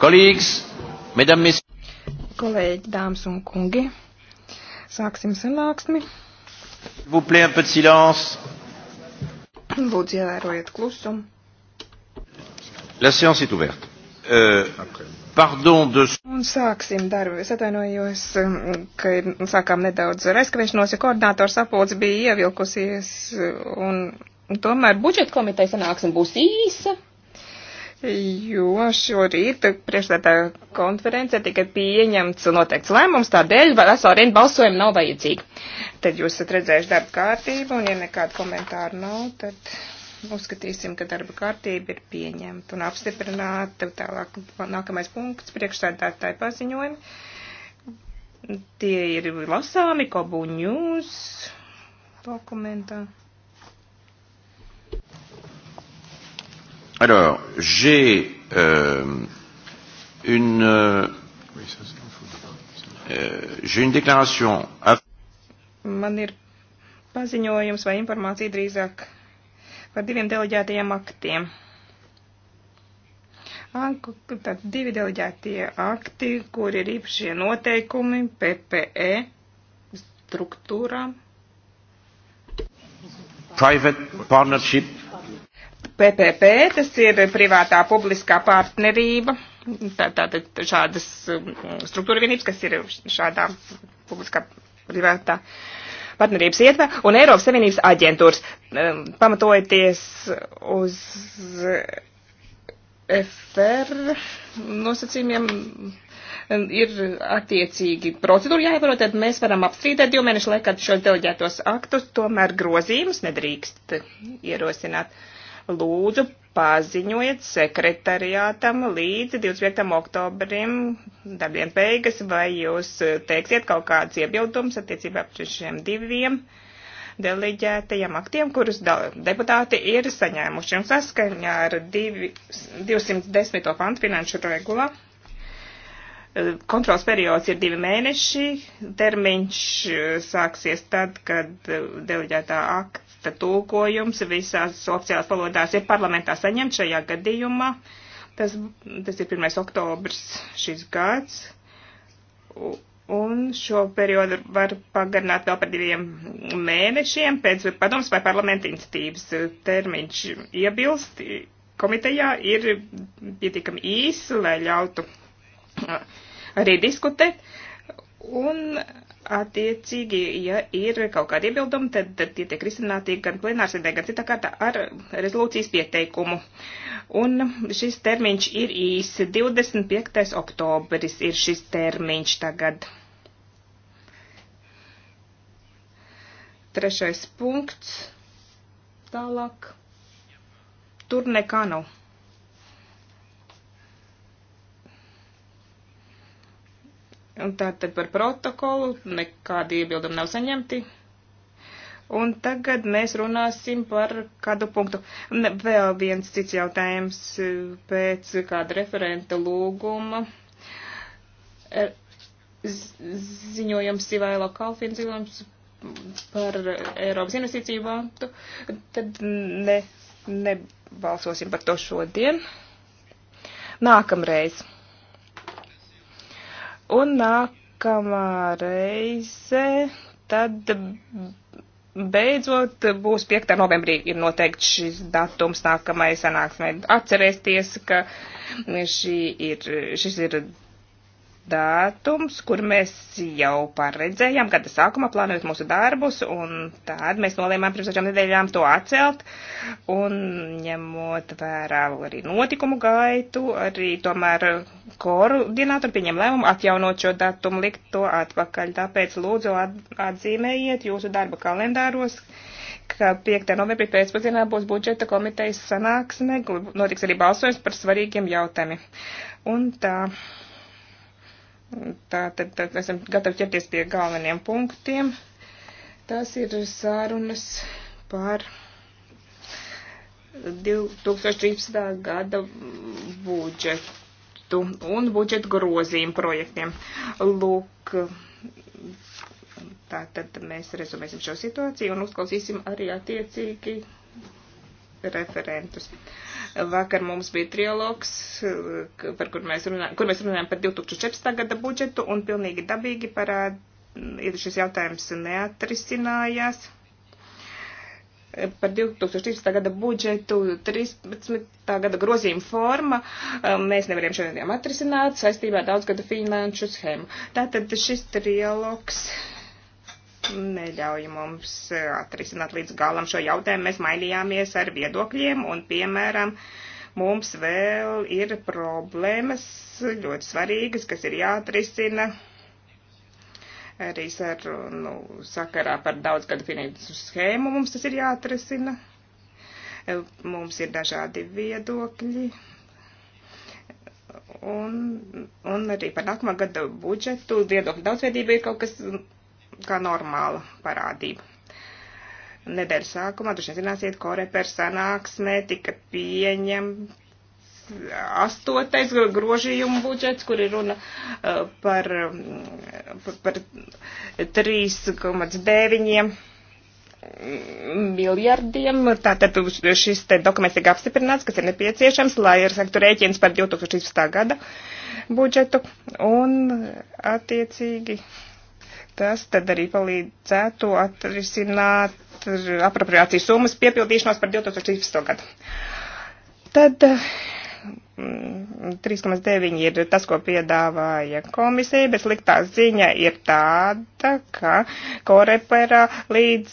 Kolēģis, medamis. Kolēģi, dāmas un kungi, sāksim sanāksmi. Vous plaît un peu de silence. Lūdzu, ievērojiet klusumu. La séance est ouverte. Euh, pardon de... Un sāksim darbu. Es atvainojos, um, ka sākām nedaudz ar aizkavēšanos, jo koordinātors apulce bija ievilkusies un tomēr budžeta komiteja sanāksme būs īsa jo šorīt priekšstādā konferencē tika pieņemts noteikts lēmums, tādēļ vesela rinda balsojuma nav vajadzīga. Tad jūs esat redzējuši darba kārtību, un ja nekādu komentāru nav, tad uzskatīsim, ka darba kārtība ir pieņemta un apstiprināta. Tālāk nākamais punkts priekšstādātāji paziņojumi. Tie ir lasāmi, kobuņus dokumentā. Alors, j'ai euh, une, euh, euh j'ai une déclaration. Man ir paziņojums vai informācija drīzāk par diviem deleģētajiem aktiem. Tad divi deleģētie akti, kur ir īpašie noteikumi PPE struktūrām. Private partnership PPP, tas ir privātā publiskā partnerība, tātad tā, tā, šādas um, struktūra vienības, kas ir šādā publiskā privātā partnerības ietver, un Eiropas Savienības aģentūras, um, pamatojoties uz FR nosacījumiem, um, ir attiecīgi procedūra jāievēro, tad mēs varam apstrīdēt divu mēnešu laikā šos deleģētos aktus, tomēr grozījumus nedrīkst ierosināt. Uh, lūdzu paziņojiet sekretariātam līdz 25. oktobrim darbdien beigas, vai jūs teiksiet kaut kādas iebildumus attiecībā pret šiem diviem deleģētajiem aktiem, kurus deputāti ir saņēmuši. Un saskaņā ar divi, 210. pantu finanšu regulā kontrols periods ir divi mēneši, termiņš sāksies tad, kad deleģētā akta Tad tulkojums visās oficiālās valodās ir parlamentā saņemts šajā gadījumā. Tas, tas ir 1. oktobrs šis gads. Un šo periodu var pagarināt vēl par diviem mēnešiem pēc padoms vai parlamenta iniciatīvas. Termiņš iebilst komitejā ir pietiekami īss, lai ļautu arī diskutēt. Un attiecīgi, ja ir kaut kādi iebildumi, tad, tad tie tiek risināti gan plenārsēdē, gan citā kārtā ar rezolūcijas pieteikumu. Un šis termiņš ir īs 25. oktobris ir šis termiņš tagad. Trešais punkts. Tālāk. Tur nekā nav. Tātad par protokolu nekādi iebildumi nav saņemti. Un tagad mēs runāsim par kādu punktu. Vēl viens cits jautājums e, pēc kāda referenta lūguma. Er, ziņojums Sivailo Kalfina ziņojums par Eiropas investīciju banku. Tad ne, nebalsosim par to šodien. Nākamreiz. Un nākamā reize tad beidzot būs 5. novembrī ir noteikts šis datums nākamai sanāksmē. Atcerēsties, ka šī ir, šis ir dātums, kur mēs jau paredzējām gada sākumā plānojot mūsu darbus, un tad mēs nolēmām pirms dažām nedēļām to atcelt, un ņemot vērā arī notikumu gaitu, arī tomēr koordinātori pieņem lēmumu atjaunot šo datumu, likt to atpakaļ, tāpēc lūdzu atzīmējiet jūsu darba kalendāros, ka 5. novembrī pēcpazienā būs budžeta komitejas sanāksme, notiks arī balsojums par svarīgiem jautājumiem. Un tā Tātad tā, esam gatavi ķerties pie galveniem punktiem. Tas ir sārunas par 2013. gada budžetu un budžetu grozījumu projektiem. Lūk, tātad mēs rezumēsim šo situāciju un uzklausīsim arī attiecīgi referentus. Vakar mums bija trialogs, par kur mēs runājam, kur mēs runājam par 2014. gada budžetu, un pilnīgi dabīgi parād, šis jautājums neatrisinājās. Par 2013. gada budžetu 13. gada grozījuma forma um, mēs nevarējām šodien atrisināt saistībā daudzgada finanšu schēmu. Tātad šis trialogs neļauj mums eh, atrisināt līdz galam šo jautājumu. Mēs mainījāmies ar viedokļiem un, piemēram, mums vēl ir problēmas ļoti svarīgas, kas ir jāatrisina arī sarunu nu, sakarā par daudzgadu finansu schēmu. Mums tas ir jāatrisina. Mums ir dažādi viedokļi. Un, un arī par nākamā gada budžetu viedokļu daudzveidība ir kaut kas kā normāla parādība. Nedēļas sākumā, droši vien zināsiet, koreper sanāksmē tika pieņemta astotais grožījuma budžets, kur ir runa uh, um, par, par 3,9 miljardiem. Tātad šis te dokuments tiek apstiprināts, kas ir nepieciešams, lai ir sektu rēķins par 2016. gada budžetu. Un attiecīgi tas tad arī palīdzētu atrisināt eh, apropriācijas summas piepildīšanos par 2013. gadu. Tad 3,9 eh, mm, ir tas, ko piedāvāja komisija, bet sliktā ziņa ir tāda, ka koreperā līdz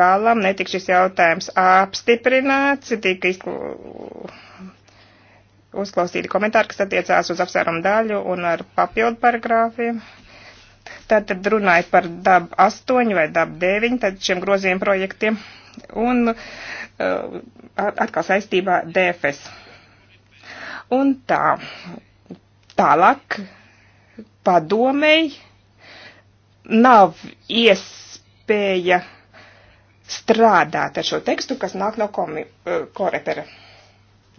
galam netika šis jautājums apstiprināts, tika izklū uzklausīti komentāri, kas attiecās uz apsvērumu daļu un ar papildu paragrāfiem. Uh, Tātad runāja par DAB 8 vai DAB 9, tad šiem groziem projektiem un uh, atkal saistībā DFS. Un tā, tālāk padomei nav iespēja strādāt ar šo tekstu, kas nāk no komi, uh, korepera,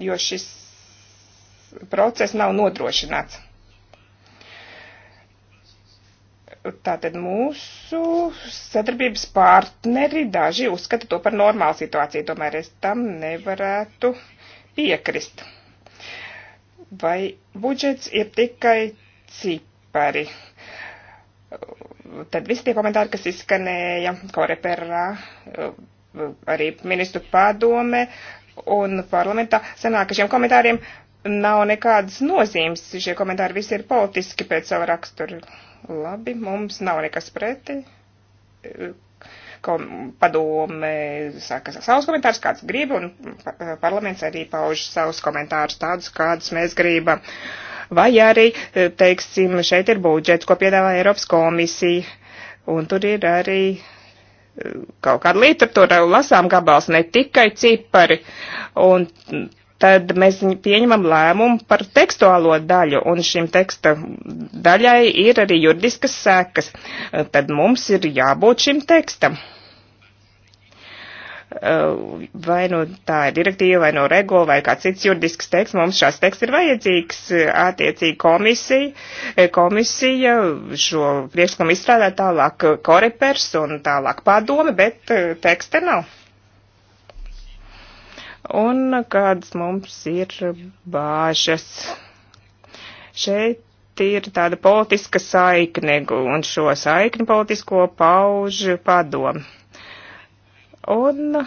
jo šis process nav nodrošināts. Tātad mūsu sadarbības partneri daži uzskata to par normālu situāciju, tomēr es tam nevarētu piekrist. Vai budžets ir tikai cipari? Tad visi tie komentāri, kas izskanēja koreperā, arī ministru padome un parlamentā, sanāk, ka šiem komentāriem nav nekādas nozīmes. Šie komentāri visi ir politiski pēc savu raksturu Labi, mums nav nekas preti. Padome saka savus komentārus, kāds grib, un parlaments arī pauž savus komentārus tādus, kādus mēs gribam. Vai arī, eh, teiksim, šeit ir budžets, ko piedāvā Eiropas komisija, un tur ir arī eh, kaut kāda literatūra, lasām gabals, ne tikai cipari. Un tad mēs pieņemam lēmumu par tekstuālo daļu, un šim teksta daļai ir arī juridiskas sekas. Tad mums ir jābūt šim tekstam. Vai nu tā ir direktīva, vai nu no regula, vai kāds cits juridisks teksts, mums šāds teksts ir vajadzīgs. Attiecīgi komisija, komisija šo priekšlikumu izstrādā tālāk korepers un tālāk padome, bet teksta nav un kādas mums ir bāžas. Šeit ir tāda politiska saikne, un šo saikni politisko pauž padom. Un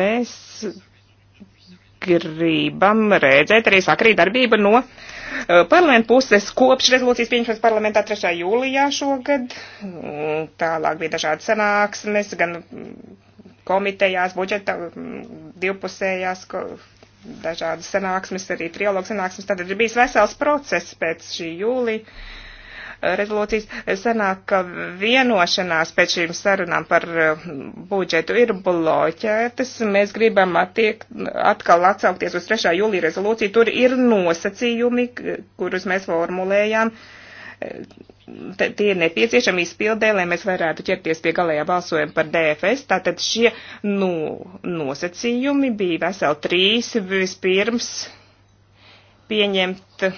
mēs gribam redzēt arī sakrīt darbību no eh, parlamentu puses kopš rezolūcijas pieņemšanas parlamentā 3. jūlijā šogad. Mm, tālāk bija dažādi sanāksmes, gan komitejās, budžeta mm, divpusējās dažādas sanāksmes, arī trialogu sanāksmes. Tad ir bijis vesels process pēc šī jūlija eh, rezolūcijas. Sanāk, ka vienošanās pēc šīm sarunām par eh, budžetu ir bloķētas. Mēs gribam attiek, atkal atsaukties uz 3. jūlija rezolūciju. Tur ir nosacījumi, kurus mēs formulējām eh, tie ir nepieciešami izpildē, lai mēs varētu ķerties pie galējā balsojuma par DFS. Tātad šie nu, nosacījumi bija veseli trīs vispirms pieņemt.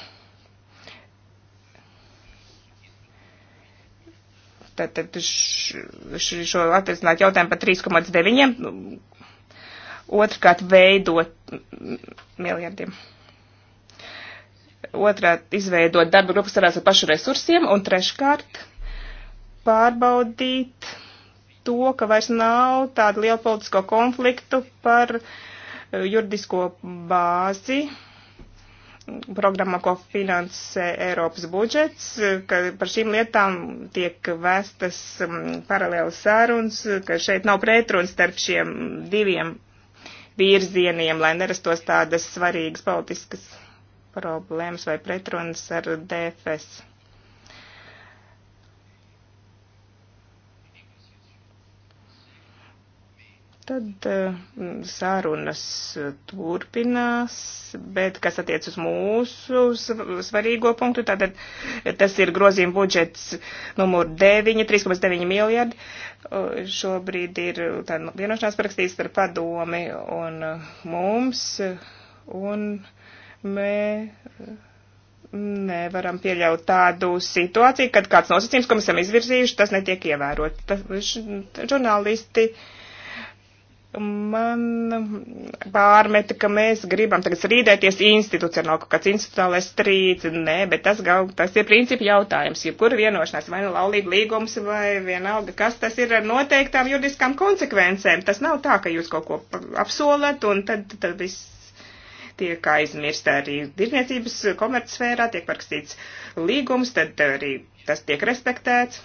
Tātad š, š, šo atrisināt jautājumu par 3,9. Otrkārt veidot miljardiem otrā izveidot darba grupas sarās ar pašu resursiem, un treškārt pārbaudīt to, ka vairs nav tādu lielu politisko konfliktu par eh, juridisko bāzi programmā, ko finansē Eiropas budžets, ka par šīm lietām tiek vēstas mm, paralēlas sārunas, ka šeit nav pretruns starp šiem diviem virzieniem, lai nerastos tādas svarīgas politiskas problēmas vai pretrunas ar DFS. Tad mm, sārunas turpinās, bet kas attiec uz mūsu svarīgo punktu, tātad tas ir grozījuma budžets numur 9, 3,9 miljardi. Šobrīd ir tāda vienošanās parakstīts par padomi un mums. Un Mēs nevaram pieļaut tādu situāciju, kad kāds nosacījums, ko mēs esam izvirzījuši, tas netiek ievērot. Tas, žurnālisti man pārmeta, ka mēs gribam tagad strīdēties institucionāli, kaut kāds institucionālais strīds, nē, bet tas, gal, tas ir principi jautājums, jebkura vienošanās, vai nu laulība līgums, vai vienalga, kas tas ir ar noteiktām juridiskām konsekvencēm. Tas nav tā, ka jūs kaut ko apsolat un tad, tad viss tiek aizmirsta arī tirniecības komercsfērā, tiek parakstīts līgums, tad arī tas tiek respektēts.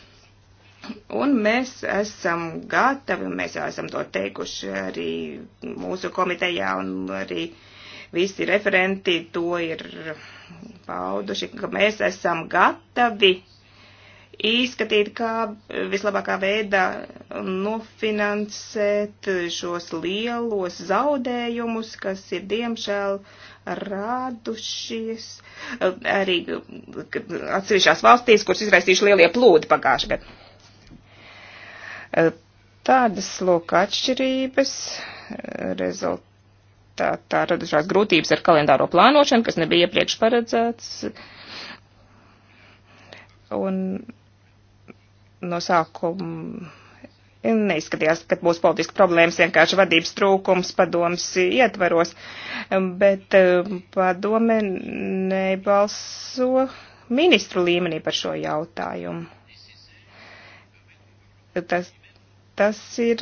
Un mēs esam gatavi, mēs jau esam to teikuši arī mūsu komitejā un arī visi referenti to ir pauduši, ka mēs esam gatavi izskatīt, kā vislabākā veidā nofinansēt šos lielos zaudējumus, kas ir diemžēl rādušies eh, arī atsevišķās valstīs, kuras izraisījuši lielie plūdi pagājušajā gadā. Eh, tādas lūk atšķirības eh, rezultātā radušās grūtības ar kalendāro plānošanu, kas nebija iepriekš paredzēts. Un no sākuma neizskatījās, ka būs politiski problēmas, vienkārši vadības trūkums padoms ietvaros, bet um, padome nebalso ministru līmenī par šo jautājumu. Tas, tas ir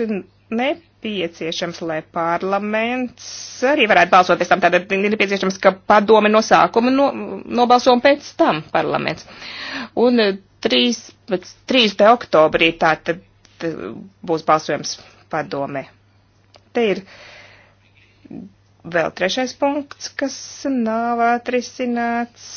nepieciešams, lai parlaments arī varētu balsot pēc tam. Tātad ir nepieciešams, ka padome no sākuma no, nobalso un pēc tam parlaments. Un 13. 13. oktobrī tā tad būs balsojums padome. Te ir vēl trešais punkts, kas nav atrisināts.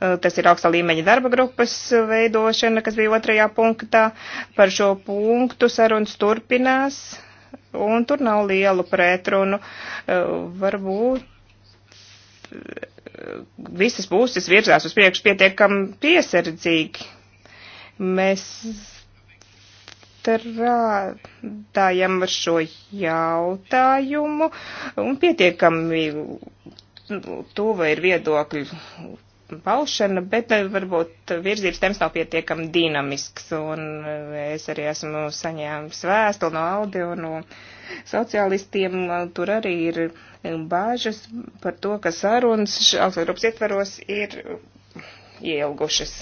Tas ir augsta līmeņa darba grupas veidošana, kas bija otrajā punktā. Par šo punktu sarunas turpinās, un tur nav lielu pretrunu. Varbūt visas puses virzās uz priekšu pietiekam piesardzīgi. Mēs strādājam ar šo jautājumu un pietiekami nu, tuva ir viedokļu paušana, bet eh, varbūt virzības temps nav pietiekami dinamisks. Un eh, es arī esmu saņēmis vēstuli no Aldi un no sociālistiem. Eh, tur arī ir bāžas par to, ka sarunas augstgrupas ietvaros ir ielgušas.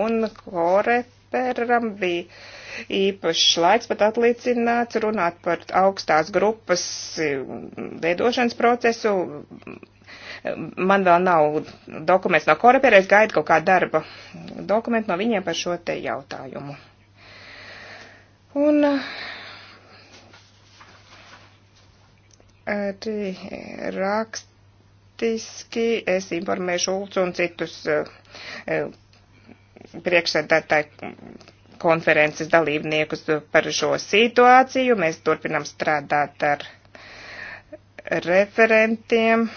Un koreperam bija īpašs laiks pat atliecināts runāt par augstās grupas veidošanas procesu Man vēl nav dokuments no korepēra, es gaidu kaut kādu darba dokumentu no viņiem par šo te jautājumu. Un arī eh, rakstiski es informēšu Ulcu un citus eh, priekšsēdētāju konferences dalībniekus par šo situāciju. Mēs turpinam strādāt ar referentiem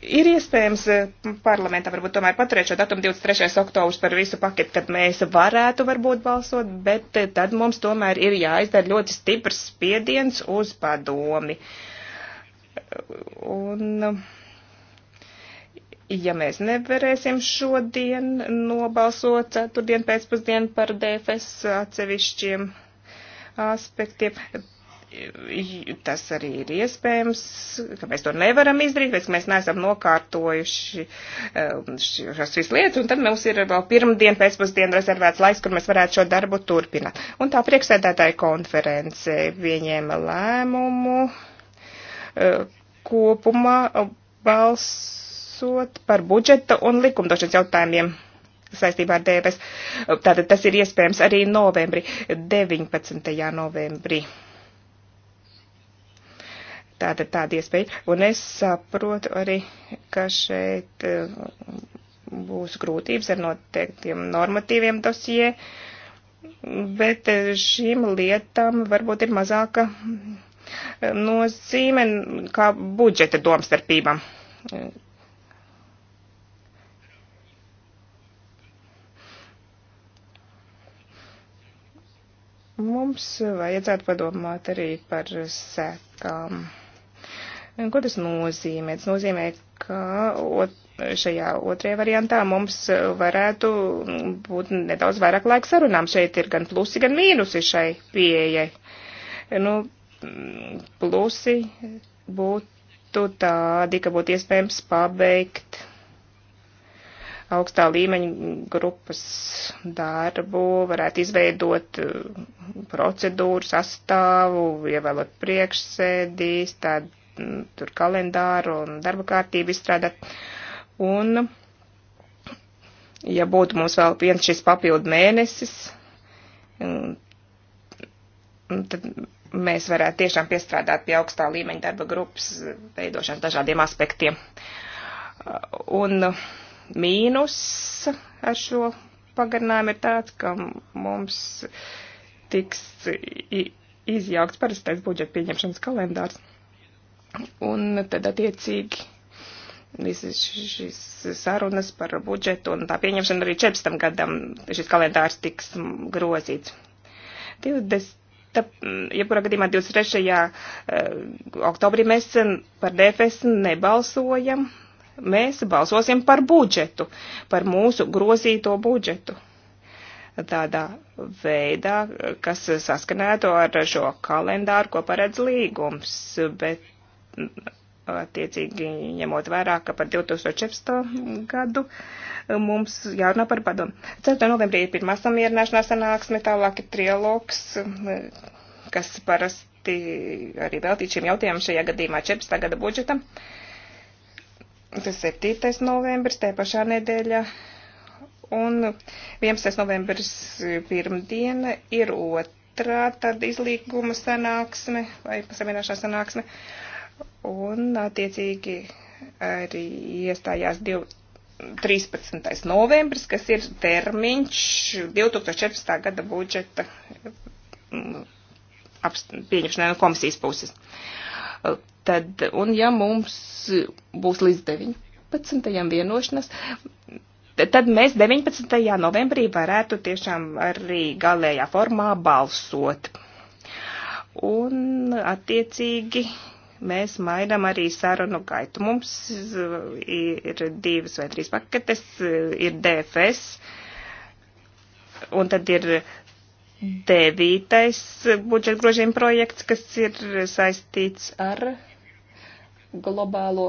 Ir iespējams eh, parlamentā varbūt tomēr paturēt šo datumu 23. oktobrs par visu paketu, kad mēs varētu varbūt balsot, bet eh, tad mums tomēr ir jāizdara ļoti stiprs spiediens uz padomi. Un, ja mēs nevarēsim šodien nobalsot ceturtdien pēcpusdienu par DFS atsevišķiem aspektiem, tas arī ir iespējams, ka mēs to nevaram izdarīt, bet mēs neesam nokārtojuši um, šīs visas lietas, un tad mums ir vēl pirmdien pēcpusdien rezervēts laiks, kur mēs varētu šo darbu turpināt. Un tā priekšsēdētāja konference pieņēma lēmumu uh, kopumā balsot par budžeta un likumdošanas jautājumiem saistībā ar DBS. Tātad tas ir iespējams arī novembrī, 19. novembrī tāda, tāda iespēja. Un es saprotu arī, ka šeit eh, būs grūtības ar noteiktiem normatīviem dosie, bet eh, šīm lietām varbūt ir mazāka eh, nozīme kā budžeta domstarpībām. Mums vajadzētu padomāt arī par sekām. Um, Ko tas nozīmē? Tas nozīmē, ka ot, šajā otrajā variantā mums varētu būt nedaudz vairāk laika sarunām. Šeit ir gan plusi, gan mīnusi šai pieejai. Nu, plusi būtu tādi, ka būtu iespējams pabeigt augstā līmeņa grupas darbu, varētu izveidot eh, procedūru sastāvu, ievēlot priekšsēdīs, tad tur kalendāru un darba kārtību izstrādāt. Un, ja būtu mums vēl viens šis papildu mēnesis, tad mēs varētu tiešām piestrādāt pie augstā līmeņa darba grupas veidošanas dažādiem aspektiem. Un mīnus ar šo pagarinājumu ir tāds, ka mums tiks izjaukts parastais budžeta pieņemšanas kalendārs. Un tad attiecīgi visas šīs sarunas par budžetu un tā pieņemšana arī 14. gadam šis kalendārs tiks grozīts. 20. Tā, jebkurā gadījumā 23. Eh, oktobrī mēs par DFS nebalsojam, mēs balsosim par budžetu, par mūsu grozīto budžetu. Tādā veidā, kas saskanētu ar šo kalendāru, ko paredz līgums, bet attiecīgi ņemot vērā, ka par 2014. gadu mums jārunā par padomu. 4. novembrī ir pirmā samierināšanās sanāksme, tālāk ir trialogs, kas parasti arī veltīt šiem jautājumiem šajā gadījumā 14. gada budžetam. Tas 7. novembris, tajā pašā nedēļā. Un 11. novembris pirmdiena ir otrā tad izlīguma sanāksme vai pasamierināšanās sanāksme. Uh, un attiecīgi arī iestājās 2, 13. novembris, kas ir termiņš 2014. gada budžeta mm, pieņemšanai no komisijas puses. Tad, un ja mums būs līdz 19. vienošanas, tad mēs 19. novembrī varētu tiešām arī galējā formā balsot. Un attiecīgi mēs mainām arī sarunu gaitu. Mums uh, ir divas vai trīs paketes, uh, ir DFS, un tad ir devītais budžeta grožiem projekts, kas ir saistīts ar globālo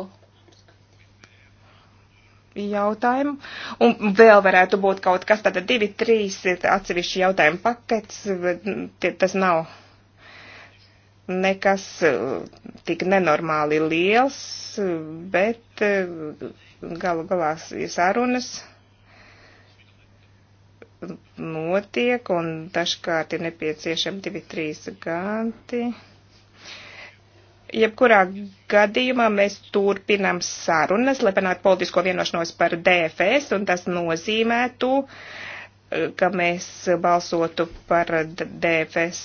jautājumu. Un vēl varētu būt kaut kas, tātad divi, trīs ir atsevišķi jautājumu pakets, mm, tas nav nekas eh, tik nenormāli liels, bet eh, galu galā sarunas notiek un dažkārt ir nepieciešami divi, trīs gadi. Jebkurā gadījumā mēs turpinam sarunas, lai panāktu politisko vienošanos par DFS, un tas nozīmētu uh, ka mēs balsotu par DFS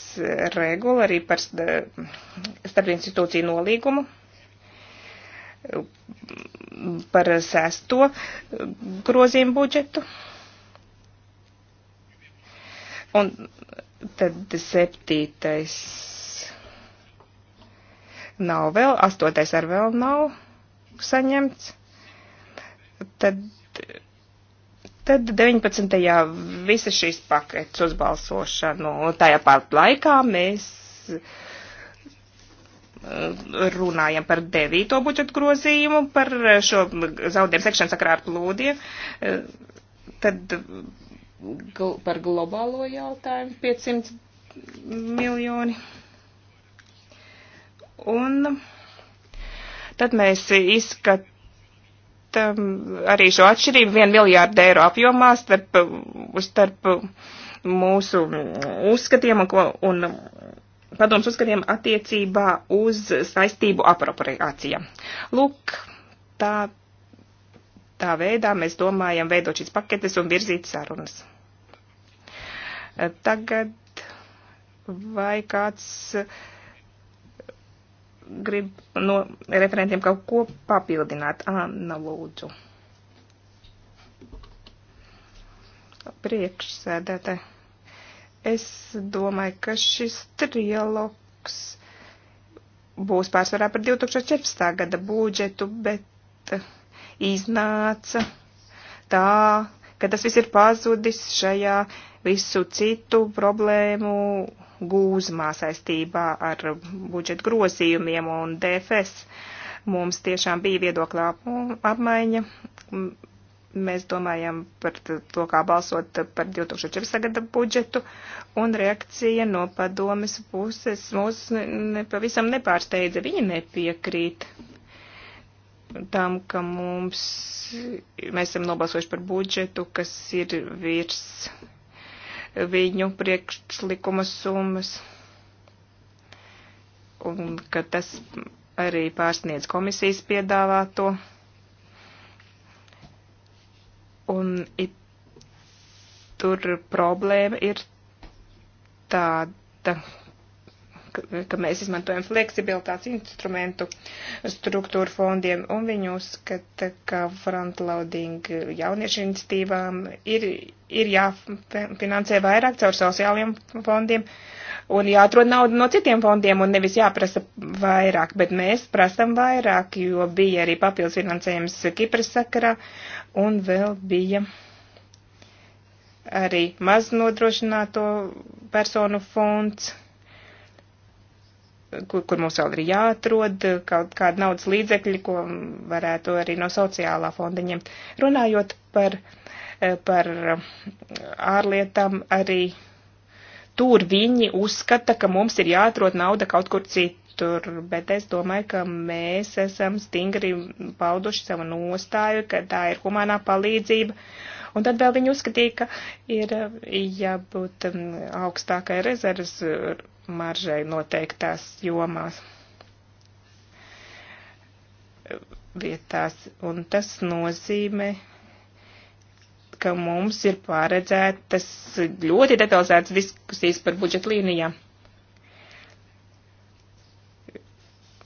regulu, arī par starp institūciju nolīgumu, par sesto grozījumu budžetu. Un tad septītais nav vēl, astotais ar vēl nav saņemts. Tad Tad 19. visas šīs paketes uzbalsošanu, tajā pārt laikā mēs eh, runājam par devīto budžetu grozījumu, par šo zaudējumu sekšanu sakarā ar plūdiem. Eh, tad gl par globālo jautājumu 500 miljoni. Un tad mēs izskatām Um, arī šo atšķirību 1 miljārdu eiro apjomā starp, uh, starp uh, mūsu uzskatiem un, un um, padomus uzskatiem attiecībā uz saistību apropriācija. Lūk, tā, tā veidā mēs domājam veidot šīs paketes un virzīt sarunas. Tagad vai kāds uh, grib no referentiem kaut ko papildināt. Anna, nu, lūdzu. Priekšsēdētē. Es domāju, ka šis trialogs būs pārsvarā par 2014. gada budžetu, bet iznāca tā, ka tas viss ir pazudis šajā visu citu problēmu gūzmā saistībā ar budžeta grozījumiem un DFS. Mums tiešām bija viedokļa apmaiņa. Mēs domājam par to, kā balsot par 2014. gada budžetu, un reakcija no padomes puses mūs ne, pavisam nepārsteidza. Viņi nepiekrīt tam, ka mums, mēs esam nobalsojuši par budžetu, kas ir virs viņu priekšlikuma summas, un ka tas arī pārsniedz komisijas piedāvāto. Un it, tur problēma ir tāda, ka mēs izmantojam fleksibilitātes instrumentu struktūru fondiem un viņu uzskata, ka frontloading jauniešu institīvām ir, ir jāfinansē vairāk caur sociālajiem fondiem un jāatrod nauda no citiem fondiem un nevis jāprasa vairāk, bet mēs prasam vairāk, jo bija arī papildus finansējums Kipras sakarā un vēl bija arī maznodrošināto personu fonds kur, kur mums vēl ir jāatrod kaut kāda naudas līdzekļi, ko varētu arī no sociālā fonda ņemt. Runājot par, eh, par eh, ārlietām, arī tur viņi uzskata, ka mums ir jāatrod nauda kaut kur citur, bet es domāju, ka mēs esam stingri pauduši savu nostāju, ka tā ir humanā palīdzība. Un tad vēl viņi uzskatīja, ka ir eh, jābūt mm, augstākai rezerves maržai noteiktās jomās vietās. Un tas nozīmē, ka mums ir paredzētas ļoti detalizētas diskusijas par budžeta līnijām.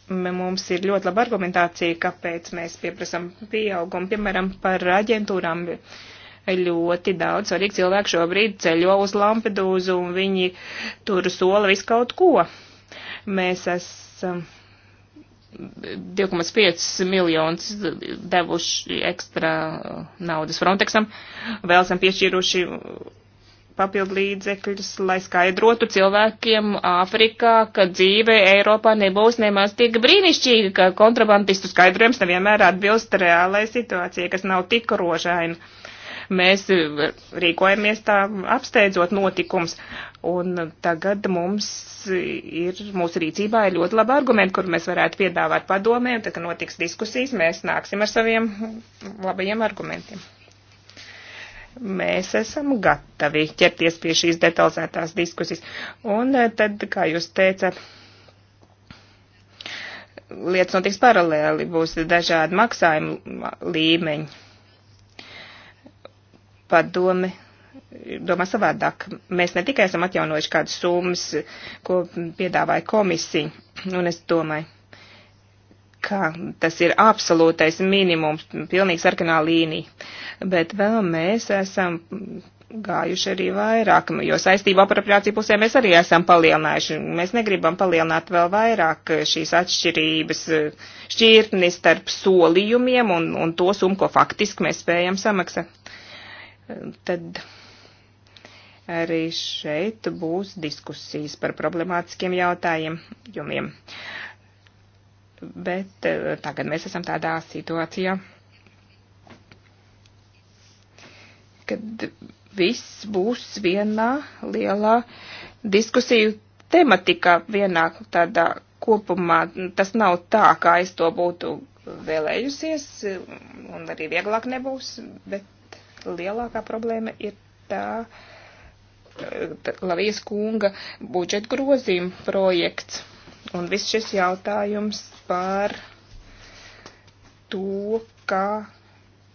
Mums ir ļoti laba argumentācija, kāpēc mēs pieprasam pieaugumu, piemēram, par aģentūrām. Uh, ļoti daudz svarīgi cilvēki šobrīd ceļo uz Lampedūzu un viņi tur sola visu kaut ko. Mēs esam 2,5 miljonus devuši ekstra naudas Frontexam, vēl esam piešķīruši papildu līdzekļus, lai skaidrotu cilvēkiem Āfrikā, ka dzīve Eiropā nebūs nemaz tik brīnišķīga, ka kontrabandistu skaidrojums nevienmēr atbilst reālai situācijai, kas nav tik rožaina mēs e, rīkojamies tā apsteidzot notikums. Un tagad mums ir, mūsu rīcībā ir ļoti labi argumenti, kur mēs varētu piedāvāt padomē, un tad, kad notiks diskusijas, mēs nāksim ar saviem labajiem argumentiem. Mēs esam gatavi ķerties pie šīs detalizētās diskusijas. Un e, tad, kā jūs teicat, lietas notiks paralēli, būs dažādi maksājuma līmeņi padome domā savādāk. Mēs ne tikai esam atjaunojuši kādas summas, ko piedāvāja komisija, un es domāju, ka tas ir absolūtais minimums, pilnīgi sarkanā līnija, bet vēl mēs esam gājuši arī vairāk, jo saistību apropriāciju pusē mēs arī esam palielinājuši. Mēs negribam palielināt vēl vairāk šīs atšķirības šķirtni starp solījumiem un, un to summu, ko faktiski mēs spējam samaksāt tad arī šeit būs diskusijas par problemātiskiem jautājumiem. Bet eh, tagad mēs esam tādā situācijā, kad viss būs vienā lielā diskusiju tematikā, vienā tādā kopumā. Tas nav tā, kā es to būtu vēlējusies, un arī vieglāk nebūs, bet lielākā problēma ir tā, Lavijas kunga budžeta grozījuma projekts. Un viss šis jautājums par to, kā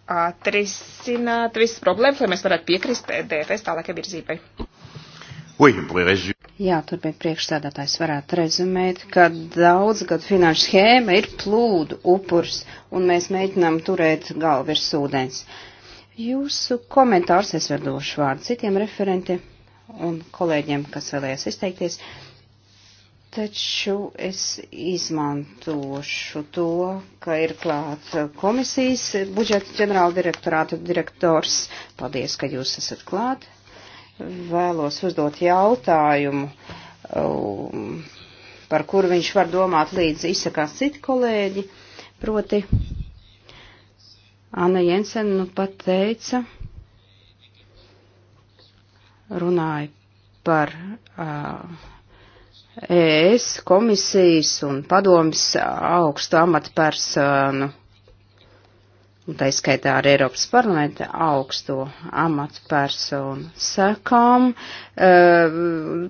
atrisināt visas problēmas, lai mēs varētu piekrist DFS tālākai virzībai. Jā, turpiniet priekšsēdētājs varētu rezumēt, ka daudz gadu finanšu schēma ir plūdu upurs, un mēs mēģinām turēt galvu virs ūdens. Uh, Jūsu komentārs es varu došu vārdu citiem referentiem un kolēģiem, kas vēlējās izteikties, taču es izmantošu to, ka ir klāt komisijas budžeta ģenerāla direktorāta direktors. Paldies, ka jūs esat klāt. Vēlos uzdot jautājumu, um, par kuru viņš var domāt līdz izsakās citi kolēģi. Proti, Anna Jensen nu pat teica, runāja par uh, ES komisijas un padomas augstu amatpersonu, un tā izskaitā ar Eiropas parlamenta augsto amatpersonu sekām, uh,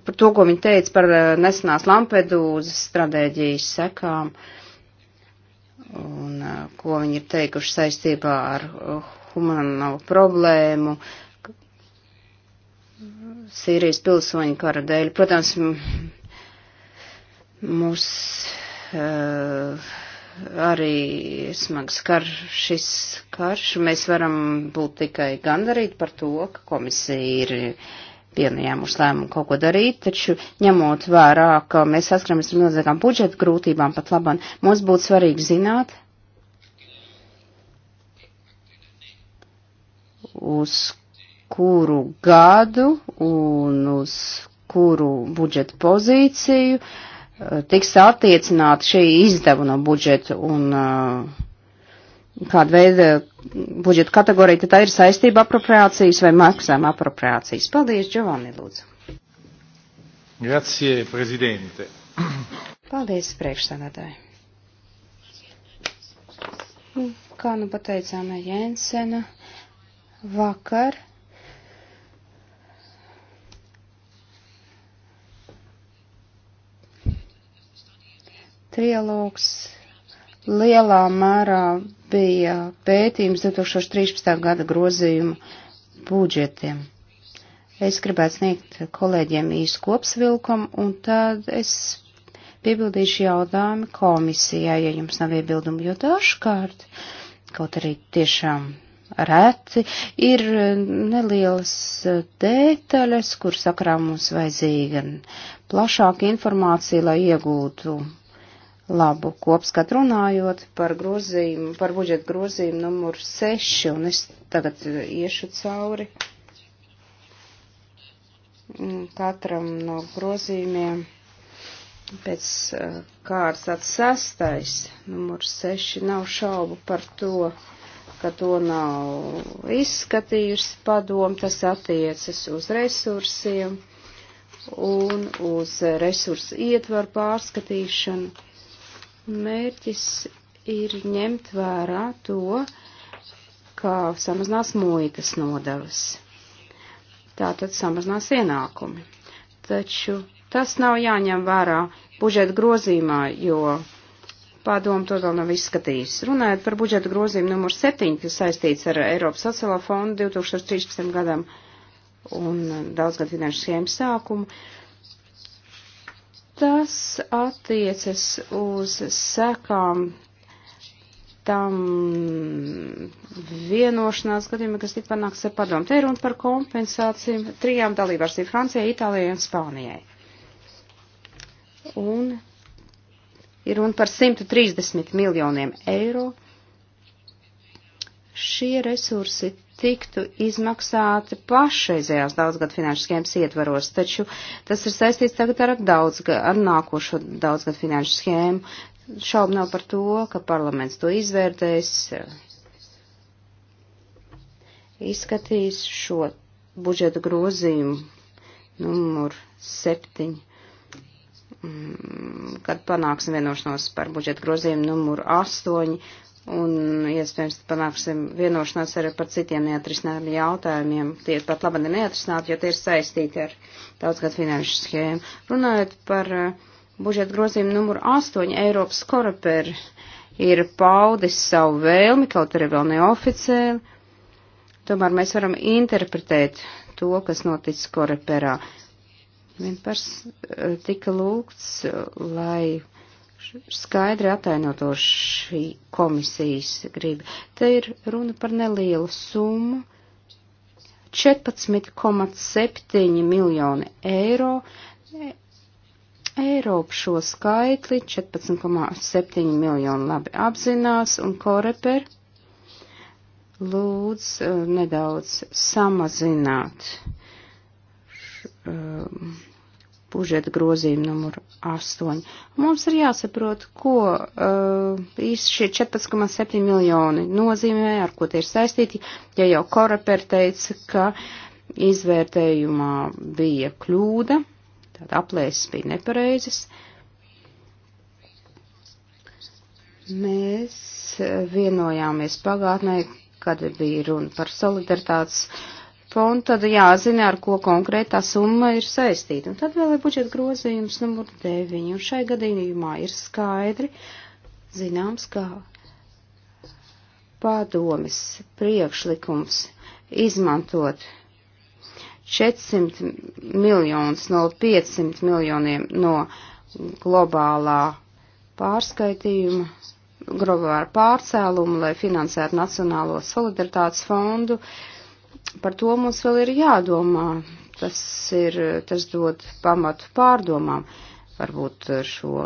par to, ko viņi teica par uh, nesenās Lampedūzas stratēģijas sekām. Uh, un ko viņi ir teikuši saistībā ar humano problēmu, Sīrijas pilsoņu kara dēļ. Protams, mūs uh, arī smags kar, šis karš. Mēs varam būt tikai gandarīt par to, ka komisija ir pieņēmuši lēmumu kaut ko darīt, taču ņemot vērā, ka mēs saskaramies ar milzīgām budžeta grūtībām pat labam, mums būtu svarīgi zināt, uz kuru gadu un uz kuru budžeta pozīciju eh, tiks attiecināta šī izdevuma no budžeta un uh, kāda veida budžeta kategorija, tad tā ir saistība apropriācijas vai maksājuma apropriācijas. Paldies, Giovanni, lūdzu. Grazie, prezidente. Paldies, priekšsēdētāji. Nu, kā nu pateicām Jensena vakar. Trialogs lielā mērā bija pētījums 2013. gada grozījumu budžetiem. Es gribētu sniegt kolēģiem īsu kopsvilkumu, un tad es piebildīšu jautājumu komisijai, ja jums nav iebildumu, jo dažkārt, kaut arī tiešām reti, ir nelielas detaļas, kur sakrā mums vajadzīga plašāka informācija, lai iegūtu labu kopskatu runājot par grozījumu, par budžetu grozījumu numuru 6, un es tagad e, iešu cauri mm, katram no grozījumiem pēc e, kārtas tāds sastais, numurs 6, nav šaubu par to, ka to nav izskatījusi padomu, tas attiecas uz resursiem un uz resursu ietvaru pārskatīšanu Mērķis ir ņemt vērā to, ka samazinās muitas nodevas. Tātad samazinās ienākumi. Taču tas nav jāņem vērā budžeta grozījumā, jo padomu to vēl nav izskatījis. Runājot par budžeta grozījumu numur 7, kas saistīts ar Eiropas sociālo fondu 2013. gadam un daudzgad finanšu schēmu sākumu, Tas attiecas uz sekām tam vienošanās gadījumā, kas tika panāks ar padomu. Te ir runa par kompensācijām trijām dalībvalstīm - Francijai, Itālijai un Spānijai. Un ir runa par 130 miljoniem eiro. Šie resursi tiktu izmaksāti pašreizējās daudzgad finanšu schēmas ietvaros, taču tas ir saistīts tagad ar, daudzga, ar nākošo daudzgad finanšu schēmu. Šaubu nav par to, ka parlaments to izvērtēs, izskatīs šo budžeta grozījumu numur septiņu mm, kad panāksim vienošanos par budžeta grozījumu numuru 8 un iespējams panāksim vienošanās arī par citiem neatrisinātiem jautājumiem. Tie pat labi neatrisināti, jo tie ir saistīti ar daudzgad finanšu schēmu. Runājot par eh, budžeta grozījumu numuru 8, Eiropas koreper ir paudis savu vēlmi, kaut arī vēl neoficiāli. Tomēr mēs varam interpretēt to, kas noticis koreperā. Vienpārs eh, tika lūgts, eh, lai skaidri atainoto šī komisijas griba. Te ir runa par nelielu summu 14,7 miljoni eiro. Eiropa šo skaitli 14,7 miljonu labi apzinās un koreper lūdz uh, nedaudz samazināt. Um, budžeta grozījumu numuru 8. Mums ir jāsaprot, ko uh, īsti šie 14,7 miljoni nozīmē, ar ko tie ir saistīti, ja jau Koreper teica, ka izvērtējumā bija kļūda, tad aplēses bija nepareizes. Mēs vienojāmies pagātnē, kad bija runa par solidaritātes uh, fondu, tad jāzina, ar ko konkrētā summa ir saistīta. Un tad vēl ir budžeta grozījums numur 9, un šai gadījumā ir skaidri zināms, kā pārdomis priekšlikums izmantot 400 miljonus no 500 miljoniem no globālā pārskaitījuma, globālā pārcēluma, lai finansētu Nacionālo solidaritātes fondu, uh, par to mums vēl ir jādomā. Tas, ir, tas dod pamatu pārdomām. Varbūt šo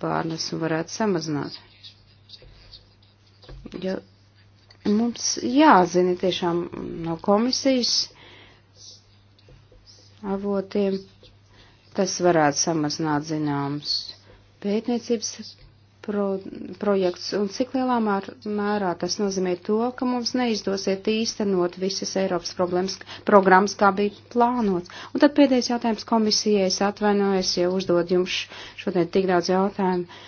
pārnesu varētu samazināt. Ja mums jāzina tiešām no komisijas avotiem, tas varētu samazināt zināmas pētniecības pro, projekts un cik lielā mērā tas nozīmē to, ka mums neizdosiet īstenot visas Eiropas programmas, kā bija plānots. Un tad pēdējais jautājums komisijai, es atvainojos, ja uzdod jums šodien tik daudz jautājumu,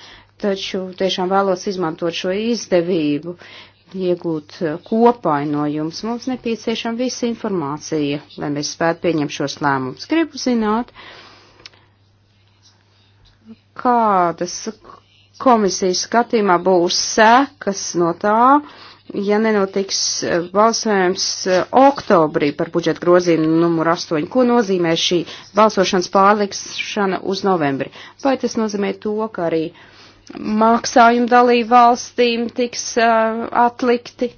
taču tiešām vēlos izmantot šo izdevību, iegūt eh, kopā no jums. Mums nepieciešama visa informācija, lai mēs spētu pieņemt šos lēmumus. Gribu zināt, kādas komisijas skatījumā būs sekas no tā, ja nenotiks eh, balsojums eh, oktobrī par budžeta grozījumu numur 8, ko nozīmē šī balsošanas pārlikšana uz novembri? Vai tas nozīmē to, ka arī maksājumu dalību valstīm tiks uh, atlikti?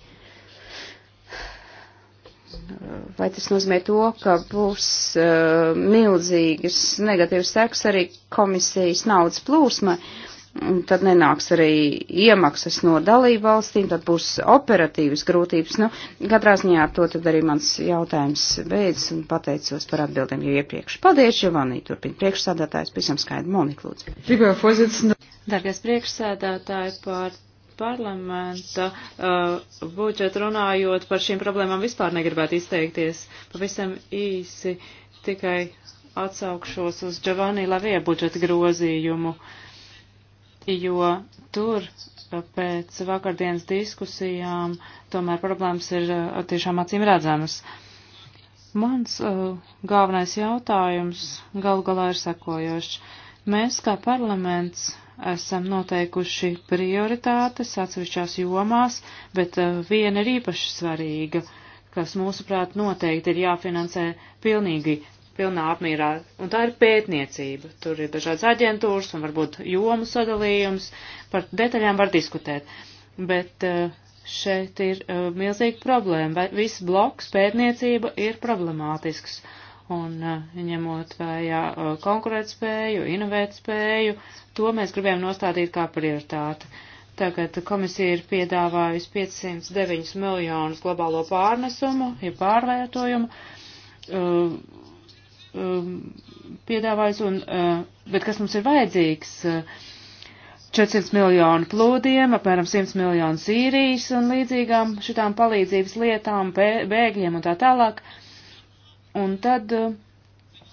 Vai tas nozīmē to, ka būs uh, milzīgas negatīvas seks arī komisijas naudas plūsmai? Uh, un tad nenāks arī iemaksas no dalību valstīm, tad būs operatīvas grūtības. Nu, katrā ziņā ar to tad arī mans jautājums beidzas un pateicos par atbildēm jau iepriekš. Paldies, Giovanni, turpin priekšsādātājs, visam skaidri Monika Lūdzu. Dargais priekšsēdētāji par parlamenta uh, budžetu runājot par šīm problēmām vispār negribētu izteikties. Pavisam īsi tikai atsaukšos uz Giovanni Lavie budžeta grozījumu. Uh, jo tur eh, pēc vakardienas diskusijām tomēr problēmas ir eh, tiešām acīm redzamas. Mans uh, galvenais jautājums galu galā ir sekojošs. Mēs kā parlaments esam noteikuši prioritātes atsevišķās jomās, bet uh, viena ir īpaši svarīga, kas mūsuprāt noteikti ir jāfinansē pilnīgi pilnā apmērā. Un tā ir pētniecība. Tur ir dažādas aģentūras un varbūt jomu sadalījums. Par detaļām var diskutēt. Bet eh, šeit ir eh, milzīga problēma. Vai viss bloks pētniecība ir problemātisks. Un eh, ņemot vērā konkurētspēju, inovētspēju, to mēs gribējām nostādīt kā prioritāti. Tagad komisija ir piedāvājusi 509 miljonus globālo pārnesumu, ja pārvērtojumu. Uh, Um, piedāvājis, un, uh, bet kas mums ir vajadzīgs? 400 uh, miljonu plūdiem, apmēram 100 miljonu Sīrijas un līdzīgām šitām palīdzības lietām, bēgļiem un tā tālāk. Un tad, uh,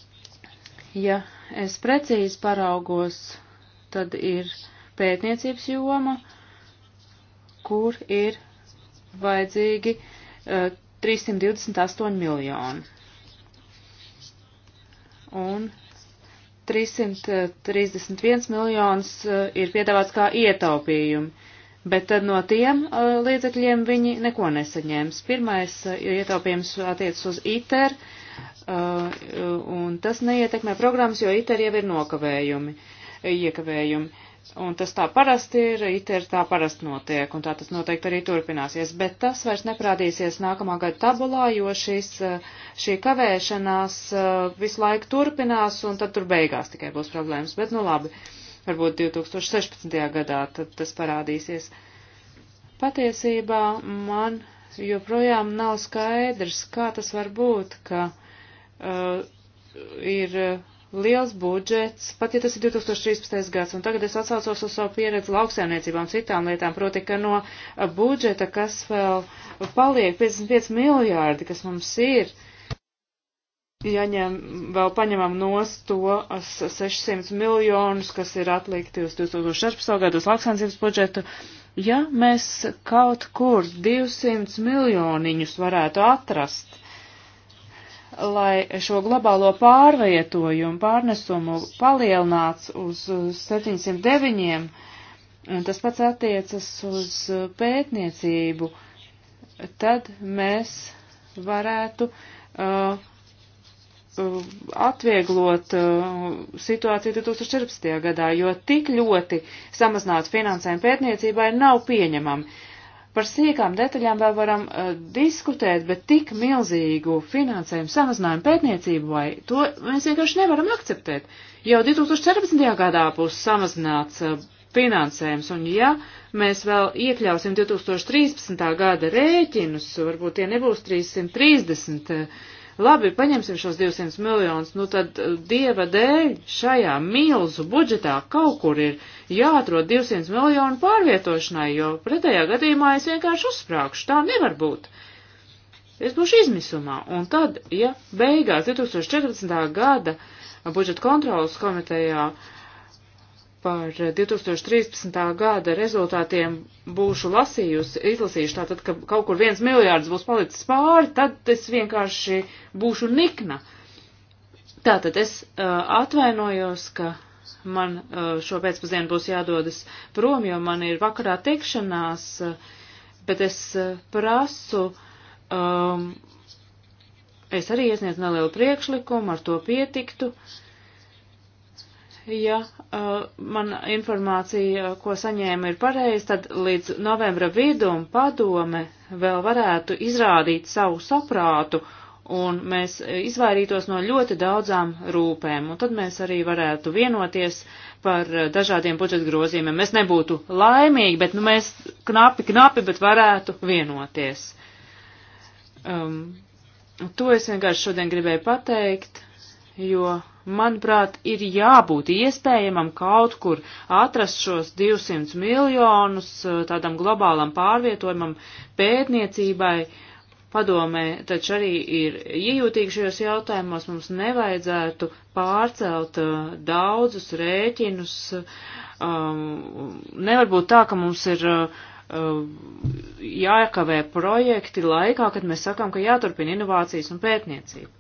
ja es precīzi paraugos, tad ir pētniecības joma, kur ir vajadzīgi 328 miljoni un 331 miljonus eh, ir piedāvāts kā ietaupījumi, bet tad no tiem eh, līdzekļiem viņi neko nesaņēmis. Pirmais eh, ietaupījums attiec uz ITER, un tas neietekmē programmas, jo ITER jau ir nokavējumi, iekavējumi. Un tas tā parasti ir, it ir tā parasti notiek, un tā tas noteikti arī turpināsies, bet tas vairs neprādīsies nākamā gada tabulā, jo šis, eh, šī kavēšanās eh, visu laiku turpinās, un tad tur beigās tikai būs problēmas. Bet, nu labi, varbūt 2016. gadā tad tas parādīsies. Patiesībā man joprojām nav skaidrs, kā tas var būt, ka uh, ir. Uh, liels budžets, pat ja tas ir 2013. gads, un tagad es atsaucos uz savu pieredzi lauksēmniecībām, citām lietām, proti, ka no budžeta, kas vēl paliek 55 miljārdi, kas mums ir, jaņem, vēl paņemam nost to 600 miljonus, kas ir atlikti uz 2016. gadu uz lauksēmniecības budžetu, ja mēs kaut kur 200 miljoniņus varētu atrast, lai šo globālo pārvietojumu pārnesumu palielināts uz 709, uh, un tas pats attiecas uz uh, pētniecību, tad mēs varētu uh, uh atvieglot uh, situāciju 2014. gadā, jo tik ļoti samazināt finansējumu pētniecībai nav pieņemami. Par sīkām detaļām vēl varam uh, diskutēt, bet tik milzīgu finansējumu samazinājumu pētniecībai, to mēs vienkārši nevaram akceptēt. Jau 2014. gadā būs samazināts uh, finansējums, un ja mēs vēl iekļausim 2013. gada rēķinus, varbūt tie nebūs 330. Uh, e, labi, paņemsim šos 200 miljonus, nu tad eh, dieva dēļ šajā milzu budžetā kaut kur ir jāatrod 200 miljonu pārvietošanai, jo pretējā gadījumā es vienkārši uzsprāgšu, tā nevar būt. Es būšu izmisumā, un tad, ja beigās 2014. gada budžeta kontrolas komitejā uh, par 2013. gada rezultātiem būšu lasījusi, izlasījuši tātad, ka kaut kur viens miljārds būs palicis pāri, tad es vienkārši būšu nikna. Tātad es uh, atvainojos, ka man uh, šo pēcpazienu būs jādodas prom, jo man ir vakarā tikšanās, uh, bet es uh, prasu. Um, Es arī iesniedzu nelielu priekšlikumu, ar to pietiktu. Uh, ja uh, man informācija, uh, ko saņēma, ir pareiza, tad līdz novembra vidum padome vēl varētu izrādīt savu saprātu, un mēs izvairītos no ļoti daudzām rūpēm, un tad mēs arī varētu vienoties par uh, dažādiem budžeta grozījumiem. Mēs nebūtu laimīgi, bet nu, mēs knapi, knapi, bet varētu vienoties. Um, to es vienkārši šodien gribēju pateikt jo, manuprāt, ir jābūt iespējamam kaut kur atrast šos 200 miljonus eh, tādam globālam pārvietojumam pētniecībai. Padomē taču arī ir iejūtīgi šajos jautājumos, mums nevajadzētu pārcelt uh, daudzus rēķinus. Um, nevar būt tā, ka mums ir uh, jākavē projekti laikā, kad mēs sakām, ka jāturpina inovācijas un pētniecība.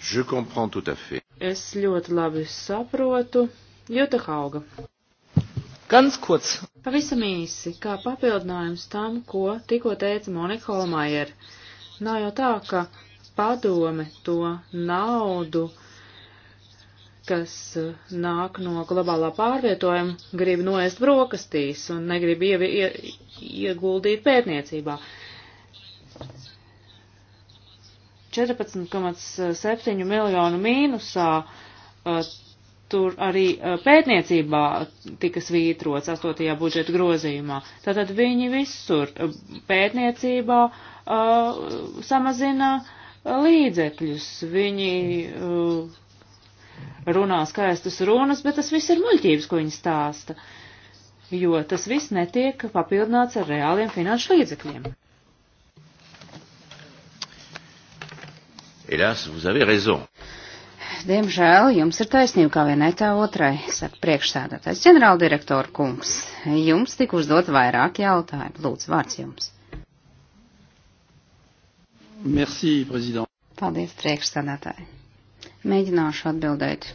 Je comprends tout à fait. Es ļoti labi saprotu. Jota Hauga. Gans kurz. Pavisam īsi, kā papildinājums tam, ko tikko teica Monika Holmajer. Nav jau tā, ka padome to naudu, kas uh, nāk no globālā pārvietojuma, grib noest brokastīs un negrib ievi, ie, ieguldīt pētniecībā. Uh, 14,7 miljonu mīnusā. Uh, tur arī uh, pētniecībā tika svītrots 8. budžeta grozījumā. Tātad viņi visur uh, pētniecībā uh, samazina līdzekļus. Viņi uh, runā skaistas runas, bet tas viss ir muļķības, ko viņi stāsta, jo tas viss netiek papildināts ar reāliem finanšu līdzekļiem. Hélas, vous avez raison. Diemžēl jums ir taisnība, kā vienai tā otrai, saka priekšsēdētājs ģenerāldirektora kungs. Jums tik uzdot vairāk jautājumu. Lūdzu, vārds jums. Merci, prezident. Paldies, priekšsēdētāji. Mēģināšu atbildēt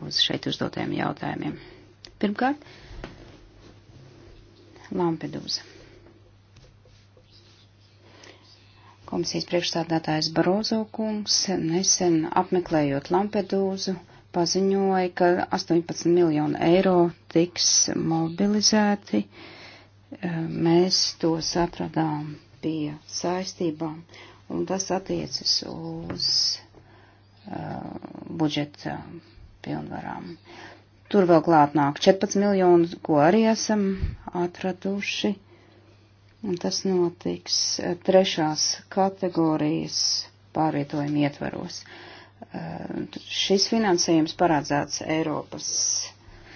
uz šeit uzdotajiem jautājumiem. Pirmkārt, Lampedūza. Komisijas priekšstādātājs Barozo kungs nesen apmeklējot Lampedūzu paziņoja, ka 18 miljonu eiro tiks mobilizēti. Eh, mēs tos atradām pie saistībām, un tas attiecas uz uh, budžeta pilnvarām. Tur vēl klāt nāk 14 miljonu, ko arī esam atraduši. Uh, Un tas notiks eh, trešās kategorijas pārvietojuma ietvaros. Eh, šis finansējums parādzēts Eiropas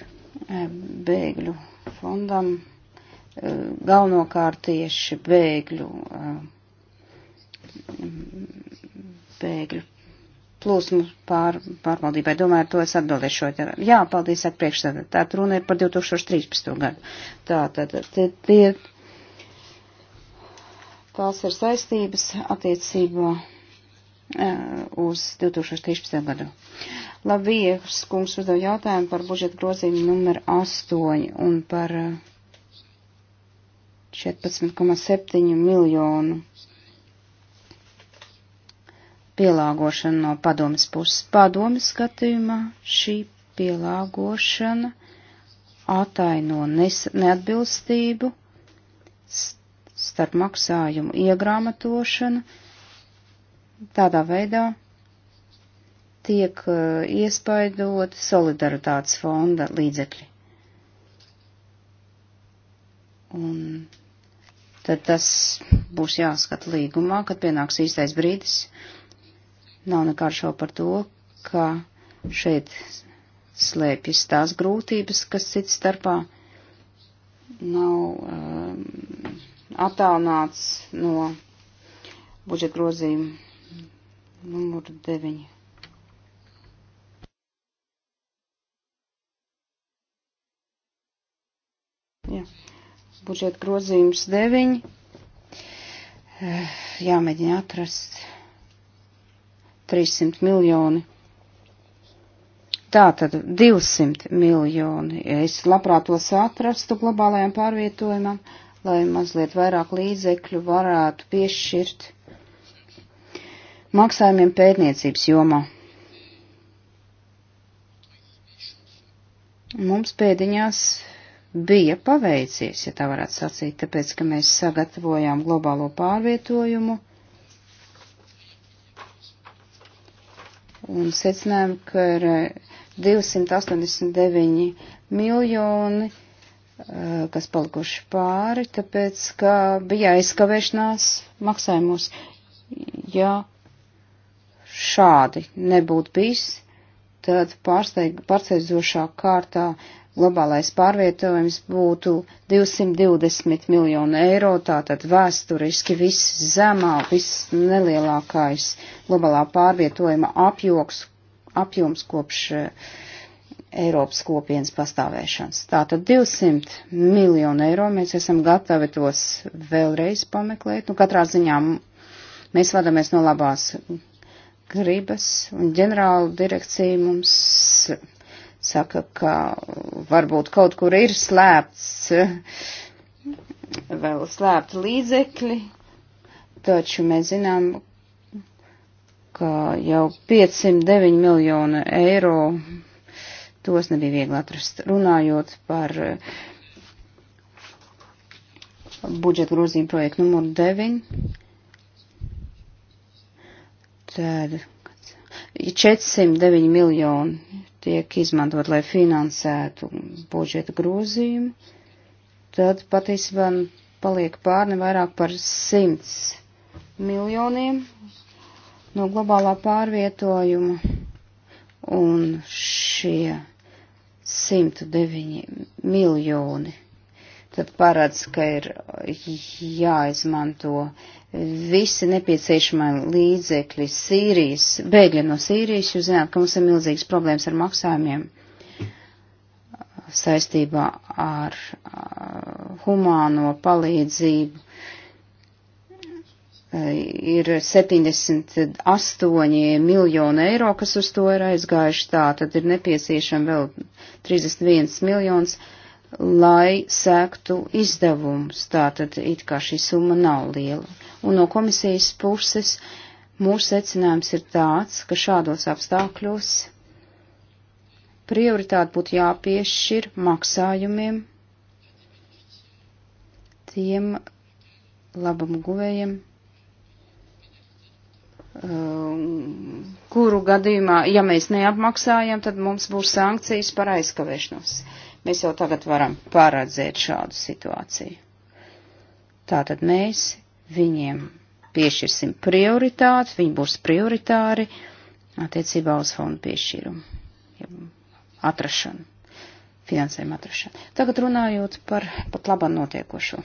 eh, bēgļu fondam, galvenokārt tieši bēgļu, bēgļu plūsmu pār, pārvaldībai. Domāju, to es atbildēšu šodien. Jā, paldies, ak, priekšstādā. Tā runa ir par 2013. gadu. Tā, tad, tie, tie Tās ir saistības attiecībā e, uz 2013. gadu. Labviegs kungs uzdev jautājumu par budžeta grozījumu numur 8 un par 14,7 e, miljonu pielāgošanu no padomas puses. Padomas skatījumā šī pielāgošana ataino neatbilstību starp maksājumu iegrāmatošanu. Tādā veidā tiek uh, iespaidot solidaritātes fonda līdzekļi. Un tad tas būs jāskata līgumā, kad pienāks īstais brīdis. Nav nekāršo par to, ka šeit slēpjas tās grūtības, kas cits starpā nav um, attālināts no budžeta grozījuma numur 9. Jā. Budžeta grozījums 9. Eh, jāmēģina atrast 300 miljoni. Tā tad 200 miljoni. Es labprāt tos atrastu globālajām pārvietojumam. Uh, lai mazliet vairāk līdzekļu varētu piešķirt maksājumiem pētniecības jomā. Mums pēdiņās bija paveicies, ja tā varētu sacīt, tāpēc, ka mēs sagatavojām globālo pārvietojumu un secinājām, ka ir 289 eh, miljoni Eh, kas palikuši pāri, tāpēc, ka bija aizkavēšanās maksājumos. Ja šādi nebūtu bijis, tad pārsteidzošā kārtā globālais pārvietojums būtu 220 miljonu eiro, tātad vēsturiski viss zemā, viss nelielākais globālā pārvietojuma apjoks, apjoms kopš uh, Eiropas kopienas pastāvēšanas. Tātad 200 miljonu eiro mēs esam gatavi tos vēlreiz pameklēt. Nu, katrā ziņā mēs vadāmies no labās gribas, un ģenerāla direkcija mums saka, ka varbūt kaut kur ir slēpts vēl slēpti līdzekļi, taču mēs zinām, ka jau 509 miljonu eiro Tos nebija viegli atrast. Runājot par eh, budžeta grozījumu projektu numuru 9, tad 409 miljoni tiek izmantot, lai finansētu budžeta grozījumu, tad patiesībā paliek pārni vairāk par 100 miljoniem no globālā pārvietojuma, un šie 109 miljoni. Tad paredz, ka ir jāizmanto visi nepieciešamā līdzekļi Sīrijas, bēgļi no Sīrijas. Jūs zināt, ka mums ir milzīgas problēmas ar maksājumiem saistībā ar uh, humāno palīdzību ir 78 miljoni eiro, kas uz to ir aizgājuši. Tā tad ir nepieciešama vēl 31 miljons, lai sēktu izdevumus. Tā tad it kā šī summa nav liela. Un no komisijas puses mūsu secinājums ir tāds, ka šādos apstākļos prioritāte būtu jāpiešķir maksājumiem tiem labam guvējiem Um, kuru gadījumā, ja mēs neapmaksājam, tad mums būs sankcijas par aizkavēšanos. Mēs jau tagad varam paredzēt šādu situāciju. Tātad mēs viņiem piešķirsim prioritāti, viņi būs prioritāri attiecībā uz fondu piešķīrumu, atrašanu, finansējumu atrašanu. Tagad runājot par pat labā notiekošo.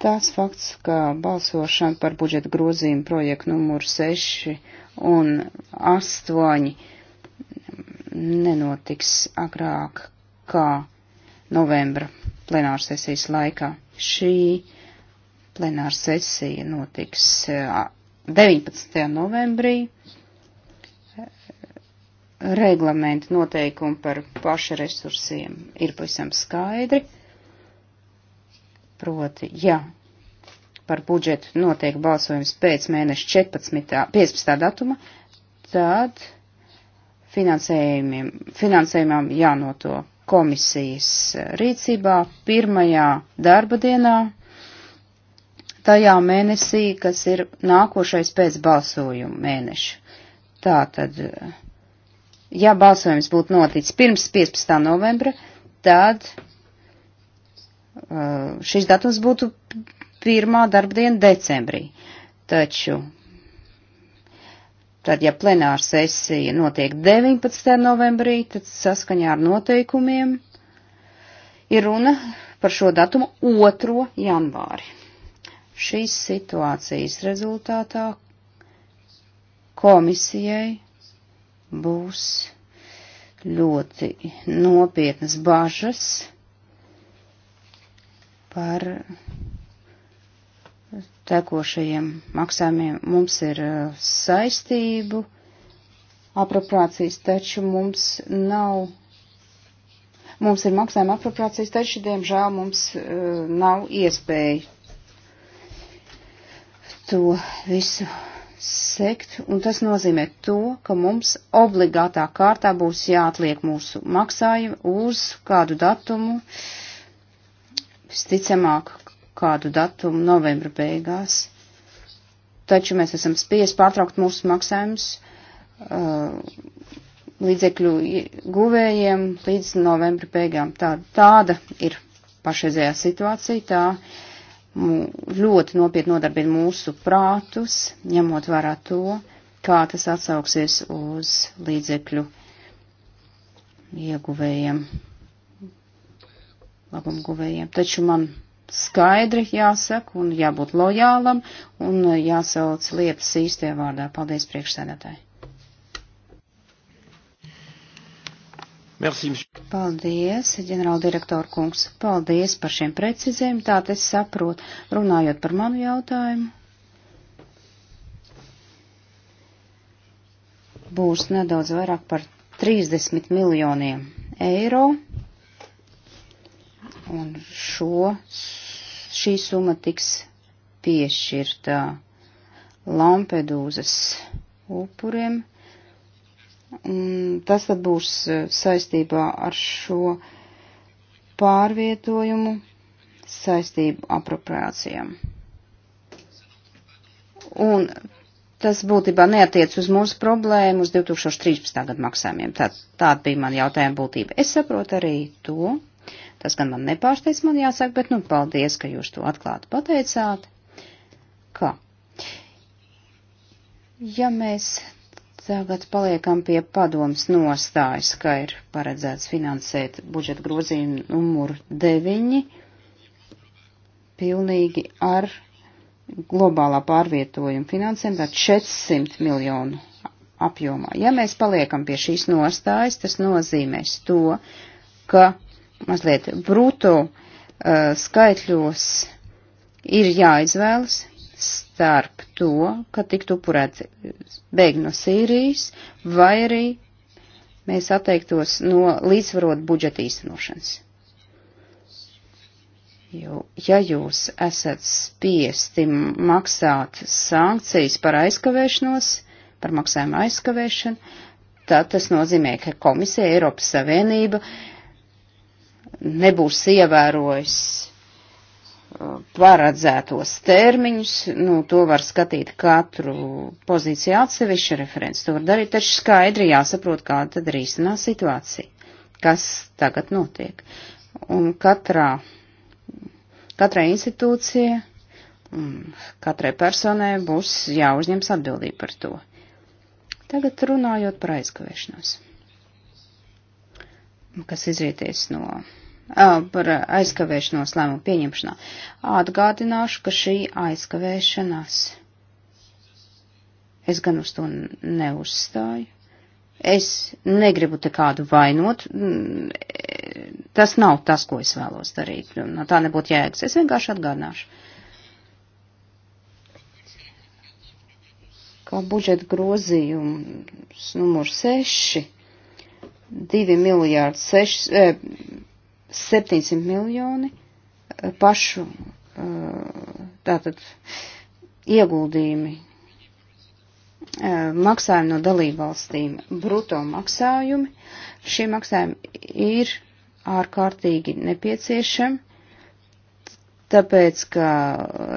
Tās fakts, ka balsošana par budžeta grozījumu projektu numuru 6 un 8 nenotiks agrāk kā novembra plenāra sesijas laikā. Šī plenāra sesija notiks 19. novembrī. Reglamenti noteikumi par pašresursiem ir pavisam skaidri Proti, ja par budžetu notiek balsojums pēc mēneša 14. 15. datuma, tad finansējumiem, finansējumam jānoto komisijas rīcībā pirmajā darba dienā, tajā mēnesī, kas ir nākošais pēc balsojuma mēneša. Tātad, ja balsojums būtu noticis pirms 15. novembra, tad Eh, šis datums būtu pirmā darbdiena decembrī. Taču, tad, ja plenāra sesija notiek 19. novembrī, tad saskaņā ar noteikumiem ir runa par šo datumu 2. janvāri. Šīs situācijas rezultātā komisijai būs ļoti nopietnas bažas par tekošajiem maksājumiem. Mums ir uh, saistību apropriācijas, taču mums nav. Mums ir maksājuma apropriācijas, taču, diemžēl, mums uh, nav iespēja to visu sekt, un tas nozīmē to, ka mums obligātā kārtā būs jāatliek mūsu maksājumi uz kādu datumu, uh, visticamāk kādu datumu novembra beigās. Taču mēs esam spiest pārtraukt mūsu maksājumus uh, līdzekļu guvējiem līdz novembra beigām. Tā, tāda ir pašreizējā situācija, tā mū, ļoti nopietni nodarbina mūsu prātus, ņemot vērā to, kā tas atsauksies uz līdzekļu ieguvējiem labumguvējiem. Taču man skaidri jāsaka un jābūt lojālam un jāsauc lietas īstajā vārdā. Paldies priekšsēdētāji. Merci, monsieur. Paldies, ģenerāldirektora kungs. Paldies par šiem precizējumiem. Tā es saprotu, runājot par manu jautājumu. Būs nedaudz vairāk par 30 miljoniem eiro Un šo, šī summa tiks piešķirtā Lampedūzas upuriem. Un tas tad būs e, saistībā ar šo pārvietojumu, saistību apropriācijām. Un tas būtībā neatiec uz mūsu problēmu, uz 2013. gadu maksājumiem. Tā, tāda bija man jautājuma būtība. Es saprotu arī to, Tas gan man nepārsteidz, man jāsaka, bet nu paldies, ka jūs to atklāti pateicāt. Kā? Ja mēs tagad paliekam pie padomas nostājas, ka ir paredzēts finansēt budžeta grozījumu numuru 9, pilnīgi ar globālā pārvietojuma finansēm, tad 400 miljonu apjomā. Ja mēs paliekam pie šīs nostājas, tas nozīmēs to, ka mazliet brūto uh, skaitļos ir jāizvēlas starp to, ka tiktu upurēts bēgļi no Sīrijas, vai arī mēs atteiktos no līdzvarot budžeta īstenošanas. Jo, ja jūs esat spiesti maksāt sankcijas par aizkavēšanos, par maksājumu aizkavēšanu, tad tas nozīmē, ka komisija Eiropas Savienība uh, nebūs ievērojis uh, paredzētos termiņus, nu, to var skatīt katru pozīciju atsevišķu referents, to var darīt, taču skaidri jāsaprot, kāda tad ir īstenā situācija, kas tagad notiek. Un katrā, katrai institūcija, katrai personai būs jāuzņems atbildība par to. Tagad runājot par aizkavēšanos, kas izrieties no par aizkavēšanos lēmumu pieņemšanā. Atgādināšu, ka šī aizkavēšanās. Es gan uz to neuzstāju. Es negribu te kādu vainot. Mm, tas nav tas, ko es vēlos darīt. No tā nebūtu jēgas. Es vienkārši atgādināšu. Kā budžeta grozījums numur 6, 2 miljārdi 6, 700 miljoni e, pašu e, tātad ieguldījumi e, maksājumi no dalībvalstīm, bruto maksājumi. Šie maksājumi ir ārkārtīgi nepieciešami, tāpēc, ka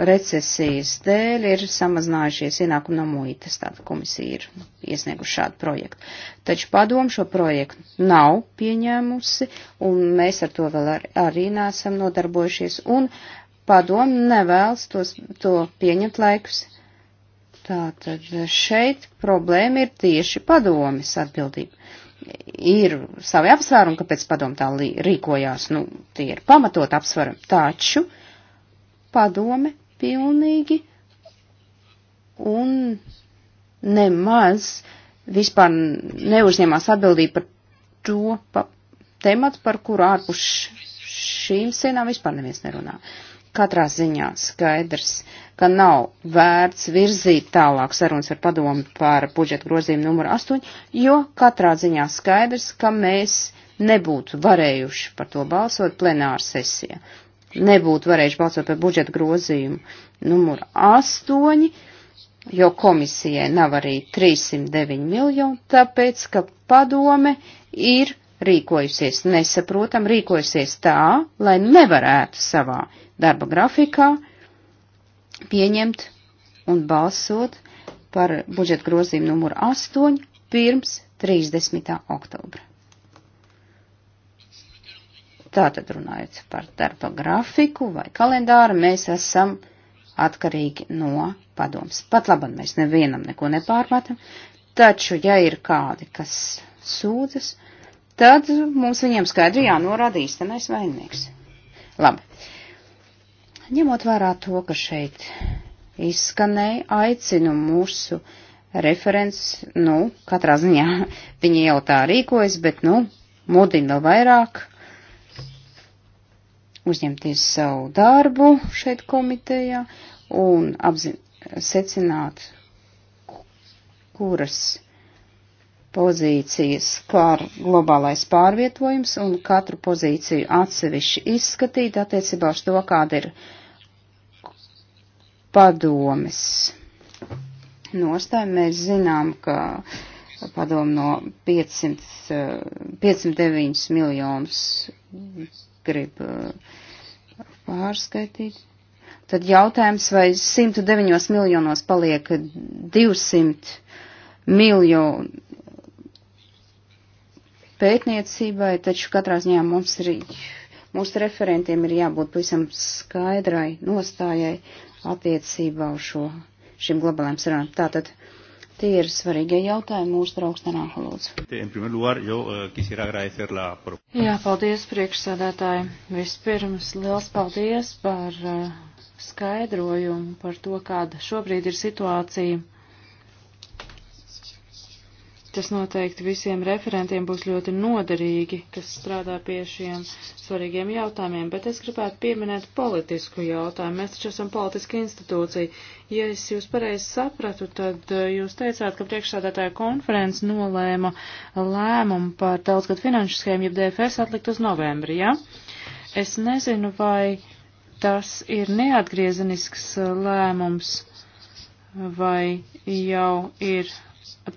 recesijas dēļ ir samazinājušies ienākumi no muitas, tāda komisija ir iesnieguši šādu projektu. Taču padomu šo projektu nav pieņēmusi, un mēs ar to vēl ar, arī nesam nodarbojušies, un padomu nevēlas tos, to pieņemt laikus. Tātad šeit problēma ir tieši padomis atbildība ir savi apsvērumi, kāpēc padomu tā rīkojās, nu, tie ir pamatot apsvērumi, taču padome pilnīgi un nemaz vispār neuzņemās atbildību par to pa, tematu, par kuru ārpus šīm sienām vispār neviens nerunā. Katrā ziņā skaidrs, ka nav vērts virzīt tālāk sarunas ar padomu par budžeta grozījumu numuru 8, jo katrā ziņā skaidrs, ka mēs nebūtu varējuši par to balsot plenāra sesijā nebūtu varējuši balsot par budžeta grozījumu numur 8, jo komisijai nav arī 309 miljonu, tāpēc, ka padome ir rīkojusies nesaprotam, rīkojusies tā, lai nevarētu savā darba grafikā pieņemt un balsot par budžeta grozījumu numuru 8 pirms 30. oktobra. Tātad runājot par darba grafiku vai kalendāru, mēs esam atkarīgi no padoms. Pat labam mēs nevienam neko nepārmetam, taču, ja ir kādi, kas sūdzas, tad mums viņiem skaidri jānorāda īstenais vainīgs. Labi. Ņemot vērā to, ka šeit izskanēja, aicinu mūsu referents, nu, katrā ziņā viņi jau tā rīkojas, bet, nu, mudina vēl vairāk uzņemties savu darbu šeit komitejā un apzin, secināt, kuras pozīcijas skar globālais pārvietojums un katru pozīciju atsevišķi izskatīt attiecībā uz to, kāda ir padomes nostāja. Mēs zinām, ka padomu no 500, 509 eh, miljonus grib uh, pārskaitīt. Tad jautājums, vai 109 miljonos paliek 200 miljonu pētniecībai, taču katrā ziņā mums ir, mūsu referentiem ir jābūt pavisam skaidrai nostājai attiecībā uz šo, šim globālajiem sarunām. Tātad Tie ir svarīgie jautājumi mūsu draugs Tanāha lūdzu. Eh, Jā, paldies priekšsēdētāji. Vispirms liels paldies par eh, skaidrojumu par to, kāda šobrīd ir situācija Tas noteikti visiem referentiem būs ļoti noderīgi, kas strādā pie šiem svarīgiem jautājumiem, bet es gribētu pieminēt politisku jautājumu. Mēs taču esam politiska institūcija. Ja es jūs pareizi sapratu, tad eh, jūs teicāt, ka priekšsādātāja konferences nolēma lēmumu par daudzgad finanšu schēmu, jeb DFS atlikt uz novembri, ja? Es nezinu, vai tas ir neatgriezenisks eh, lēmums vai jau ir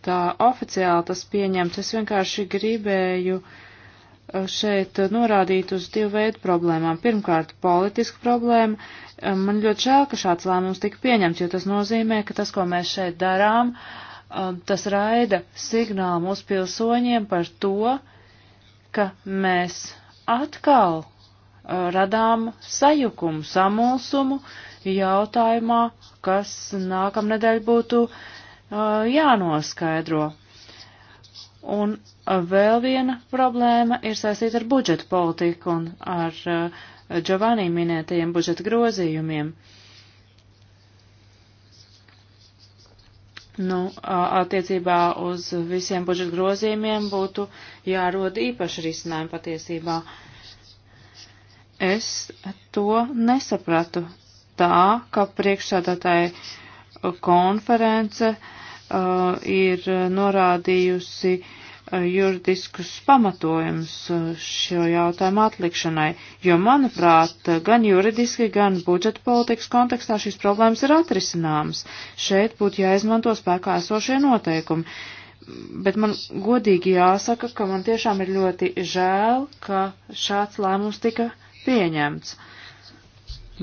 tā oficiāli tas pieņemts. Es vienkārši gribēju uh, šeit norādīt uz divu veidu problēmām. Pirmkārt, politiska problēma. Uh, Man ļoti žēl, ka šāds lēmums tika pieņemts, jo tas nozīmē, ka tas, ko mēs šeit darām, uh, tas raida signālu mūsu pilsoņiem par to, ka mēs atkal radām sajukumu, samulsumu jautājumā, kas nākamnedēļ būtu uh, Uh, jānoskaidro. Un uh, vēl viena problēma ir saistīta ar budžetu politiku un ar uh, Giovanni minētajiem budžeta grozījumiem. Nu, attiecībā uz visiem budžeta grozījumiem būtu jārod īpaši risinājumi patiesībā. Es to nesapratu tā, ka priekšsādātāji uh, konference uh, ir norādījusi uh, juridiskus pamatojumus uh, šo jautājumu atlikšanai, jo, manuprāt, uh, gan juridiski, gan budžeta politikas kontekstā šīs problēmas ir atrisināmas. Šeit būtu jāizmanto spēkā esošie noteikumi. Bet man godīgi jāsaka, ka man tiešām ir ļoti žēl, ka šāds lēmums tika pieņemts. Uh,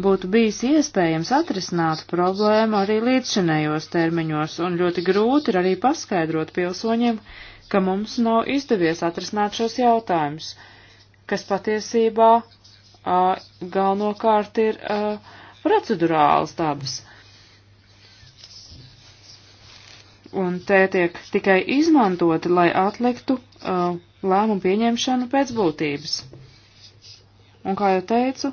būtu bijis iespējams atrisināt problēmu arī līdzšinējos termiņos, un ļoti grūti ir arī paskaidrot pilsoņiem, ka mums nav izdevies atrisināt šos jautājumus, kas patiesībā a, galvenokārt ir a, procedurāls dabas. Un te tiek tikai izmantoti, lai atliktu a, lēmumu pieņemšanu pēc būtības. Un kā jau teicu,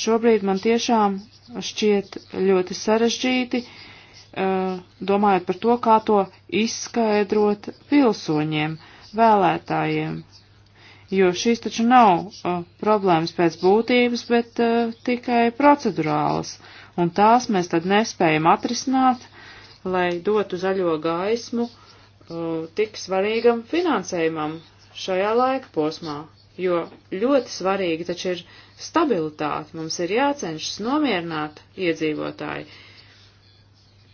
šobrīd man tiešām šķiet ļoti sarežģīti, eh, domājot par to, kā to izskaidrot pilsoņiem, vēlētājiem, jo šīs taču nav uh, problēmas pēc būtības, bet uh, tikai procedurālas, un tās mēs tad nespējam atrisināt, lai dotu zaļo gaismu uh, tik svarīgam finansējumam šajā laika posmā jo ļoti svarīgi taču ir stabilitāte. Mums ir jācenšas nomierināt iedzīvotāji,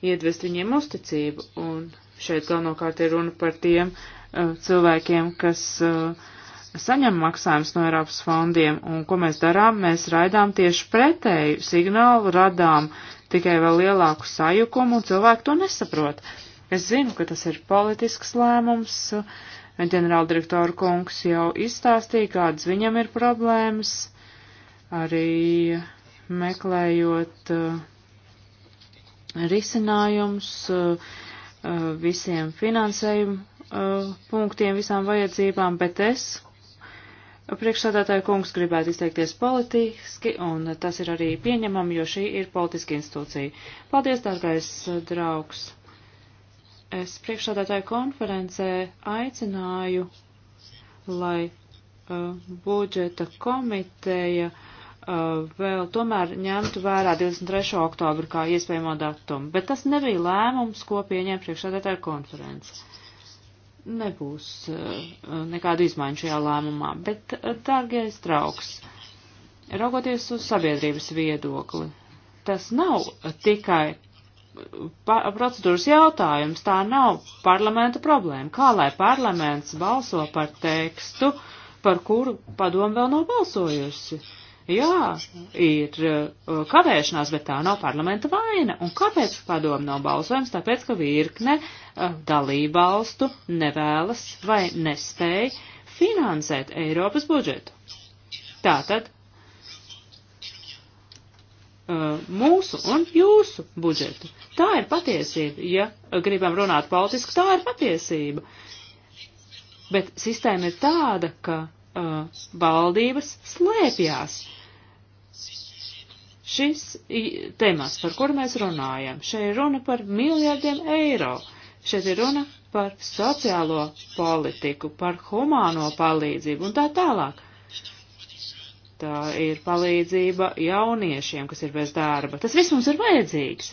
iedvest viņiem uzticību, un šeit galvenokārt ir runa par tiem uh, cilvēkiem, kas uh, saņem maksājumus no Eiropas fondiem, un ko mēs darām? Mēs raidām tieši pretēju signālu, radām tikai vēl lielāku sajukumu, un cilvēki to nesaprot. Es zinu, ka tas ir politisks lēmums, uh, ģenerāldirektoru kungs jau izstāstīja, kādas viņam ir problēmas, arī meklējot uh, risinājums uh, uh, visiem finansējumu punktiem, visām vajadzībām, bet es, priekšsādātāja kungs, gribētu izteikties politiski, un tas ir arī pieņemam, jo šī ir politiska institūcija. Paldies, dārgais draugs! es priekšsādātāju konferencē aicināju, lai uh, budžeta komiteja uh, vēl tomēr ņemtu vērā 23. oktobru kā iespējamo datumu, bet tas nebija lēmums, ko pieņēma priekšsādātāju konferences. Nebūs uh, nekādu izmaiņu šajā lēmumā, bet, uh, dārgais draugs, raugoties uz sabiedrības viedokli, tas nav tikai procedūras jautājums, tā nav parlamenta problēma. Kā lai parlaments balso par tekstu, par kuru padomu vēl nav balsojusi? Jā, ir uh, kavēšanās, bet tā nav parlamenta vaina. Un kāpēc padomu nav balsojums? Tāpēc, ka virkne uh, dalībvalstu nevēlas vai nespēj finansēt Eiropas budžetu. Tātad Uh, mūsu un jūsu budžetu. Tā ir patiesība. Ja gribam runāt politiski, tā ir patiesība. Bet sistēma ir tāda, ka uh, valdības slēpjās. Šis temats, par kuru mēs runājam, šeit ir runa par miljardiem eiro. Šeit ir runa par sociālo politiku, par humāno palīdzību un tā tālāk tā ir palīdzība jauniešiem, kas ir bez darba. Tas viss mums ir vajadzīgs.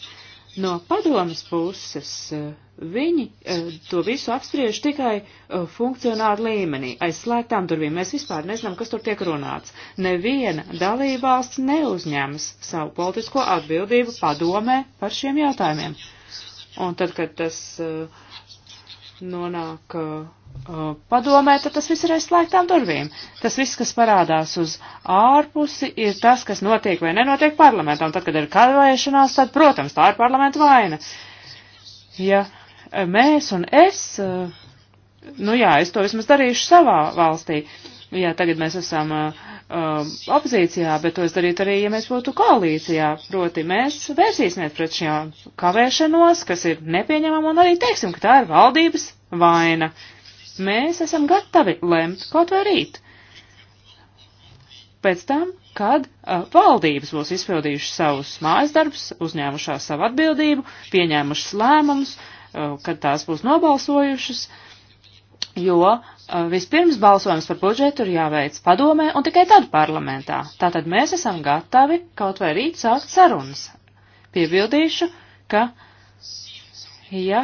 No padomas puses eh, viņi eh, to visu apspriež tikai eh, funkcionāru līmenī. Aiz slēgtām durvīm mēs vispār nezinām, kas tur tiek runāts. Neviena dalībvalsts neuzņemas savu politisko atbildību padomē par šiem jautājumiem. Un tad, kad tas uh, nonāk uh, uh, padomē, tad tas viss ir aizslēgtām durvīm. Tas viss, kas parādās uz ārpusi, ir tas, kas notiek vai nenotiek parlamentā. Un tad, kad ir kavēšanās, tad, protams, tā ir parlamenta vaina. Ja uh, mēs un es, uh, nu jā, es to vismaz darīšu savā valstī. Uh, Jā, tagad mēs esam uh, opozīcijā, bet to es darītu arī, ja mēs būtu koalīcijā. Proti, mēs vērsīsimies pret šajām kavēšanos, kas ir nepieņemama, un arī teiksim, ka tā ir valdības vaina. Mēs esam gatavi lemt kaut vai rīt. Pēc tam, kad uh, valdības būs izpildījušas savus mājas darbus, uzņēmušās savu atbildību, pieņēmušas lēmumus, uh, kad tās būs nobalsojušas, jo uh, Uh, vispirms balsojums par budžetu ir jāveic padomē un tikai tad parlamentā. Tātad mēs esam gatavi kaut vai rīt sākt sarunas. Piebildīšu, ka, ja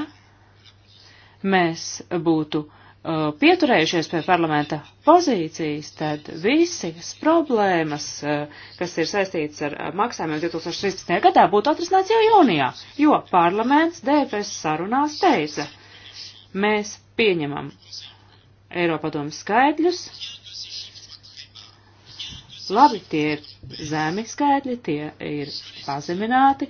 mēs būtu uh, pieturējušies pie parlamenta pozīcijas, tad visas problēmas, uh, kas ir saistītas ar uh, maksājumiem 2013. gadā, būtu atrisināts jau jūnijā, jo parlaments DFS sarunās teica, mēs pieņemam Eiropadomas skaidļus. Labi, tie ir zemi skaidļi, tie ir pazemināti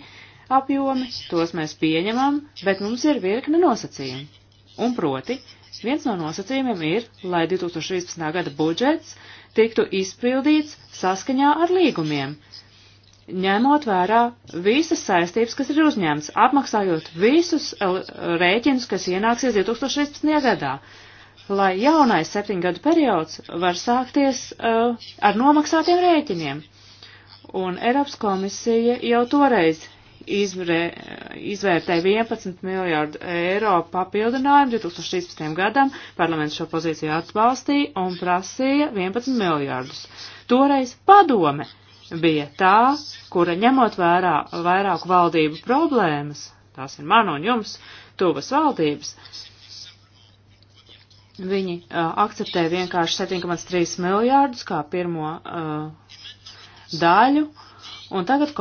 apjomi, tos mēs pieņemam, bet mums ir virkne nosacījumi. Un proti, viens no nosacījumiem ir, lai 2013. gada budžets tiktu izpildīts saskaņā ar līgumiem, ņemot vērā visas saistības, kas ir uzņemts, apmaksājot visus rēķinus, kas ienāksies 2016. gadā lai jaunais septiņgadu periods var sākties uh, ar nomaksātiem rēķiniem. Un Eiropas komisija jau toreiz izvrē, izvērtēja 11 miljārdu eiro papildinājumu 2013. gadam, parlaments šo pozīciju atbalstīja un prasīja 11 miljārdus. Toreiz padome bija tā, kura ņemot vērā vairāku valdību problēmas, tās ir man un jums, tuvas valdības, Viņi uh, akceptē vienkārši 7,3 miljārdus kā pirmo uh, daļu, un tagad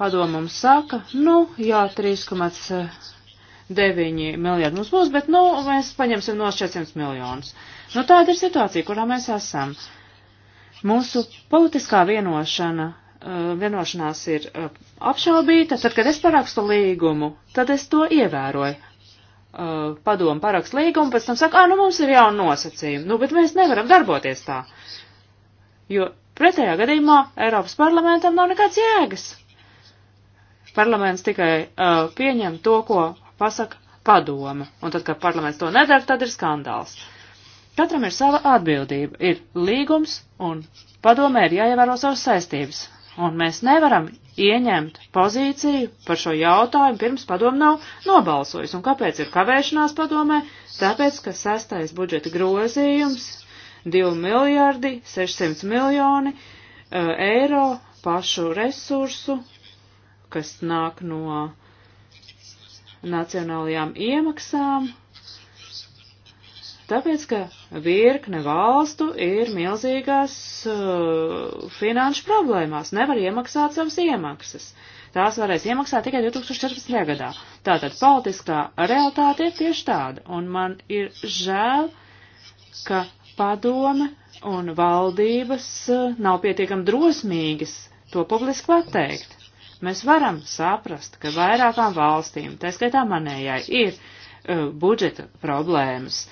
padomu mums saka, nu, jā, 3,9 miljārdi mums būs, bet, nu, mēs paņemsim no 400 miljonus. Nu, tāda ir situācija, kurā mēs esam. Mūsu politiskā vienošana vienošanās ir apšaubīta, tad, kad es parakstu līgumu, tad es to ievēroju uh, padomu parakst līgumu, pēc tam saka, ah, nu mums ir jauni nosacījumi, nu, bet mēs nevaram darboties tā. Jo pretējā gadījumā Eiropas parlamentam nav nekāds jēgas. Parlaments tikai uh, pieņem to, ko pasaka padome, un tad, kad parlaments to nedara, tad ir skandāls. Katram ir sava atbildība, ir līgums, un padomē ir jāievēro savas saistības, un mēs nevaram ieņemt pozīciju par šo jautājumu pirms padomu nav nobalsojis. Un kāpēc ir kavēšanās padomē? Tāpēc, ka sastais budžeta grozījums 2 miljardi 600 miljoni uh, eiro pašu resursu, kas nāk no nacionālajām iemaksām, Tāpēc, ka virkne valstu ir milzīgās uh, finanšu problēmās, nevar iemaksāt savas iemaksas. Tās varēs iemaksāt tikai 2014. gadā. Tātad politiskā realitāte ir tieši tāda, un man ir žēl, ka padome un valdības uh, nav pietiekami drosmīgas to publiski pateikt. Mēs varam saprast, ka vairākām valstīm, tā skaitā manējai, ir uh, budžeta problēmas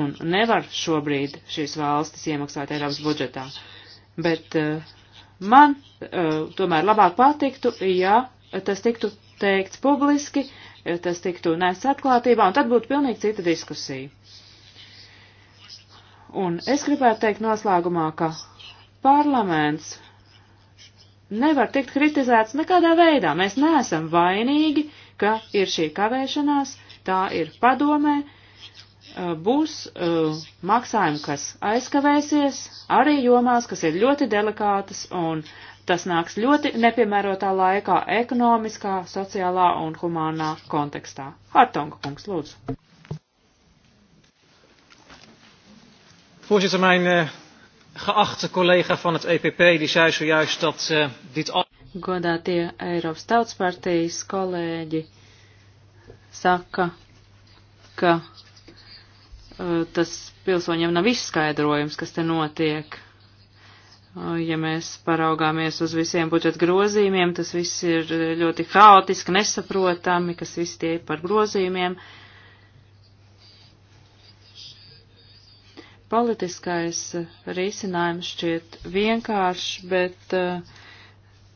un nevar šobrīd šīs valstis iemaksāt Eiropas budžetā. Bet uh, man uh, tomēr labāk patiktu, ja tas tiktu teikts publiski, ja eh, tas tiktu nests atklātībā, un tad būtu pilnīgi cita diskusija. Un es gribētu teikt noslēgumā, ka parlaments nevar tikt kritizēts nekādā veidā. Mēs neesam vainīgi, ka ir šī kavēšanās, tā ir padomē, uh, būs uh, maksājumi, kas aizkavēsies, arī jomās, kas ir ļoti delikātas, un tas nāks ļoti nepiemērotā laikā ekonomiskā, sociālā un humānā kontekstā. Hartonga kungs, lūdzu. Voorzitter, mijn uh, geachte collega van het EPP die zei zojuist dat uh, dit al. Godātie Eiropas Tautas partijas kolēģi saka, ka Eh, tas pilsoņiem nav izskaidrojums, kas te notiek. Eh, ja mēs paraugāmies uz visiem budžeta grozījumiem, tas viss ir ļoti haotiski, nesaprotami, kas viss tie ir par grozījumiem. Politiskais eh, risinājums šķiet vienkāršs, bet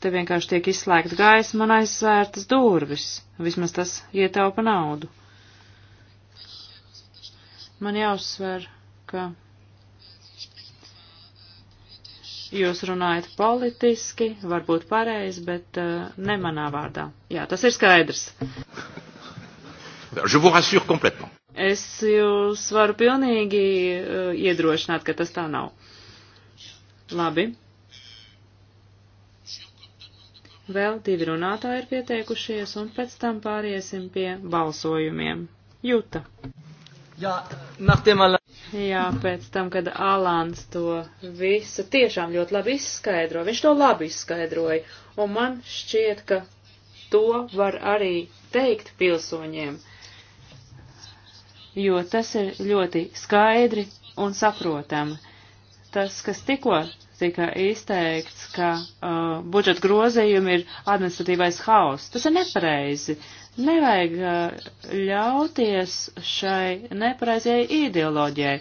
te vienkārši tiek izslēgta gaisma un aizsvērtas durvis. Vismaz tas ietaupa naudu. Man jāuzsver, ka jūs runājat politiski, varbūt pareizi, bet uh, ne manā vārdā. Jā, tas ir skaidrs. Je vous rassure complètement. Es jūs varu pilnīgi uh, iedrošināt, ka tas tā nav. Labi. Vēl divi runātāji ir pieteikušies, un pēc tam pāriesim pie balsojumiem. Juta. Jā, Jā, pēc tam, kad Alans to visu tiešām ļoti labi izskaidro, viņš to labi izskaidroja, un man šķiet, ka to var arī teikt pilsoņiem, jo tas ir ļoti skaidri un saprotami. Tas, kas tikko tika izteikts, ka uh, budžeta grozījumi ir administratīvais haoss, tas ir nepareizi. Uh, Nevajag uh, ļauties šai nepareizajai ideoloģijai.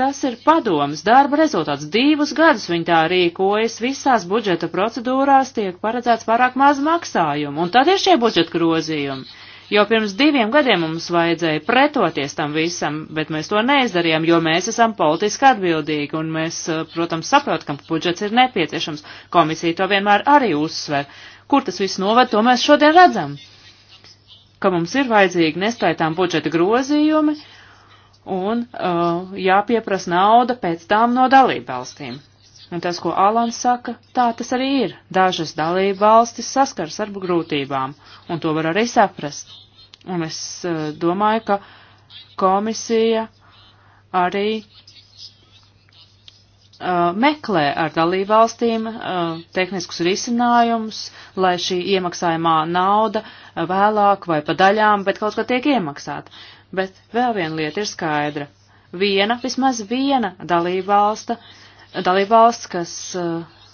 Tas ir padomas darba rezultāts. Divus gadus viņi tā rīkojas, visās budžeta procedūrās tiek paredzēts pārāk maz maksājumu, un tad ir šie budžeta grozījumi. Jo pirms diviem gadiem mums vajadzēja pretoties tam visam, bet mēs to neizdarījām, jo mēs esam politiski atbildīgi un mēs, uh, protams, saprotam, ka budžets ir nepieciešams. Komisija to vienmēr arī uzsver. Kur tas viss noved, to mēs šodien redzam ka mums ir vajadzīgi neskaitām budžeta grozījumi un uh, jāpieprasa nauda pēc tām no dalībvalstīm. Un tas, ko Alans saka, tā tas arī ir. Dažas dalība valstis saskars ar grūtībām, un to var arī saprast. Un es uh, domāju, ka komisija arī Uh, meklē ar dalībvalstīm uh, tehniskus risinājumus, lai šī iemaksājumā nauda uh, vēlāk vai pa daļām, bet kaut kā tiek iemaksāta. Bet vēl viena lieta ir skaidra. Viena, vismaz viena dalībvalsta, dalībvalsts, kas uh,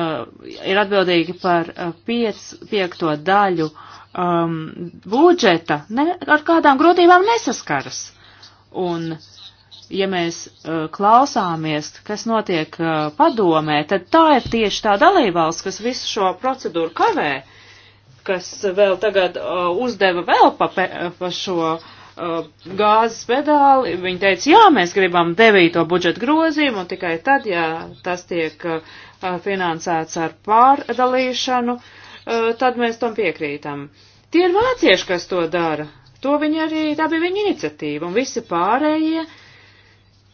uh, ir atbildīgi par uh, piec, piekto daļu um, budžeta, ne, ar kādām grūtībām nesaskaras. Un uh, ja mēs uh, klausāmies, kas notiek uh, padomē, tad tā ir tieši tā dalībvalsts, kas visu šo procedūru kavē, kas vēl tagad uh, uzdeva vēl pa, pe, pa šo uh, gāzes pedāli. Viņi teica, jā, mēs gribam devīto budžetu grozījumu, un tikai tad, ja tas tiek uh, finansēts ar pārdalīšanu, uh, tad mēs tam piekrītam. Tie ir vācieši, kas to dara. To viņi arī, tā bija viņa iniciatīva, un visi pārējie uh,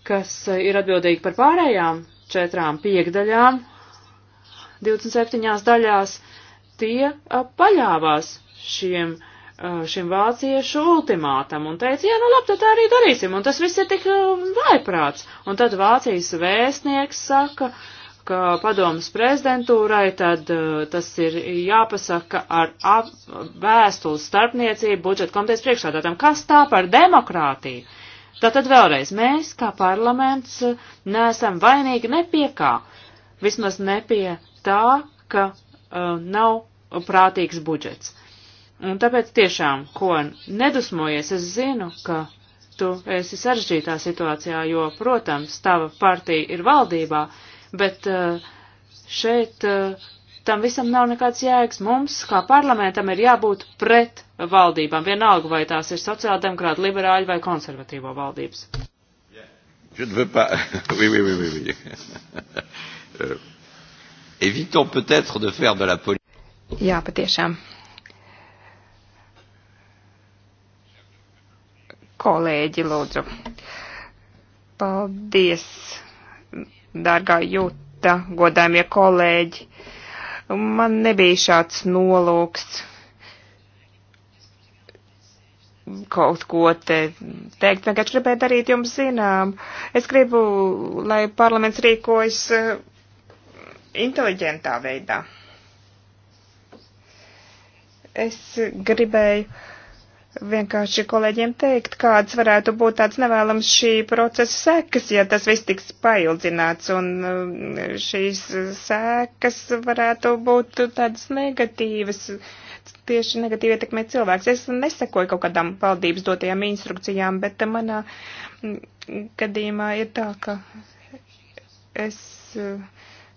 kas eh, ir atbildīgi par pārējām četrām piekdaļām, 27 daļās, tie eh, paļāvās šiem, eh, šim vāciešu ultimātam un teica, jā, nu labi, tad tā arī darīsim, un tas viss ir tik vaiprāts. Un tad Vācijas vēstnieks saka, ka padomas prezidentūrai tad tas ir jāpasaka ar ap, vēstules starpniecību budžeta komitejas priekšādātam. Kas tā par demokrātiju? Tātad vēlreiz, mēs kā parlaments eh, neesam vainīgi ne pie kā, vismaz ne pie tā, ka uh, nav prātīgs budžets. Un tāpēc tiešām, ko nedusmojies, es zinu, ka tu esi sarežģītā situācijā, jo, protams, tava partija ir valdībā, bet uh, šeit uh, tam visam nav nekāds jēgs. Mums, kā parlamentam, ir jābūt pret valdībām, vienalga vai tās ir sociāldemokrāta, liberāļa vai konservatīvo valdības. oui, oui, oui, oui, oui. Euh, évitons peut-être de faire de la politique. Jā, patiešām. Kolēģi, lūdzu. Paldies, dārgā jūta, godājumie kolēģi. Uh, Man nebija šāds nolūks kaut ko te teikt, vienkārši gribēju darīt jums zinām. Es gribu, lai parlaments rīkojas eh, inteliģentā veidā. Es gribēju vienkārši kolēģiem teikt, kāds varētu būt tāds nevēlams šī procesa sekas, ja tas viss tiks paildzināts, un um, šīs sekas varētu būt tādas negatīvas, tieši negatīvi ietekmē cilvēks. Es nesekoju kaut kādām valdības dotajām instrukcijām, bet manā mm, gadījumā ir tā, ka es. Uh,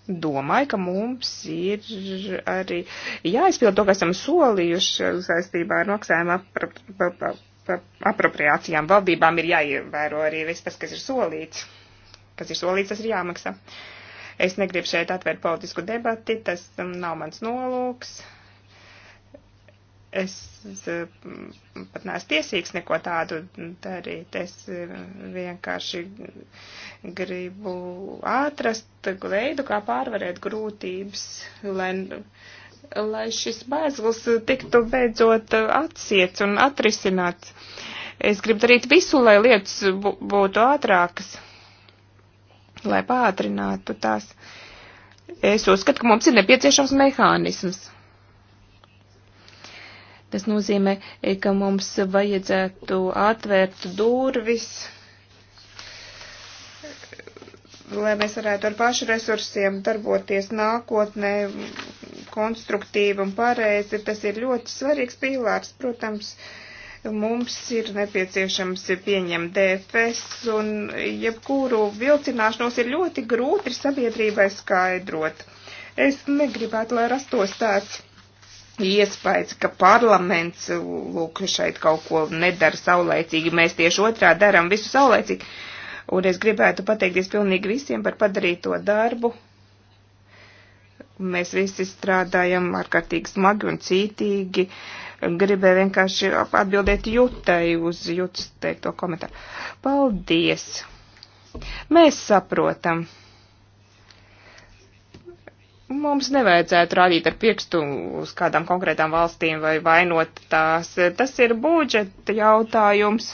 domāju, ka mums ir arī jāizpild to, ka esam solījuši saistībā ar maksājuma apra, apra, apra, apropriācijām. Valdībām ir jāievēro arī viss tas, kas ir solīts. Kas ir solīts, tas ir jāmaksā. Es negribu šeit atvērt politisku debati, tas nav mans nolūks es eh, pat neesmu tiesīgs neko tādu darīt. Es eh, vienkārši gribu atrast veidu, kā pārvarēt grūtības, lai, lai šis bēzlis tiktu beidzot atsiets un atrisināts. Es gribu darīt visu, lai lietas būtu ātrākas, lai pātrinātu tās. Es uzskatu, ka mums ir nepieciešams mehānisms Tas nozīmē, eh, ka mums vajadzētu atvērt durvis, lai mēs varētu ar pašu resursiem darboties nākotnē konstruktīvi un pareizi. Tas ir ļoti svarīgs pīlārs, protams mums ir nepieciešams pieņemt DFS, un jebkuru vilcināšanos ir ļoti grūti sabiedrībai skaidrot. Es negribētu, lai rastos tāds iespējas, ka parlaments lūk, šeit kaut ko nedara saulēcīgi. Mēs tieši otrā darām visu saulēcīgi. Un es gribētu pateikties pilnīgi visiem par padarīto darbu. Mēs visi strādājam ārkārtīgi smagi un cītīgi. Gribēju vienkārši atbildēt jutai uz jutas teikto komentāru. Paldies! Mēs saprotam mums nevajadzētu rādīt ar pirkstu uz kādām konkrētām valstīm vai vainot tās. Tas ir budžeta jautājums.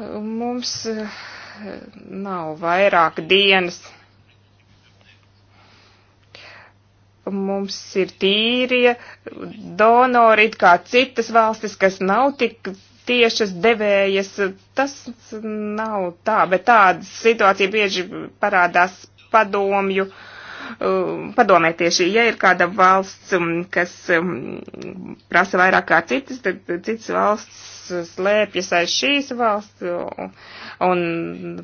Mums eh, nav vairāk dienas. Mums ir tīrie donori, kā citas valstis, kas nav tik tiešas devējas. Tas nav tā, bet tāda situācija bieži parādās padomju uh, Um, padomē tieši, ja ir kāda valsts, um, kas um, prasa vairāk kā citas, tad citas valsts slēpjas aiz šīs valsts, un,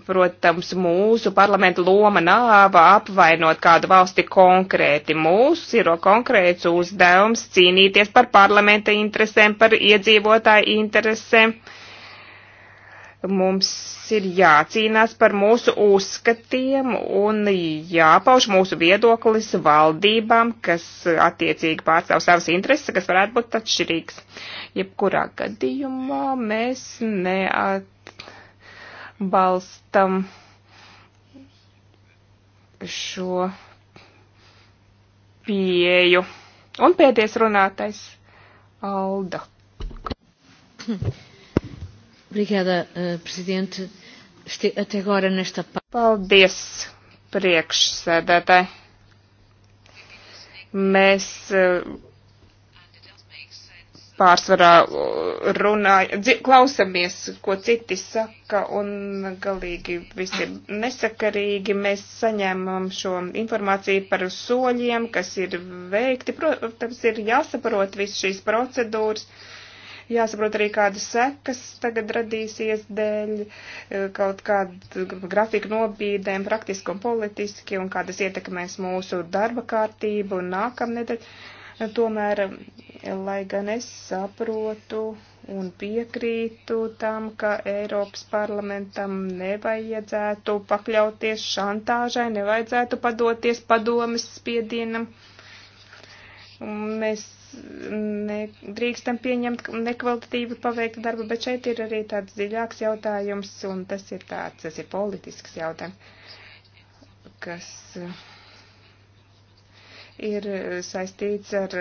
protams, mūsu parlamenta loma nav apvainot kādu valsti konkrēti. Mūsu ir konkrēts uzdevums cīnīties par parlamenta interesēm, par iedzīvotāju interesēm. Uh, Mums ir jācīnās par mūsu uzskatiem un jāpauž mūsu viedoklis valdībām, kas attiecīgi pārstāv savas intereses, kas varētu būt atšķirīgs. Jebkurā gadījumā mēs neatbalstam šo pieju. Un pēdējais runātais Alda. Obrigada, eh, prezidente. Até agora nesta Paldies, priekšsēdētāji. Mēs eh, pārsvarā eh, runājam, klausamies, ko citi saka, un galīgi visi nesakarīgi mēs saņēmam šo informāciju par soļiem, kas ir veikti. Protams, ir jāsaprot viss šīs procedūras. Uh, jāsaprot arī kādas sekas tagad radīsies dēļ eh, kaut kāda grafika nobīdēm, praktiski un politiski, un kādas ietekmēs mūsu darba kārtību un nākamnedēļ. Tomēr, lai gan es saprotu un piekrītu tam, ka Eiropas parlamentam nevajadzētu pakļauties šantāžai, nevajadzētu padoties padomas spiedienam, mēs nedrīkstam pieņemt nekvalitatīvi paveiktu darbu, bet šeit ir arī tāds dziļāks jautājums, un tas ir tāds, tas ir politisks jautājums, kas eh, ir saistīts ar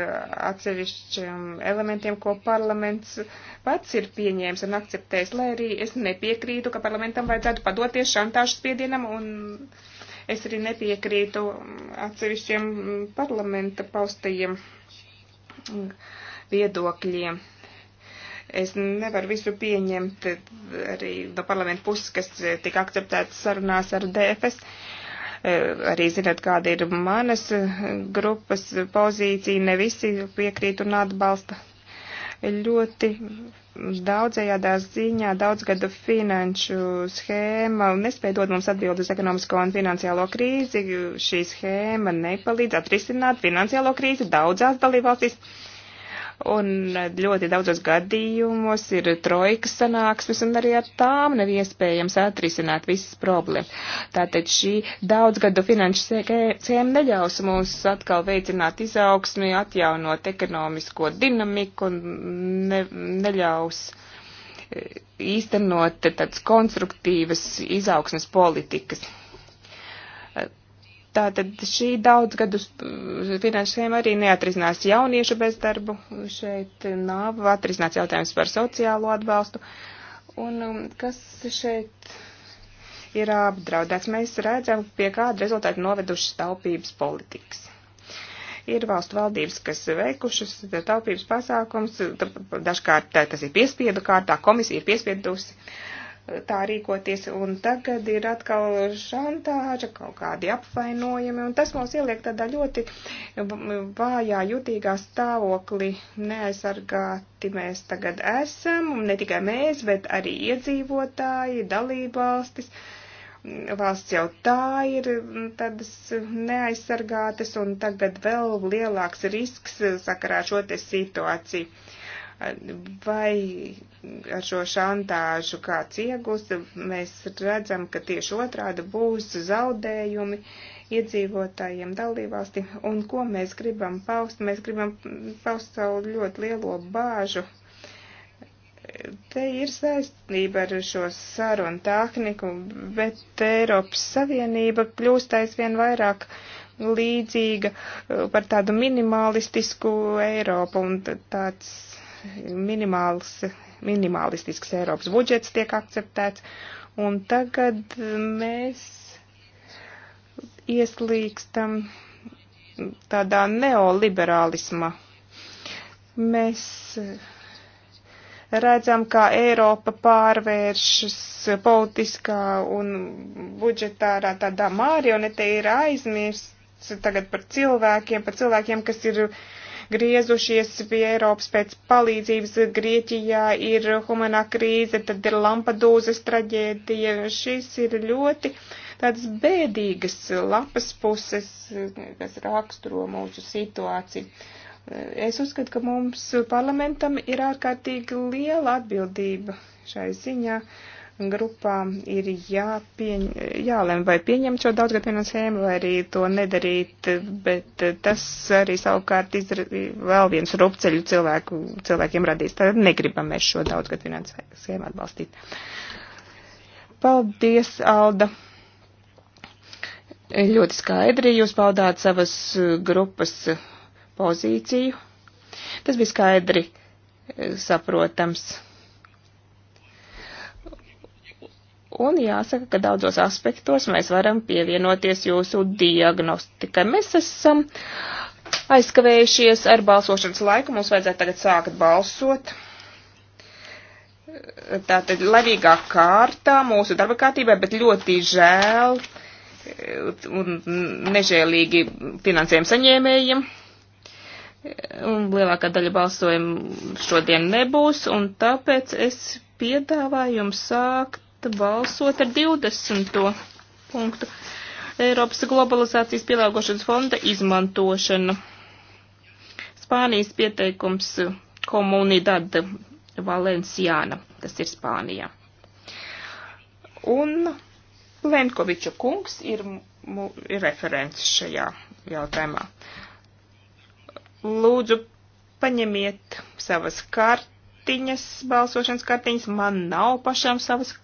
atsevišķiem elementiem, ko parlaments pats ir pieņēmis un akceptējis, lai arī es nepiekrītu, ka parlamentam vajadzētu padoties šantāžu spiedienam un es arī nepiekrītu atsevišķiem parlamenta paustajiem viedokļiem. Es nevaru visu pieņemt arī no parlamenta puses, kas tika akceptēts sarunās ar DFS. Arī zinot, kāda ir manas grupas pozīcija, ne visi piekrīt un atbalsta ļoti daudzējādā ziņā daudzgadu finanšu schēma nespēja dot mums atbildi uz ekonomisko un finansiālo krīzi. Šī schēma nepalīdz atrisināt finansiālo krīzi daudzās dalībvalstīs. valstīs Un ļoti daudzos gadījumos ir trojkas sanāksmes, un arī ar tām nav iespējams atrisināt visas problēmas. Tātad šī daudzgadu finanšu sēma neļaus mums atkal veicināt izaugsmi, atjaunot ekonomisko dinamiku un ne, neļaus e, īstenot tāds konstruktīvas izaugsmes politikas. Tātad šī daudzgadus finansējuma arī neatrisinās jauniešu bezdarbu. Šeit nav atrisināts jautājums par sociālo atbalstu. Un um, kas šeit ir apdraudēts? Mēs redzam, pie kāda rezultāta novedušas taupības politikas. Ir valstu valdības, kas veikušas taupības pasākums, dažkārt tas ir piespiedu kārtā, komisija ir piespiedusi. Uh, tā rīkoties, un tagad ir atkal šantāža, kaut kādi apvainojumi, un tas mūs ieliek tādā ļoti vājā, jutīgā stāvoklī neaizsargāti mēs tagad esam, un ne tikai mēs, bet arī iedzīvotāji, dalībvalstis. Valsts jau tā ir tādas neaizsargātas, un tagad vēl lielāks risks sakarā šo te situāciju. Uh, vai ar šo šantāžu kāds iegūst, mēs redzam, ka tieši otrādi būs zaudējumi iedzīvotājiem dalībvalstīm, un ko mēs gribam paust, mēs gribam paust savu ļoti lielo bāžu. Te ir saistība ar šo sarunu tehniku, bet Eiropas Savienība kļūst aizvien vairāk līdzīga par tādu minimalistisku Eiropu, un tāds minimāls, minimalistisks Eiropas budžets tiek akceptēts, un tagad mēs ieslīkstam tādā neoliberālisma. Mēs redzam, kā Eiropa pārvēršas politiskā un budžetārā tādā marionete ir aizmirsts tagad par cilvēkiem, par cilvēkiem, kas ir uh, griezušies pie Eiropas pēc palīdzības. Grieķijā ir humanā krīze, tad ir Lampedūzas traģēdija. Šis ir ļoti tādas bēdīgas lapas puses, kas raksturo mūsu situāciju. Es uzskatu, ka mums parlamentam ir ārkārtīgi liela atbildība šai ziņā. Uh, grupām ir jāpieņ, jālem, vai pieņemt šo daudzgadu finansējumu, vai arī to nedarīt, bet tas arī savukārt izdara, vēl viens rupceļu cilvēku, cilvēkiem radīs. Tad negribam mēs šo daudzgadu finansējumu atbalstīt. Paldies, Alda! Ļoti skaidri jūs paudāt savas grupas pozīciju. Tas bija skaidri saprotams Un jāsaka, ka daudzos aspektos mēs varam pievienoties jūsu diagnostikai. Mēs esam aizkavējušies ar balsošanas laiku. Mums vajadzētu tagad sākt balsot. Tātad laimīgā kārtā mūsu darba kārtībā, bet ļoti žēl un nežēlīgi finansējumu saņēmējiem. Un lielākā daļa balsojumu šodien nebūs, un tāpēc es piedāvāju jums sākt balsot ar 20. punktu. Eiropas globalizācijas pielāgošanas fonda izmantošana. Spānijas pieteikums Comunidad Valenciāna, tas ir Spānijā. Un Lenkoviča kungs ir, ir referents šajā jautājumā. Lūdzu, paņemiet savas kartiņas, balsošanas kartiņas. Man nav pašam savas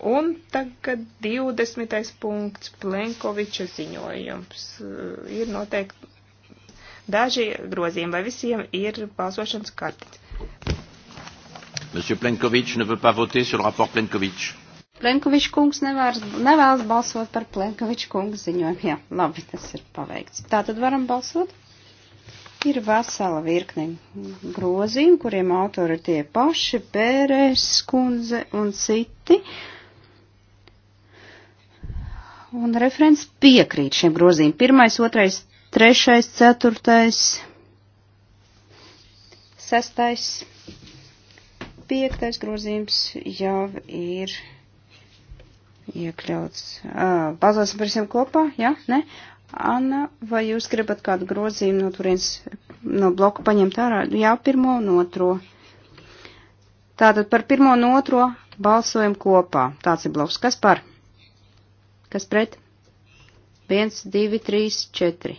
Un tagad 20. punkts Plenkoviča ziņojums. Eh, ir noteikti daži grozījumi, vai visiem ir balsošanas kartiņas. Monsieur Plenkovič ne veut pas voter sur le rapport Plenkovič. Plenkovič kungs nevēlas, nevēlas balsot par Plenkovič kungs ziņojumu. Jā, labi, tas ir paveikts. Tā tad varam balsot. Ir vesela virkne grozījumu, kuriem autori ir tie paši, Bērēs, Skundze un citi. Uh, un referents piekrīt šiem grozījumiem. Pirmais, otrais, trešais, ceturtais, sestais, piektais grozījums jau ir iekļauts. Uh, Balsosim par visiem kopā, jā, ja? ne? Anna, vai jūs gribat kādu grozījumu no turienes, no bloku paņemt ārā? Jā, pirmo un otro. Tātad par pirmo un otro balsojam kopā. Tāds ir bloks. Kas par? Kas pret? 1, 2, 3, 4.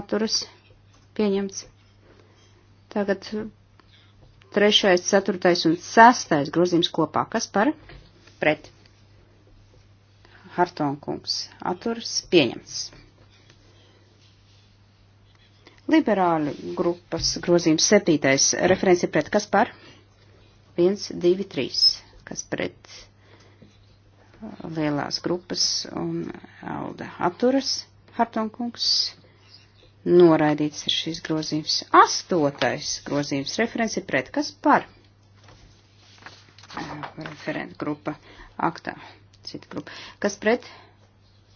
Atturas pieņemts. Tagad trešais, ceturtais un sestais grozījums kopā. Kas par? Pret. Hartonkungs. Atturas pieņemts. Liberāļu grupas grozījums septītais referenci pret kas par? 1, 2, 3. Kas pret? lielās grupas un Alda atturas. Hartonkungs noraidīts ir šis grozījums. Astotais grozījums referents ir pret kas par referenta grupa aktā. Cita grupa. Kas pret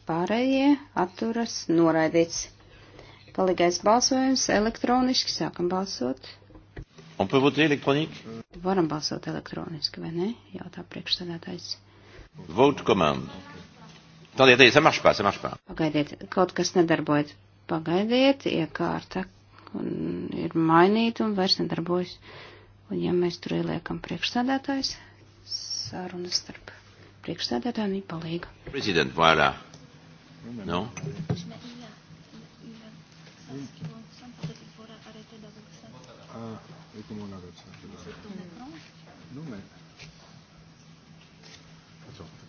pārējie atturas noraidīts. Palīgais balsojums elektroniski. Sākam balsot. Un peut voter elektroniski? Varam balsot elektroniski, vai ne? Jautā priekšsēdētājs. Vote command. Tad, ja teicu, marš pār, marš pār. Pagaidiet, kaut kas nedarbojas. Pagaidiet, iekārta un ir mainīta un vairs nedarbojas. Un ja mēs tur ieliekam priekšsēdētājs, sarunas starp priekšsēdētājiem ir palīga. Prezident Vairā. No? Ah, e come una persona. Nu, non è.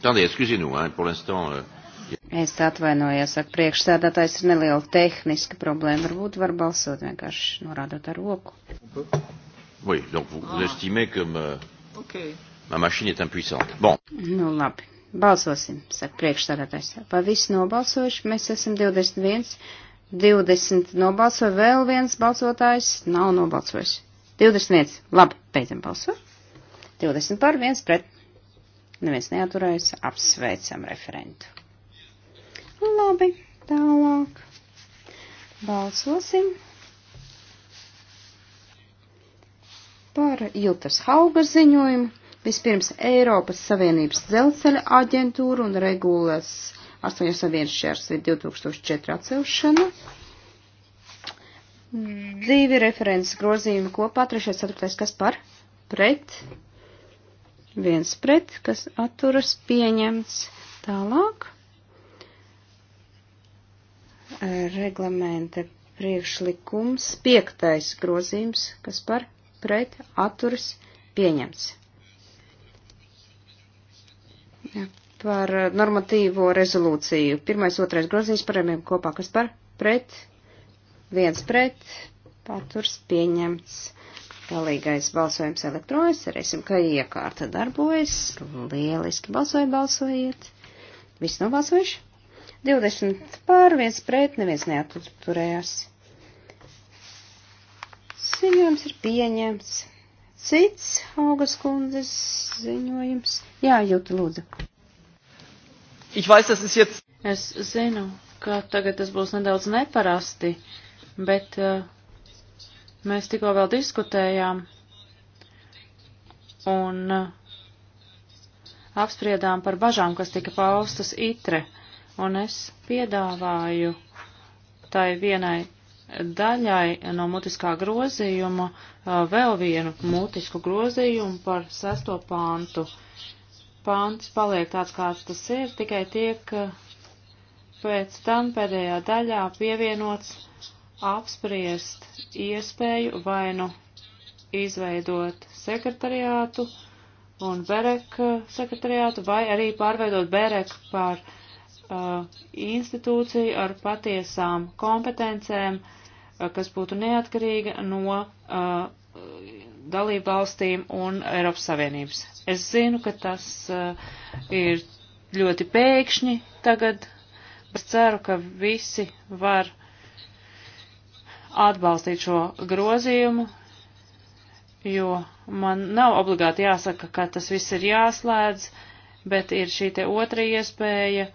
Tādēļ, excusez-nous, hein, pour l'instant. Euh... Es atvainojos, saka, priekšsēdētājs ir neliela tehniska problēma. Varbūt var balsot vienkārši norādot ar roku. Oui, donc vous, ah. vous estimez que ma, okay. ma machine est impuissante. Bon. Nu, labi. Balsosim, saka priekšsēdētājs. Vai visi nobalsojuši? Mēs esam 21, 20 nobalsoja, vēl viens balsotājs nav nobalsojis. 21. Labi, beidzam balsot. 20 par 1 pret Neviens neaturējas. Apsveicam referentu. Labi, tālāk. Balsosim. Par Jūtas Hauga ziņojumu. Vispirms Eiropas Savienības dzelzceļa aģentūra un regulas 801 šķērs ir 2004 atcelšana. Divi referents grozījumi kopā, 3.4. kas par? Pret viens pret, kas atturas pieņemts tālāk. Reglamenta priekšlikums, piektais grozījums, kas par pret atturas pieņemts. Par normatīvo rezolūciju. Pirmais, otrais grozījums par abiem kopā, kas par pret, viens pret, paturs pieņemts. Galīgais balsojums elektronis, cerēsim, ka iekārta darbojas. Lieliski balsoja, balsojiet. Viss nobalsojuši? 20 pār, viens pret, neviens neaturējās. Ziņojums ir pieņemts. Cits augas kundzes ziņojums. Jā, jūtu lūdzu. Ich weiß, das ist jetzt... Es zinu, ka tagad tas būs nedaudz neparasti, bet uh, Mēs tikko vēl diskutējām un uh, apspriedām par bažām, kas tika paustas itre, un es piedāvāju tai vienai daļai no mutiskā grozījuma uh, vēl vienu mutisku grozījumu par sesto pantu. Pants paliek tāds, kāds tas ir, tikai tiek uh, pēc tam pēdējā daļā pievienots apspriest iespēju vai nu izveidot sekretariātu un BEREK uh, sekretariātu, vai arī pārveidot BEREK par uh, institūciju ar patiesām kompetencēm, uh, kas būtu neatkarīga no uh, dalību valstīm un Eiropas Savienības. Es zinu, ka tas uh, ir ļoti pēkšņi tagad, bet ceru, ka visi var uh, atbalstīt šo grozījumu, jo man nav obligāti jāsaka, ka tas viss ir jāslēdz, bet ir šī te otra iespēja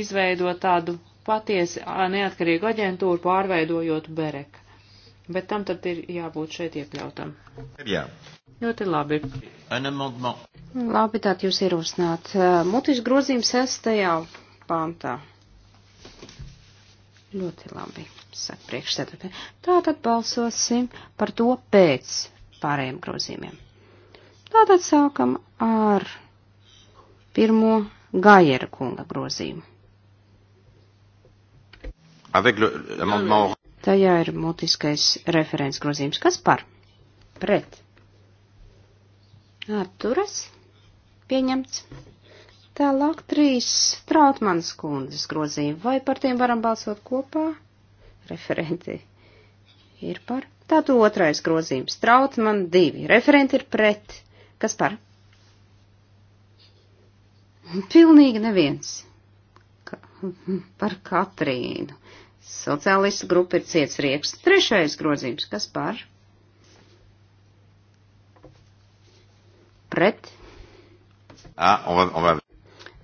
izveidot tādu patiesi neatkarīgu aģentūru, pārveidojot Berek. Bet tam tad ir jābūt šeit iekļautam. Jā. Ļoti labi. Labi, tātad jūs ierosināt. Mutis grozījums sestajā pāntā. Ļoti labi saka priekšsēdētāji. Tātad balsosim par to pēc pārējiem grozījumiem. Tātad sākam ar pirmo Gaiera kunga grozījumu. Tajā ir mutiskais referents grozījums. Kas par? Pret. Atturas. Pieņemts. Tālāk trīs Trautmanas kundzes grozījumi. Vai par tiem varam balsot kopā? Referenti ir par. Tātad otrais grozījums. Trautman divi. Referenti ir pret. Kas par? Pilnīgi neviens. Ka, par Katrīnu. Sociālistu grupa ir ciets rieks. Trešais grozījums. Kas par? Pret. À, ah, on va, on va. À,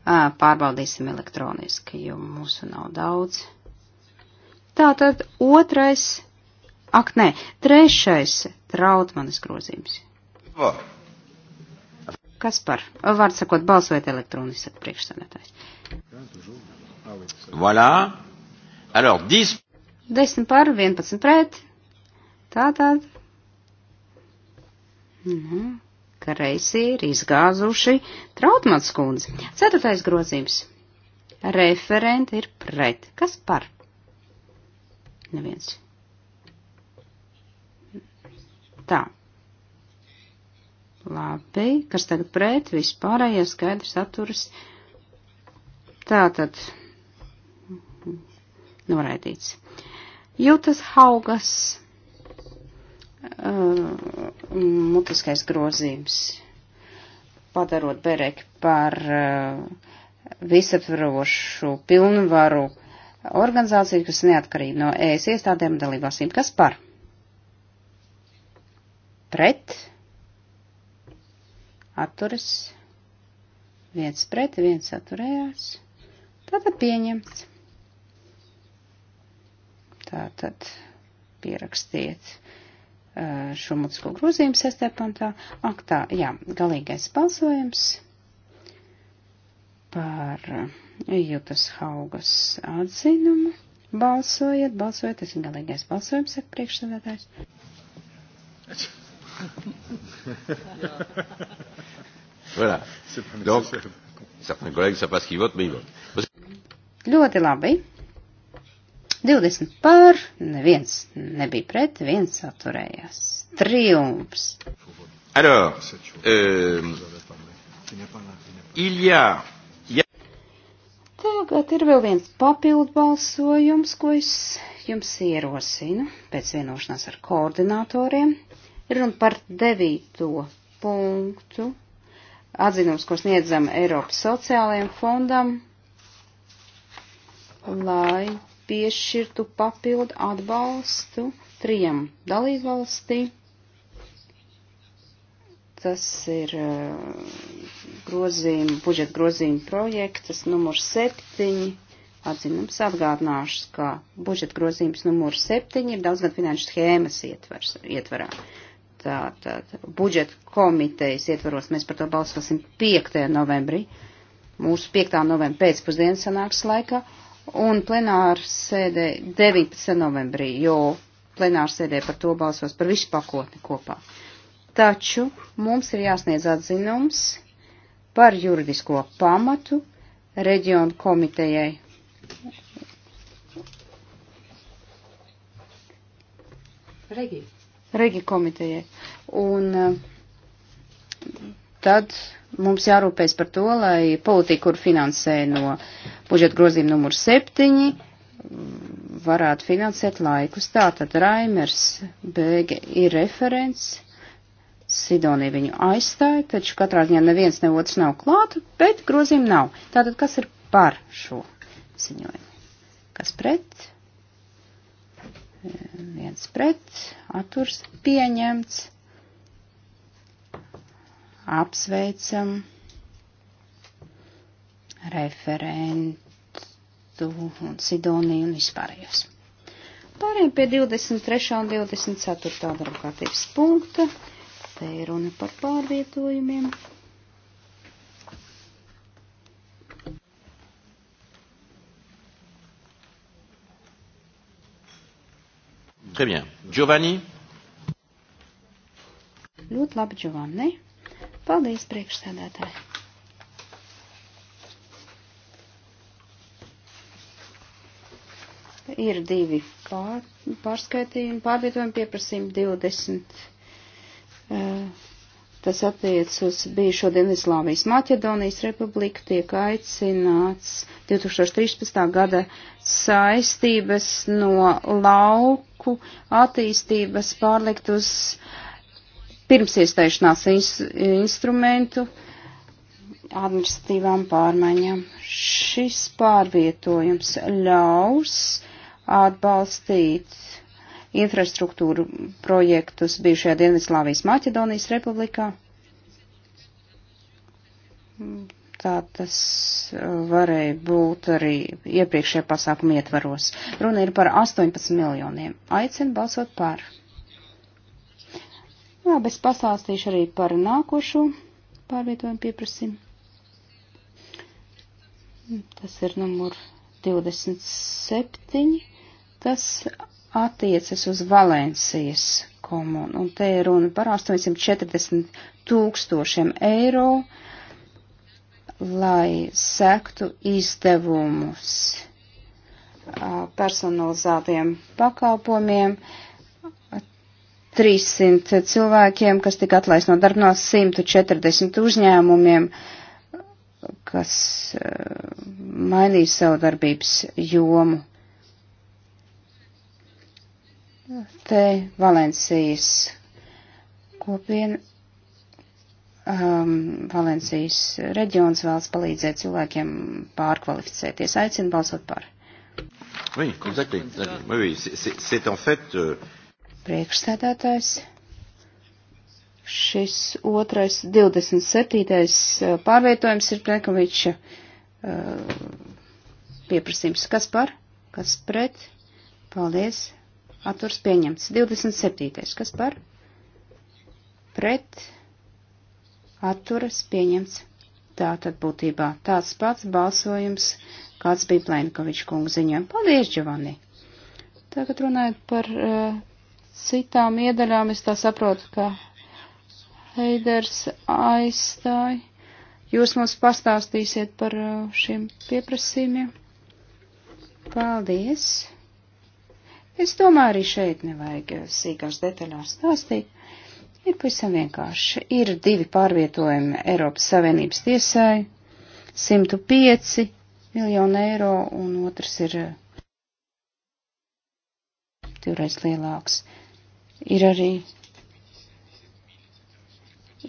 ah, pārbaudīsim elektroniski, jo mūsu nav daudz. Tātad otrais, ak nē, trešais trautmanis grozījums. Var. Kas par? Vārds sakot, balsojiet elektroniski, saka priekšsēdētājs. Voilà. Alors, 10. 10 par, 11 pret. Tātad. Nu, kreisi ir izgāzuši trautmats kundze. Ceturtais grozījums. Referenti ir pret. Kas par? šeit neviens. Tā. Labi, kas tagad pret, vispārējie skaidrs atturas. Tātad, noraidīts. Jūtas haugas uh, mutiskais grozījums, padarot bereki par uh, visaptvarošu pilnvaru organizācija, kas neatkarīga no ES iestādēm un dalībvalstīm. Kas par? Pret? Atturas? Viens pret, viens atturējās. Tātad pieņemts. Tātad pierakstiet uh, šo mutisko grozījumu sestē pantā. Ak tā, jā, galīgais balsojums par. Uh, Jūtas Haugas atzinumu. Balsojiet, balsojiet, tas ir galīgais balsojums, saka priekšsēdētājs. voilà. Donc, certains collègues ne savent pas ce qu'ils votent, mais ils votent. Ļoti labi. 20 pār, neviens nebija pret, viens atturējās. Triumfs. Alors, euh, il y a Tagad ir vēl viens papildu balsojums, ko es jums ierosinu pēc vienošanās ar koordinatoriem. Ir runa par devīto punktu atzinums, ko sniedzam Eiropas sociālajiem fondam, lai piešķirtu papildu atbalstu trijam dalībvalstīm tas ir eh, grozījuma, budžeta grozījuma projekts, numurs septiņi. Atzinums atgādināšu, ka budžeta grozījums numurs septiņi ir daudzgad finanšu schēmas ietvers, ietverā. Tātad tā, budžeta komitejas ietvaros mēs par to balsosim 5. novembrī. Mūsu 5. novembra pēcpusdienas sanāks laikā un plenāra sēdē 19. novembrī, jo plenāra sēdē par to balsos par visu pakotni kopā. Uh, taču mums ir jāsniedz atzinums par juridisko pamatu reģionu komitejai. Regi. Regi komitejai. Un eh, tad mums jārūpēs par to, lai politika, kur finansē no budžeta grozījuma numur septiņi, varētu finansēt laikus. Tātad Raimers Bēge ir referents Sidonija viņu aizstāja, taču katrā ziņā neviens ne otrs nav klāt, bet grozījumi nav. Tātad, kas ir par šo ziņojumu? Kas pret? Viens pret, atturs pieņemts. Apsveicam referentu un Sidoniju un vispārējos. Pārējiem pie 23. un 24. darba kārtības punkta. Te ir runa par pārvietojumiem. Très bien. Giovanni. Ļoti labi, Giovanni. Paldies, priekšsēdētāji. Ir divi pār, pārskaitījumi, pārvietojumi pieprasījumi 20. Eh, tas attiec uz bijušodien Islāmijas Maķedonijas republiku, tiek aicināts 2013. gada saistības no lauku attīstības pārlikt uz pirmsiestaišanās instrumentu administratīvām pārmaiņām. Šis pārvietojums ļaus atbalstīt infrastruktūru projektus bijušajā Dienvidslāvijas Maķedonijas republikā. Tā tas varēja būt arī iepriekšējā pasākuma ietvaros. Runa ir par 18 miljoniem. Aicinu balsot par. Jā, bet pastāstīšu arī par nākošo pārvietojumu pieprasījumu. Tas ir numur 27. Tas attiecas uz Valencijas komunu, un te ir runa par 840 tūkstošiem eiro, lai sektu izdevumus personalizētiem pakalpojumiem, 300 cilvēkiem, kas tika atlaist no darba no 140 uzņēmumiem, kas mainīja savu darbības jomu. Te Valencijas kopiena, um, Valencijas reģions vēlas palīdzēt cilvēkiem pārkvalificēties. Aicinu balsot par. Oui, exactly, exactly. Oui, oui, c'est en fait. Euh... Priekšstādātājs. Šis otrais, 27. Uh, pārvietojums ir Plenkoviča uh, pieprasījums. Kas par? Kas pret? Paldies atturs pieņemts. 27. kas par pret atturas pieņemts. Tā tad būtībā tāds pats balsojums, kāds bija Plenkoviča kungu ziņojumā. Paldies, Giovanni! Tagad runājot par uh, citām iedaļām, es tā saprotu, ka Heiders aizstāja. Jūs mums pastāstīsiet par uh, šiem pieprasījumiem. Paldies! Es domāju, arī šeit nevajag eh, sīkās detaļās stāstīt. Ir pavisam vienkārši. Ir divi pārvietojumi Eiropas Savienības tiesai - 105 miljonu eiro un otrs ir eh, divreiz lielāks. Ir arī,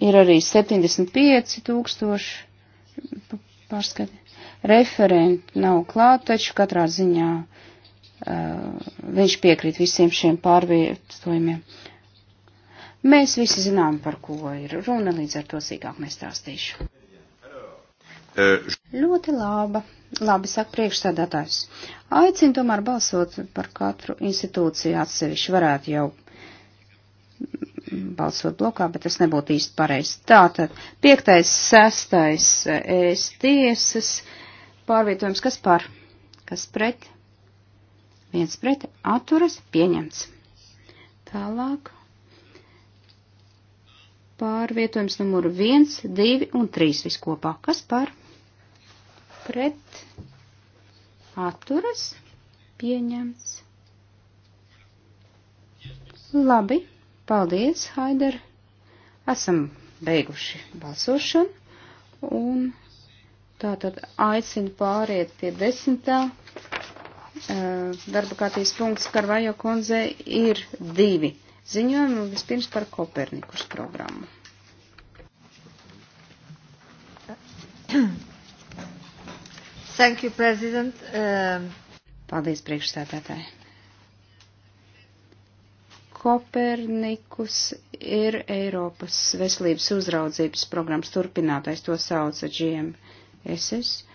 ir arī 75 tūkstoši pārskati. Referenti nav klāt, taču katrā ziņā Eh, viņš piekrīt visiem šiem pārvietojumiem. Mēs visi zinām, par ko ir runa, līdz ar to sīkāk nestāstīšu. Eh, Ļoti laba. Labi, saka priekšsēdētājs. Aicinu tomēr balsot par katru institūciju atsevišķi. Varētu jau balsot blokā, bet tas nebūtu īsti pareizi. Tātad, piektais, sestais ēst tiesas pārvietojums, kas par, kas pret, viens pret atturas pieņemts. Tālāk pārvietojums numuru 1, 2 un 3 viskopā. Kas par? Pret atturas pieņemts. Labi, paldies, Haider. Esam beiguši balsošanu un tātad aicinu pāriet pie desmitā Eh, darba kārtības punkts Karvajo kundze ir divi ziņojumi, vispirms par Kopernikus programmu. Thank you, President. Um... Paldies, priekšsētātāji. Kopernikus ir Eiropas veselības uzraudzības programmas turpinātais, to sauca GMSS. Uh,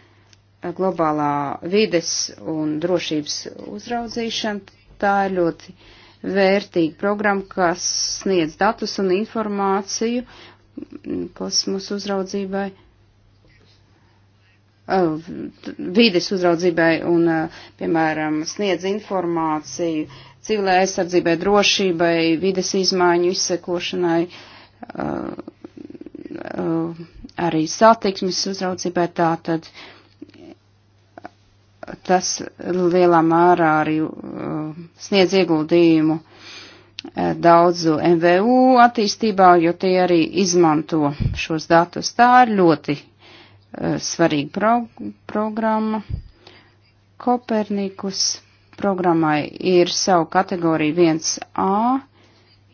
globālā vides un drošības uzraudzīšana. Tā ir ļoti vērtīga programma, kas sniedz datus un informāciju kosmosa uzraudzībai, uh, vides uzraudzībai un, uh, piemēram, sniedz informāciju civilai aizsardzībai, drošībai, vides izmaiņu izsekošanai, uh, arī satiksmes uzraudzībai. Tātad, tas lielā mērā arī uh, sniedz ieguldījumu uh, daudzu MVU attīstībā, jo tie arī izmanto šos datus. Tā ir ļoti uh, svarīga pro programma. Kopernikus programmai ir savu kategoriju 1A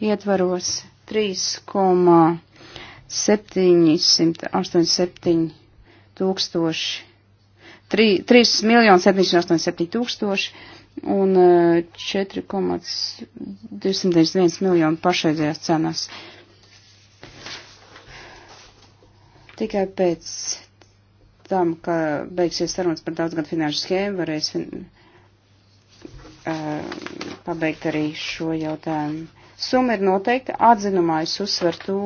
ietvaros 3,787 tūkstoši 3 miljoni 787 tūkstoši un 4,291 e, miljonu pašreizējās cenās. Tikai pēc tam, ka beigsies sarunas par daudzgadu finanšu schēmu, varēs fin uh, pabeigt arī šo jautājumu. Summa ir noteikta, atzinumā es uzsveru to,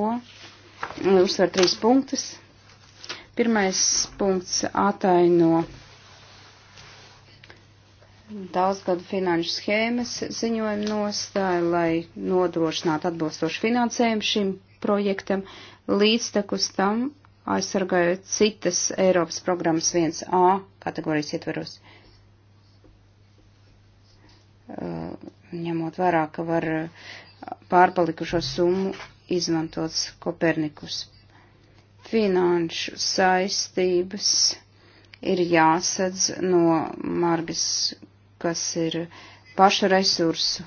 uzsveru trīs punktus Pirmais punkts ataino daudzgadu finanšu schēmas ziņojumu nostāju, lai nodrošinātu atbilstošu finansējumu šim projektam, līdztekus tam aizsargājot citas Eiropas programmas 1A kategorijas ietveros. Uh, ņemot vērā, ka var pārpalikušo summu izmantots Kopernikus finanšu saistības ir jāsadz no margas, kas ir paša resursu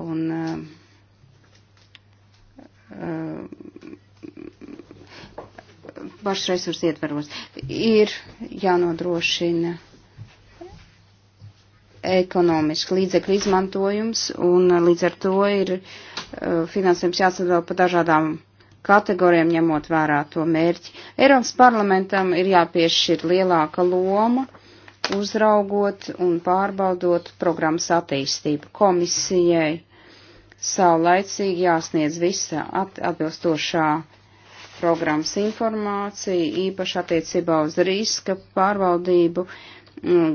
un eh, eh, paša resursu ietveros. Ir jānodrošina ekonomiski līdzekļu izmantojums un līdz ar to ir eh, finansējums jāsadala pa dažādām kategorijām ņemot vērā to mērķi. Eiropas parlamentam ir jāpiešķir lielāka loma, uzraugot un pārbaudot programmas attīstību komisijai, saulaicīgi jāsniedz visa at atbilstošā programmas informācija, īpaši attiecībā uz riska pārvaldību,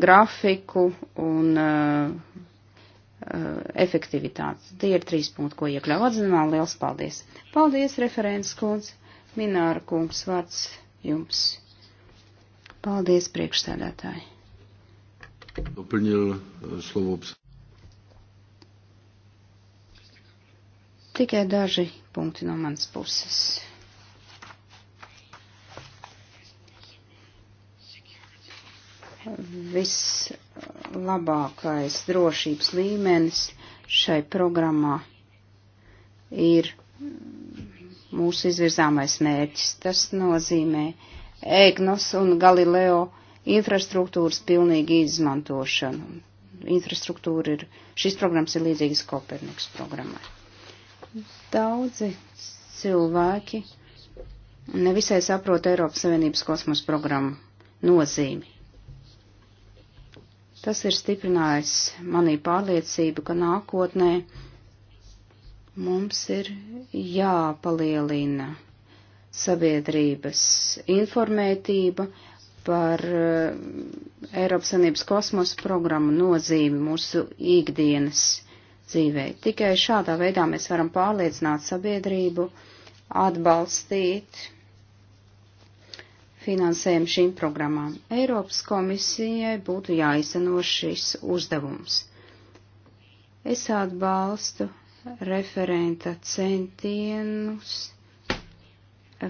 grafiku un uh, Uh, efektivitātes. Tie ir trīs punkti, ko iekļauj atzinumā. Liels paldies! Paldies, referents kundze! Mināra kungs vārds jums! Paldies, priekšsēdētāji! Doplnil uh, slovobs. Tikai daži punkti no manas puses. Viss labākais drošības līmenis šai programmā ir mūsu izvirzāmais mērķis. Tas nozīmē EGNOS un Galileo infrastruktūras pilnīgi izmantošanu. Infrastruktūra ir, šīs programmas ir līdzīgas Kopernikas programmai. Daudzi cilvēki nevisai saprot Eiropas Savienības kosmosa programmu nozīmi. Tas ir stiprinājis manī pārliecību, ka nākotnē mums ir jāpalielina sabiedrības informētība par eh, Eiropas Sanības kosmosa programmu nozīmi mūsu ikdienas dzīvē. Tikai šādā veidā mēs varam pārliecināt sabiedrību, atbalstīt finansējumu šīm programmām. Eiropas komisijai būtu jāizsano šis uzdevums. Es atbalstu referenta centienus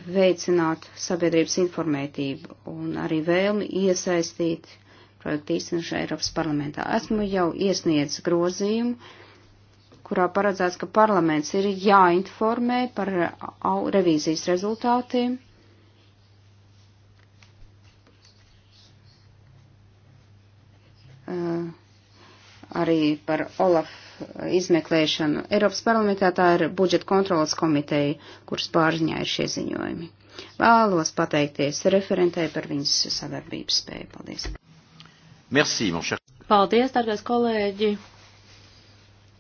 veicināt sabiedrības informētību un arī vēlmi iesaistīt projektu īstenošanu Eiropas parlamentā. Esmu jau iesniedzis grozījumu, kurā paredzēts, ka parlaments ir jāinformē par revīzijas rezultātiem arī par Olaf izmeklēšanu. Eiropas parlamentā tā ir budžeta kontrolas komiteja, kuras pārziņā ir šie ziņojumi. Vēlos pateikties referentei par viņas sadarbības spēju. Paldies! Merci, Paldies, dargais kolēģi!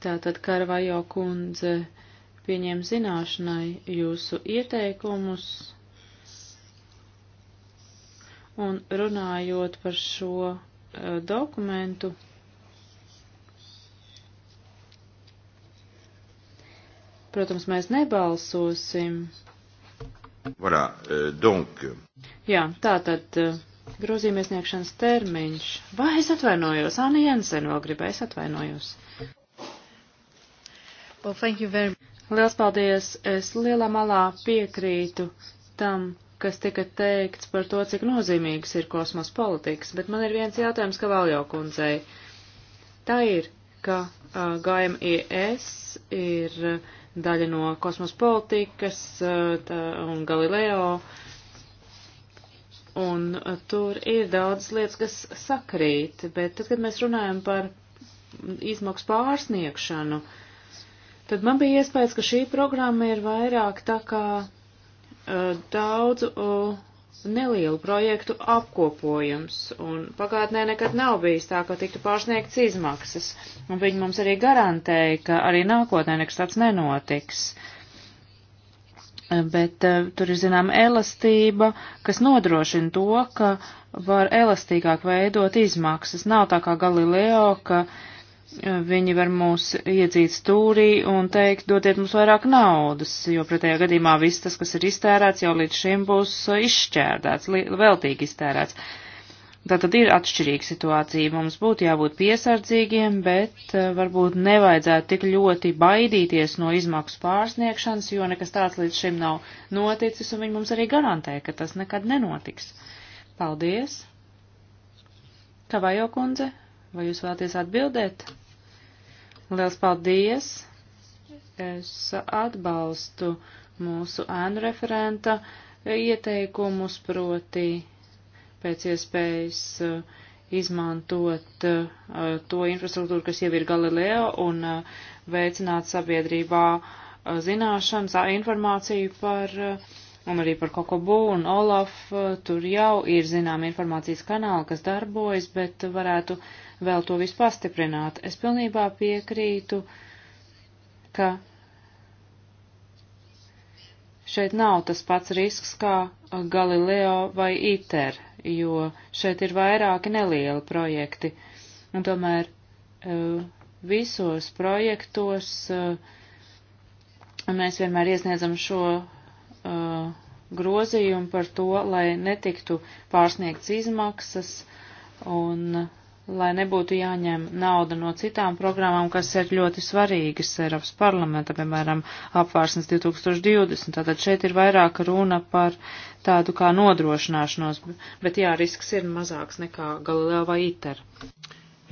Tātad Karvajo kundze pieņem zināšanai jūsu ieteikumus. Un runājot par šo uh, dokumentu, Protams, mēs nebalsosim. Voilà, euh, donc. Jā, tā tad eh, grozījuma iesniegšanas termiņš. Vai es atvainojos? Anna Jensen vēl gribēja, es atvainojos. Well, thank you very much. Liels paldies! Es lielā malā piekrītu tam, kas tika teikts par to, cik nozīmīgs ir kosmos politikas, bet man ir viens jautājums, ka vēl jau kundzei. Tā ir, ka uh, eh, GMIS ir uh, daļa no kosmos politikas eh, tā, un Galileo. Un eh, tur ir daudz lietas, kas sakrīt, bet tad, kad mēs runājam par izmaksu pārsniegšanu, tad man bija iespējas, ka šī programma ir vairāk tā kā uh, daudzu. Uh, nelielu projektu apkopojums, un pagātnē nekad nav bijis tā, ka tiktu pārsniegts izmaksas, un viņi mums arī garantēja, ka arī nākotnē nekas tāds nenotiks. Bet uh, tur ir, zinām, elastība, kas nodrošina to, ka var elastīgāk veidot izmaksas. Nav tā kā Galileo, ka uh, Viņi var mūs iedzīt stūrī un teikt, dodiet mums vairāk naudas, jo pretējā gadījumā viss tas, kas ir iztērēts, jau līdz šim būs uh, izšķērdēts, veltīgi iztērēts. Tātad ir atšķirīga situācija. Mums būtu jābūt piesardzīgiem, bet uh, varbūt nevajadzētu tik ļoti baidīties no izmaksu pārsniegšanas, jo nekas tāds līdz šim nav noticis, un viņi mums arī garantē, ka tas nekad nenotiks. Paldies! Kavajo kundze, vai jūs vēlaties atbildēt? Liels paldies! Es atbalstu mūsu ēnu referenta ieteikumus, proti pēc iespējas uh, izmantot uh, to infrastruktūru, kas jau ir Galileo, un uh, veicināt sabiedrībā zināšanas, informāciju par uh, un arī par Kokobu un Olaf, eh, tur jau ir zinām informācijas kanāli, kas darbojas, bet varētu vēl to visu pastiprināt. Es pilnībā piekrītu, ka šeit nav tas pats risks kā eh, Galileo vai ITER, jo šeit ir vairāki nelieli projekti. Un tomēr eh, visos projektos mēs vienmēr iesniedzam šo uh, grozījumu par to, lai netiktu pārsniegts izmaksas un lai nebūtu jāņem nauda no citām programmām, kas ir ļoti svarīgas Eiropas parlamenta, piemēram, apvārsnes 2020. Tātad šeit ir vairāk runa par tādu kā nodrošināšanos, bet jā, risks ir mazāks nekā Galileo vai ITER.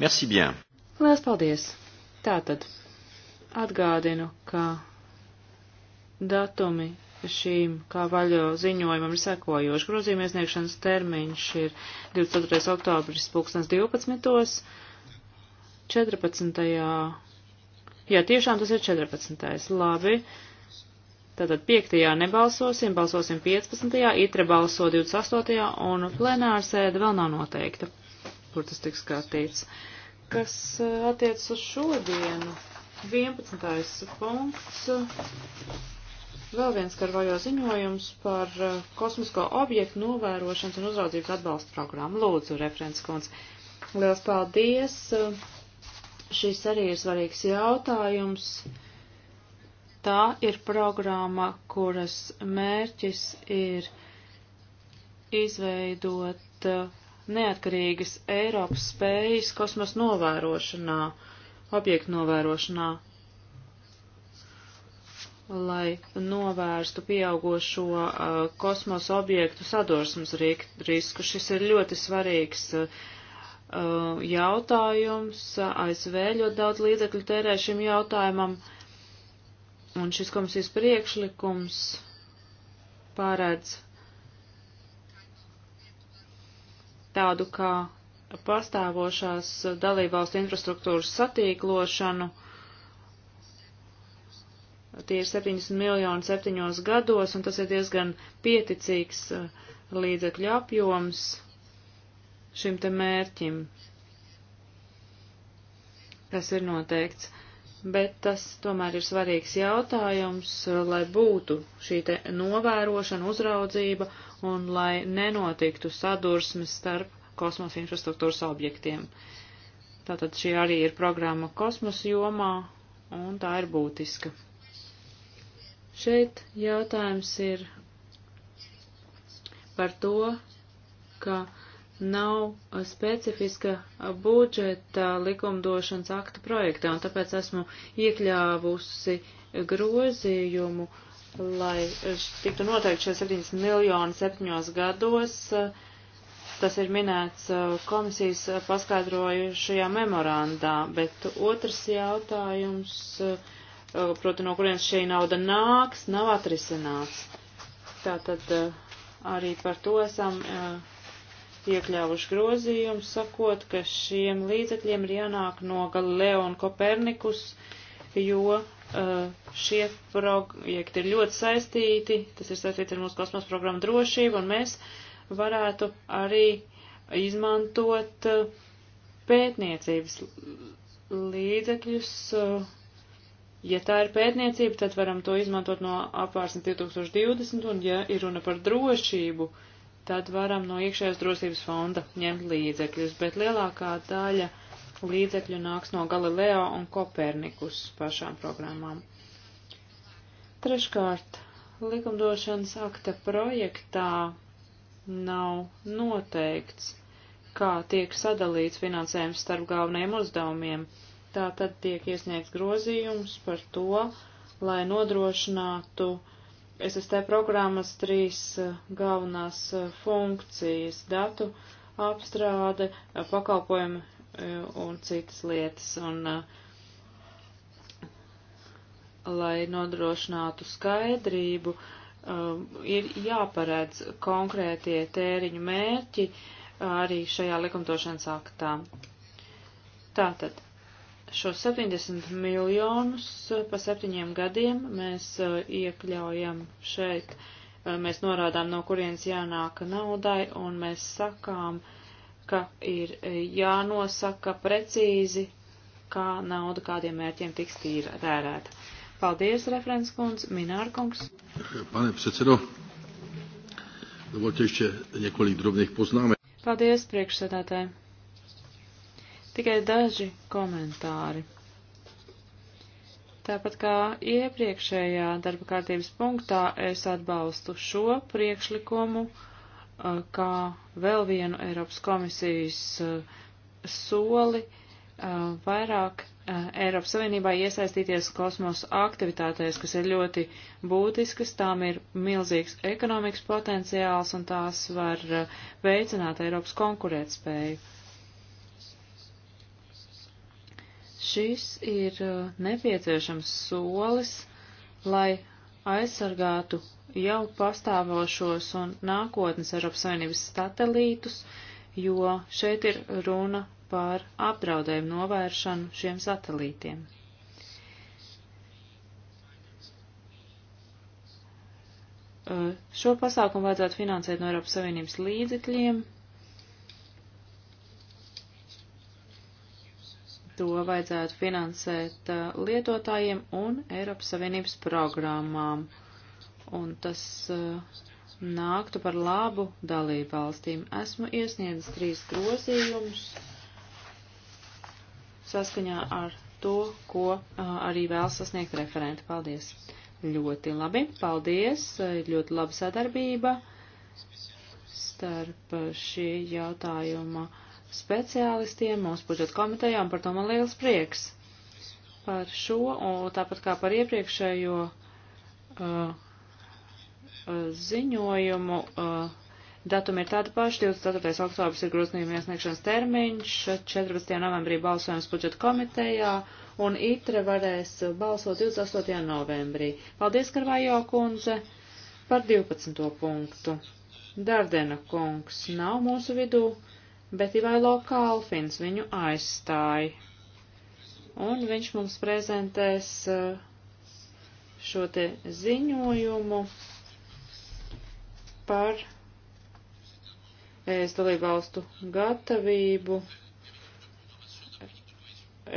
Merci bien. Lielas paldies. Tātad atgādinu, ka datumi šīm kā vaļo ziņojumam ir sekojoši. Grozījuma iesniegšanas termiņš ir 24. oktobris 2012. 14. Jā, tiešām tas ir 14. Labi. Tātad 5. nebalsosim, balsosim 15. itre balso 28. un plenārsēde vēl nav noteikta, kur tas tiks skatīts. Kas uh, attiec uz šodienu? 11. punkts Vēl viens karvajo ziņojums par eh, kosmisko objektu novērošanas un uzraudzības atbalsta programmu. Lūdzu, referents kundz. Liels paldies. Šis arī ir svarīgs jautājums. Tā ir programma, kuras mērķis ir izveidot eh, neatkarīgas Eiropas spējas kosmos novērošanā, objektu novērošanā lai novērstu pieaugošo uh, kosmosa objektu sadursmes risku. Šis ir ļoti svarīgs uh, uh jautājums. ASV ļoti daudz līdzekļu tērē šim jautājumam, un šis komisijas priekšlikums paredz tādu kā pastāvošās dalībvalstu infrastruktūras satīklošanu, uh, tie ir 70 miljoni septiņos gados, un tas ir diezgan pieticīgs uh, līdzekļu apjoms šim te mērķim, kas ir noteikts. Bet tas tomēr ir svarīgs jautājums, uh, lai būtu šī te novērošana, uzraudzība un lai nenotiktu sadursmes starp kosmosa infrastruktūras objektiem. Tātad šī arī ir programma kosmosa jomā, un tā ir būtiska. Šeit jautājums ir par to, ka nav specifiska budžeta likumdošanas akta projektā, un tāpēc esmu iekļāvusi grozījumu, lai tiktu noteikti šie 70 miljoni septiņos gados. Tas ir minēts komisijas paskaidrojušajā memorandā, bet otrs jautājums. Uh, Uh, proti no kurienes šī nauda nāks, nav atrisināts. Tātad uh, arī par to esam uh, iekļāvuši grozījumu, sakot, ka šiem līdzekļiem ir jānāk no Galileo un Kopernikus, jo šie projekti ir ļoti saistīti, tas ir saistīti ar mūsu kosmosa programmu drošību, un mēs varētu arī izmantot pētniecības līdzekļus, uh, Ja tā ir pētniecība, tad varam to izmantot no apvārsnes 2020, un ja ir runa par drošību, tad varam no iekšējās drošības fonda ņemt līdzekļus, bet lielākā daļa līdzekļu nāks no Galileo un Kopernikus pašām programmām. Treškārt, likumdošanas akta projektā nav noteikts, kā tiek sadalīts finansējums starp galvenajiem uzdevumiem Tā tad tiek iesniegts grozījums par to, lai nodrošinātu SST programmas trīs eh, galvenās eh, funkcijas - datu apstrāde, eh, pakalpojumi un citas lietas. Un, lai nodrošinātu skaidrību, ir jāparedz konkrētie tēriņu mērķi arī šajā likumdošanas aktā. Tātad Šo 70 miljonus eh, pa septiņiem gadiem mēs eh, iekļaujam šeit, eh, mēs norādām, no kurienes jānāk naudai, un mēs sakām, ka ir jānosaka precīzi, kā nauda kādiem mērķiem tiks tīra, tērēta. Paldies, referents kundz, Minārkungs. Pane předsedo, dovolte ještě několik drobných poznámek. Paldies, priekšsēdētāji. Tikai daži komentāri. Tāpat kā iepriekšējā darba kārtības punktā, es atbalstu šo priekšlikumu kā vēl vienu Eiropas komisijas soli vairāk Eiropas Savienībā iesaistīties kosmosa aktivitātēs, kas ir ļoti būtiskas, tām ir milzīgs ekonomikas potenciāls un tās var veicināt Eiropas konkurētspēju. Šis ir uh, nepieciešams solis, lai aizsargātu jau pastāvošos un nākotnes Eiropas Savienības satelītus, jo šeit ir runa par apdraudējumu novēršanu šiem satelītiem. Uh, šo pasākumu vajadzētu finansēt no Eiropas Savienības līdzekļiem, to vajadzētu finansēt uh, lietotājiem un Eiropas Savienības programmām. Un tas uh, nāktu par labu dalību valstīm. Esmu iesniedzis trīs grozījumus saskaņā ar to, ko uh, arī vēl sasniegt referenti. Paldies! Ļoti labi, paldies! Ļoti laba sadarbība starp šī jautājuma speciālistiem mūsu budžeta komitejā, un par to man liels prieks. Par šo, un tāpat kā par iepriekšējo uh, uh, ziņojumu, uh, datumi ir tādi paši, 24. oktobris ir grozījuma iesniegšanas termiņš, 14. novembrī balsojums budžeta komitejā, un ITRE varēs balsot 28. novembrī. Paldies, Karvajo kundze, par 12. punktu. Dardena kungs nav mūsu vidū bet Ivailo Kalfins viņu aizstāja. Un viņš mums prezentēs uh, šo te ziņojumu par ES dalībvalstu gatavību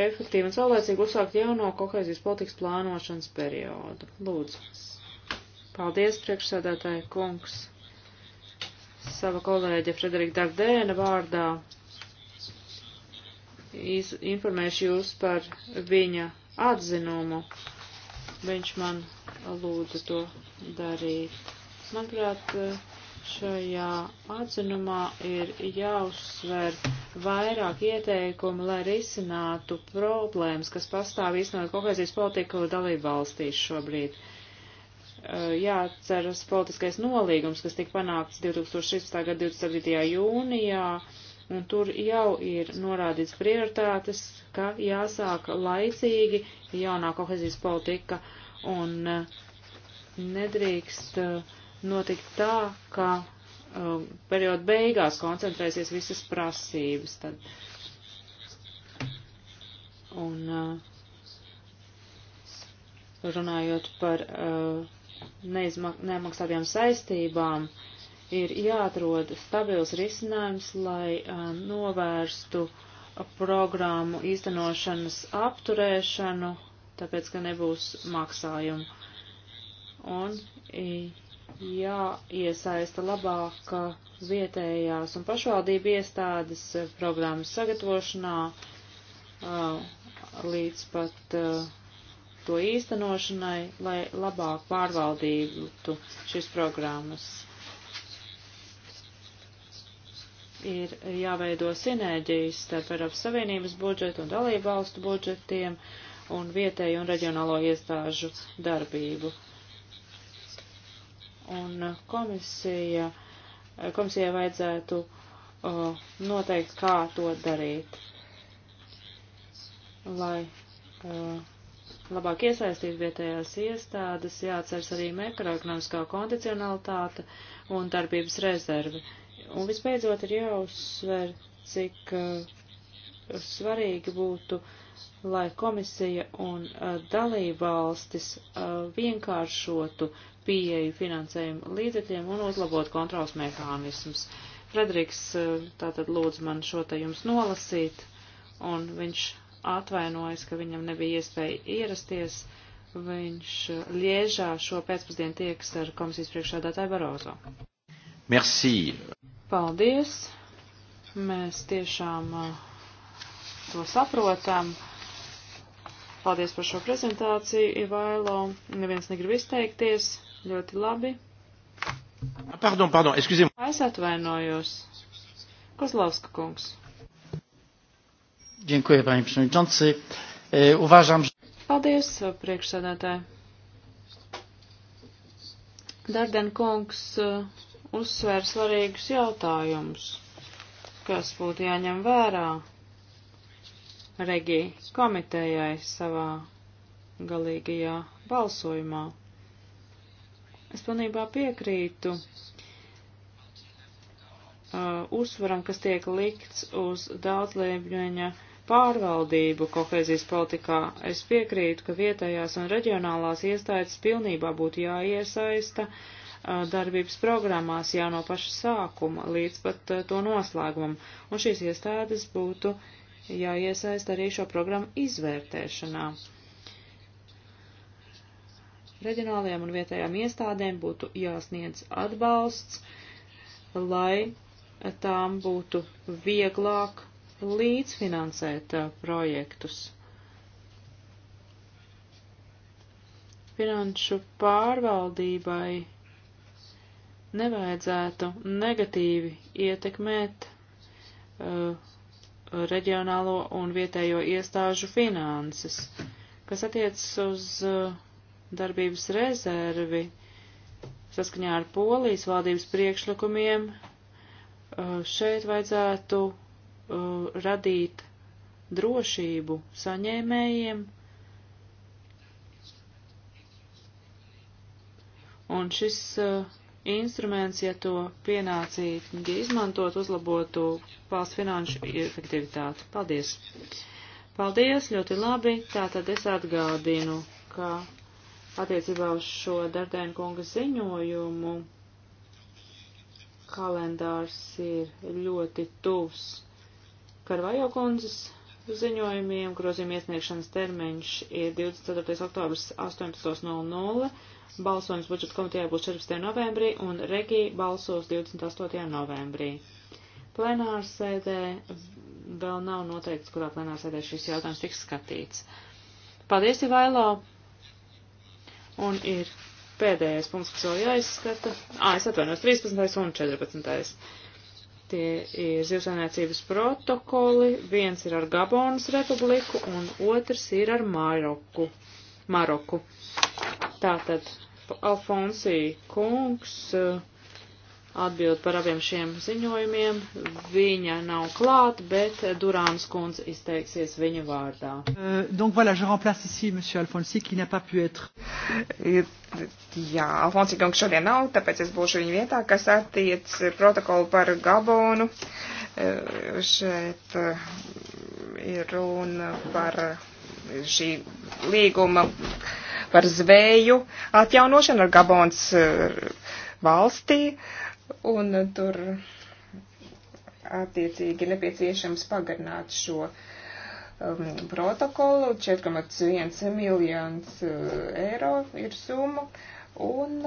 efektīvi un saulēcīgi uzsākt jauno kohēzijas politikas plānošanas periodu. Lūdzu. Paldies, priekšsēdētāji kungs sava kolēģa Frederika Dardēna vārdā informēšu jūs par viņa atzinumu. Viņš man lūdza to darīt. Manuprāt, šajā atzinumā ir jāuzsver vairāk ieteikumu, lai risinātu problēmas, kas pastāv īstenot kohēzijas politiku dalību valstīs šobrīd. Uh, Eh, jāatceras politiskais nolīgums, kas tika panākts 2016. gada 27. jūnijā, un tur jau ir norādīts prioritātes, ka jāsāk laicīgi jaunā kohezijas politika, un eh, nedrīkst eh, notikt tā, ka perioda beigās koncentrēsies visas prasības. Tad. Un runājot par uh, neizmaksātiem saistībām ir jāatrod stabils risinājums, lai uh, novērstu programmu īstenošanas apturēšanu, tāpēc, ka nebūs maksājumu. Un jāiesaista labāk vietējās un pašvaldību iestādes programmas sagatavošanā uh, līdz pat uh, to īstenošanai, lai labāk pārvaldītu šīs programmas. Ir jāveido sinerģijas starp Eiropas Savienības budžetu un dalību valstu budžetiem un vietēju un reģionālo iestāžu darbību. Un komisija, komisijai vajadzētu uh, noteikt, kā to darīt, lai uh, labāk iesaistīt vietējās iestādes, jāatceras arī makroekonomiskā kondicionalitāte un darbības rezerve. Un visbeidzot ir jāuzsver, cik uh, svarīgi būtu, lai komisija un uh, dalībvalstis uh, vienkāršotu pieeju finansējumu līdzekļiem un uzlabot kontrols mehānismus. Frederiks uh, tātad lūdz man šo te jums nolasīt, un viņš atvainojas, ka viņam nebija iespēja ierasties. Viņš eh, Liežā šo pēcpusdienu tieks ar komisijas priekšādātāju Barozo. Merci. Paldies. Mēs tiešām eh, to saprotam. Paldies par šo prezentāciju, Ivailo. Neviens negrib izteikties. Ļoti labi. Ah, pardon, pardon, excusez-moi. Es atvainojos. Kozlauska kungs. Dziękuję, panie przewodniczący. E, uważam, że... Paldies, priekšsēdētāji. Darden kungs e, uzsver svarīgus jautājumus, kas būtu jāņem vērā Regi komitejai savā galīgajā balsojumā. Es pilnībā piekrītu uh, uzsvaram, kas tiek likts uz daudzlēmņaņa pārvaldību kohēzijas politikā, es piekrītu, ka vietējās un reģionālās iestādes pilnībā būtu jāiesaista darbības programmās jau no paša sākuma līdz pat to noslēgumam, un šīs iestādes būtu jāiesaista arī šo programmu izvērtēšanā. Reģionālajām un vietējām iestādēm būtu jāsniedz atbalsts, lai tām būtu vieglāk līdzfinansēt uh, projektus. Finanšu pārvaldībai nevajadzētu negatīvi ietekmēt uh, reģionālo un vietējo iestāžu finanses, kas attiecas uz uh, darbības rezervi saskaņā ar polijas valdības priekšlikumiem. Uh, šeit vajadzētu uh, radīt drošību saņēmējiem, un šis uh, instruments, ja to pienācīgi izmantot, uzlabotu valsts finanšu efektivitāti. Paldies! Paldies, ļoti labi. Tātad es atgādinu, ka attiecībā uz šo Dardēna kunga ziņojumu kalendārs ir ļoti tuvs Karvajo kundzes ziņojumiem. Grozījuma iesniegšanas termiņš ir 24. oktobris 18.00. Balsojums budžeta komitejā būs 14. novembrī un Regija balsos 28. novembrī. Plenārsēdē vēl nav noteikts, kurā plenārsēdē šis jautājums tiks skatīts. Paldies, Ivailo! Un ir pēdējais punkts, kas vēl jāizskata. Ā, es atvainos 13. un 14. Tie ir zivsainiecības protokoli, viens ir ar Gabonas republiku un otrs ir ar Maroku. Maroku. Tātad Alfonsī kungs. Uh, atbild par abiem šiem ziņojumiem. Viņa nav klāt, bet Durāns kundze izteiksies viņa vārdā. Uh, donc, voilà, je remplace ici M. Alfonsi, qui n'a pas pu être. Jā, Alfonsi kungs šodien nav, tāpēc es būšu viņa vietā, kas attiec protokolu par Gabonu. Uh, šeit uh, ir runa par euh, šī līguma par zvēju atjaunošanu ar Gabons euh, valstī un tur attiecīgi nepieciešams pagarināt šo um, protokolu. 4,1 miljons uh, eiro ir summa, un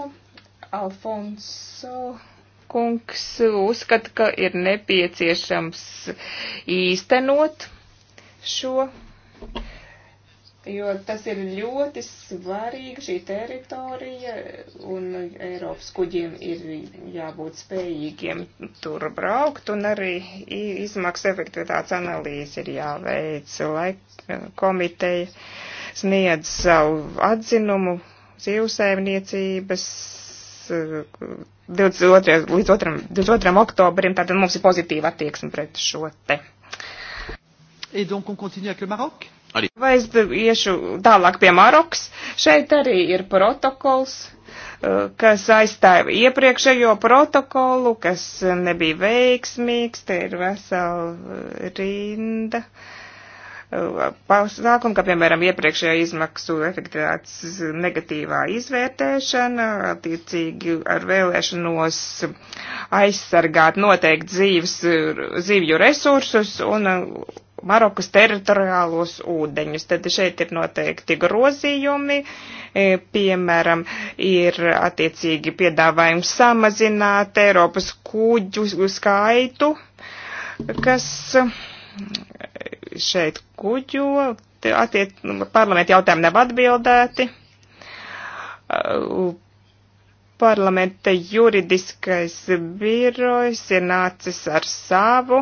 Alfonso kungs uzskata, ka ir nepieciešams īstenot šo jo tas ir ļoti svarīga šī teritorija, un Eiropas kuģiem ir jābūt spējīgiem tur braukt, un arī izmaksu efektivitātes analīze ir jāveic, lai komiteja sniedz savu atzinumu dzīvsēmniecības 22. līdz 2. 22. oktobrim, tātad mums ir pozitīva attieksme pret šo te. Et donc on continue avec le Maroc Arī. Vai es iešu tālāk pie Marokas? Šeit arī ir protokols, eh, kas aizstāja iepriekšējo protokolu, kas nebija veiksmīgs, te ir vesela rinda. Eh, Pasākumu, kā piemēram iepriekšējā izmaksu efektivitātes negatīvā izvērtēšana, attiecīgi ar vēlēšanos aizsargāt noteikti dzīves, eh, dzīvju resursus un Marokas teritoriālos ūdeņus. Tad šeit ir noteikti grozījumi, e, piemēram, ir attiecīgi piedāvājums samazināt Eiropas kuģu skaitu, kas e, šeit kuģo, attiec, nu, parlamenta jautājumi nav atbildēti. Parlamenta juridiskais birojs ir nācis ar savu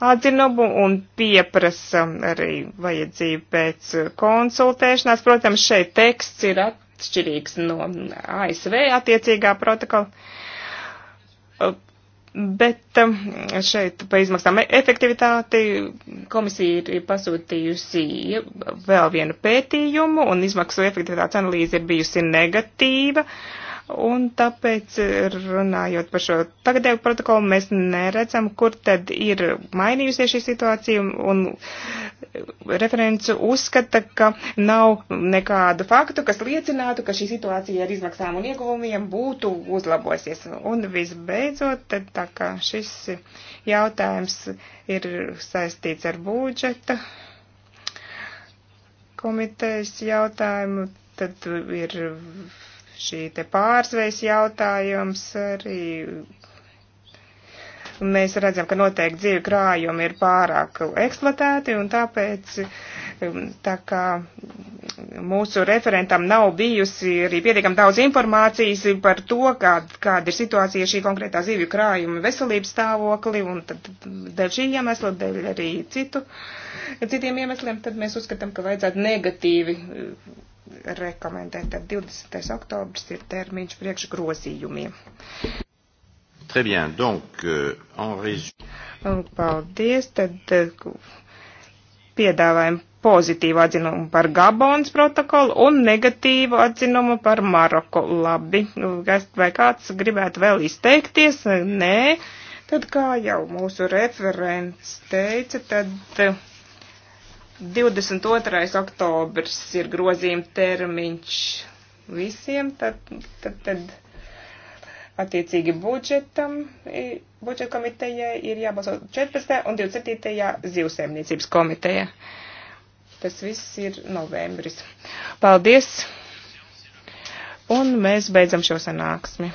atzinumu un pieprasa arī vajadzību pēc konsultēšanās. Protams, šeit teksts ir atšķirīgs no ASV attiecīgā protokola. Bet um, šeit par izmaksām efektivitāti komisija ir pasūtījusi vēl vienu pētījumu, un izmaksu efektivitātes analīze ir bijusi negatīva. Uh, Un tāpēc runājot par šo tagadēju protokolu, mēs neredzam, kur tad ir mainījusies šī situācija, un referents uzskata, ka nav nekādu faktu, kas liecinātu, ka šī situācija ar izmaksām un ieguvumiem būtu uzlabosies. Un visbeidzot, tad tā kā šis jautājums ir saistīts ar budžeta komitejas jautājumu, tad ir šī te pārsvejas jautājums arī. Mēs redzam, ka noteikti dzīvi krājumi ir pārāk eksploatēti, un tāpēc, um, tā kā mūsu referentam nav bijusi arī pietiekam daudz informācijas par to, kāda, kāda ir situācija šī konkrētā zīvju krājuma veselības stāvokli, un tad dēļ šī iemesla, dēļ arī citu, citiem iemesliem, tad mēs uzskatām, ka vajadzētu negatīvi rekomendēt. Tad 20. oktobrs ir termiņš priekš grozījumiem. Très bien, donc, euh, en résumé. Paldies, tad eh, piedāvājam pozitīvu atzinumu par Gabons protokolu un negatīvu atzinumu par Maroku. Labi, nu, vai kāds gribētu vēl izteikties? Nē, tad kā jau mūsu referents teica, tad. Uh, 22. oktobrs ir grozījuma termiņš visiem, tad, tad, tad attiecīgi budžetam, budžeta komitejai ir jābalso 14. un 27. zivsēmniecības komiteja. Tas viss ir novembris. Paldies! Un mēs beidzam šo sanāksmi.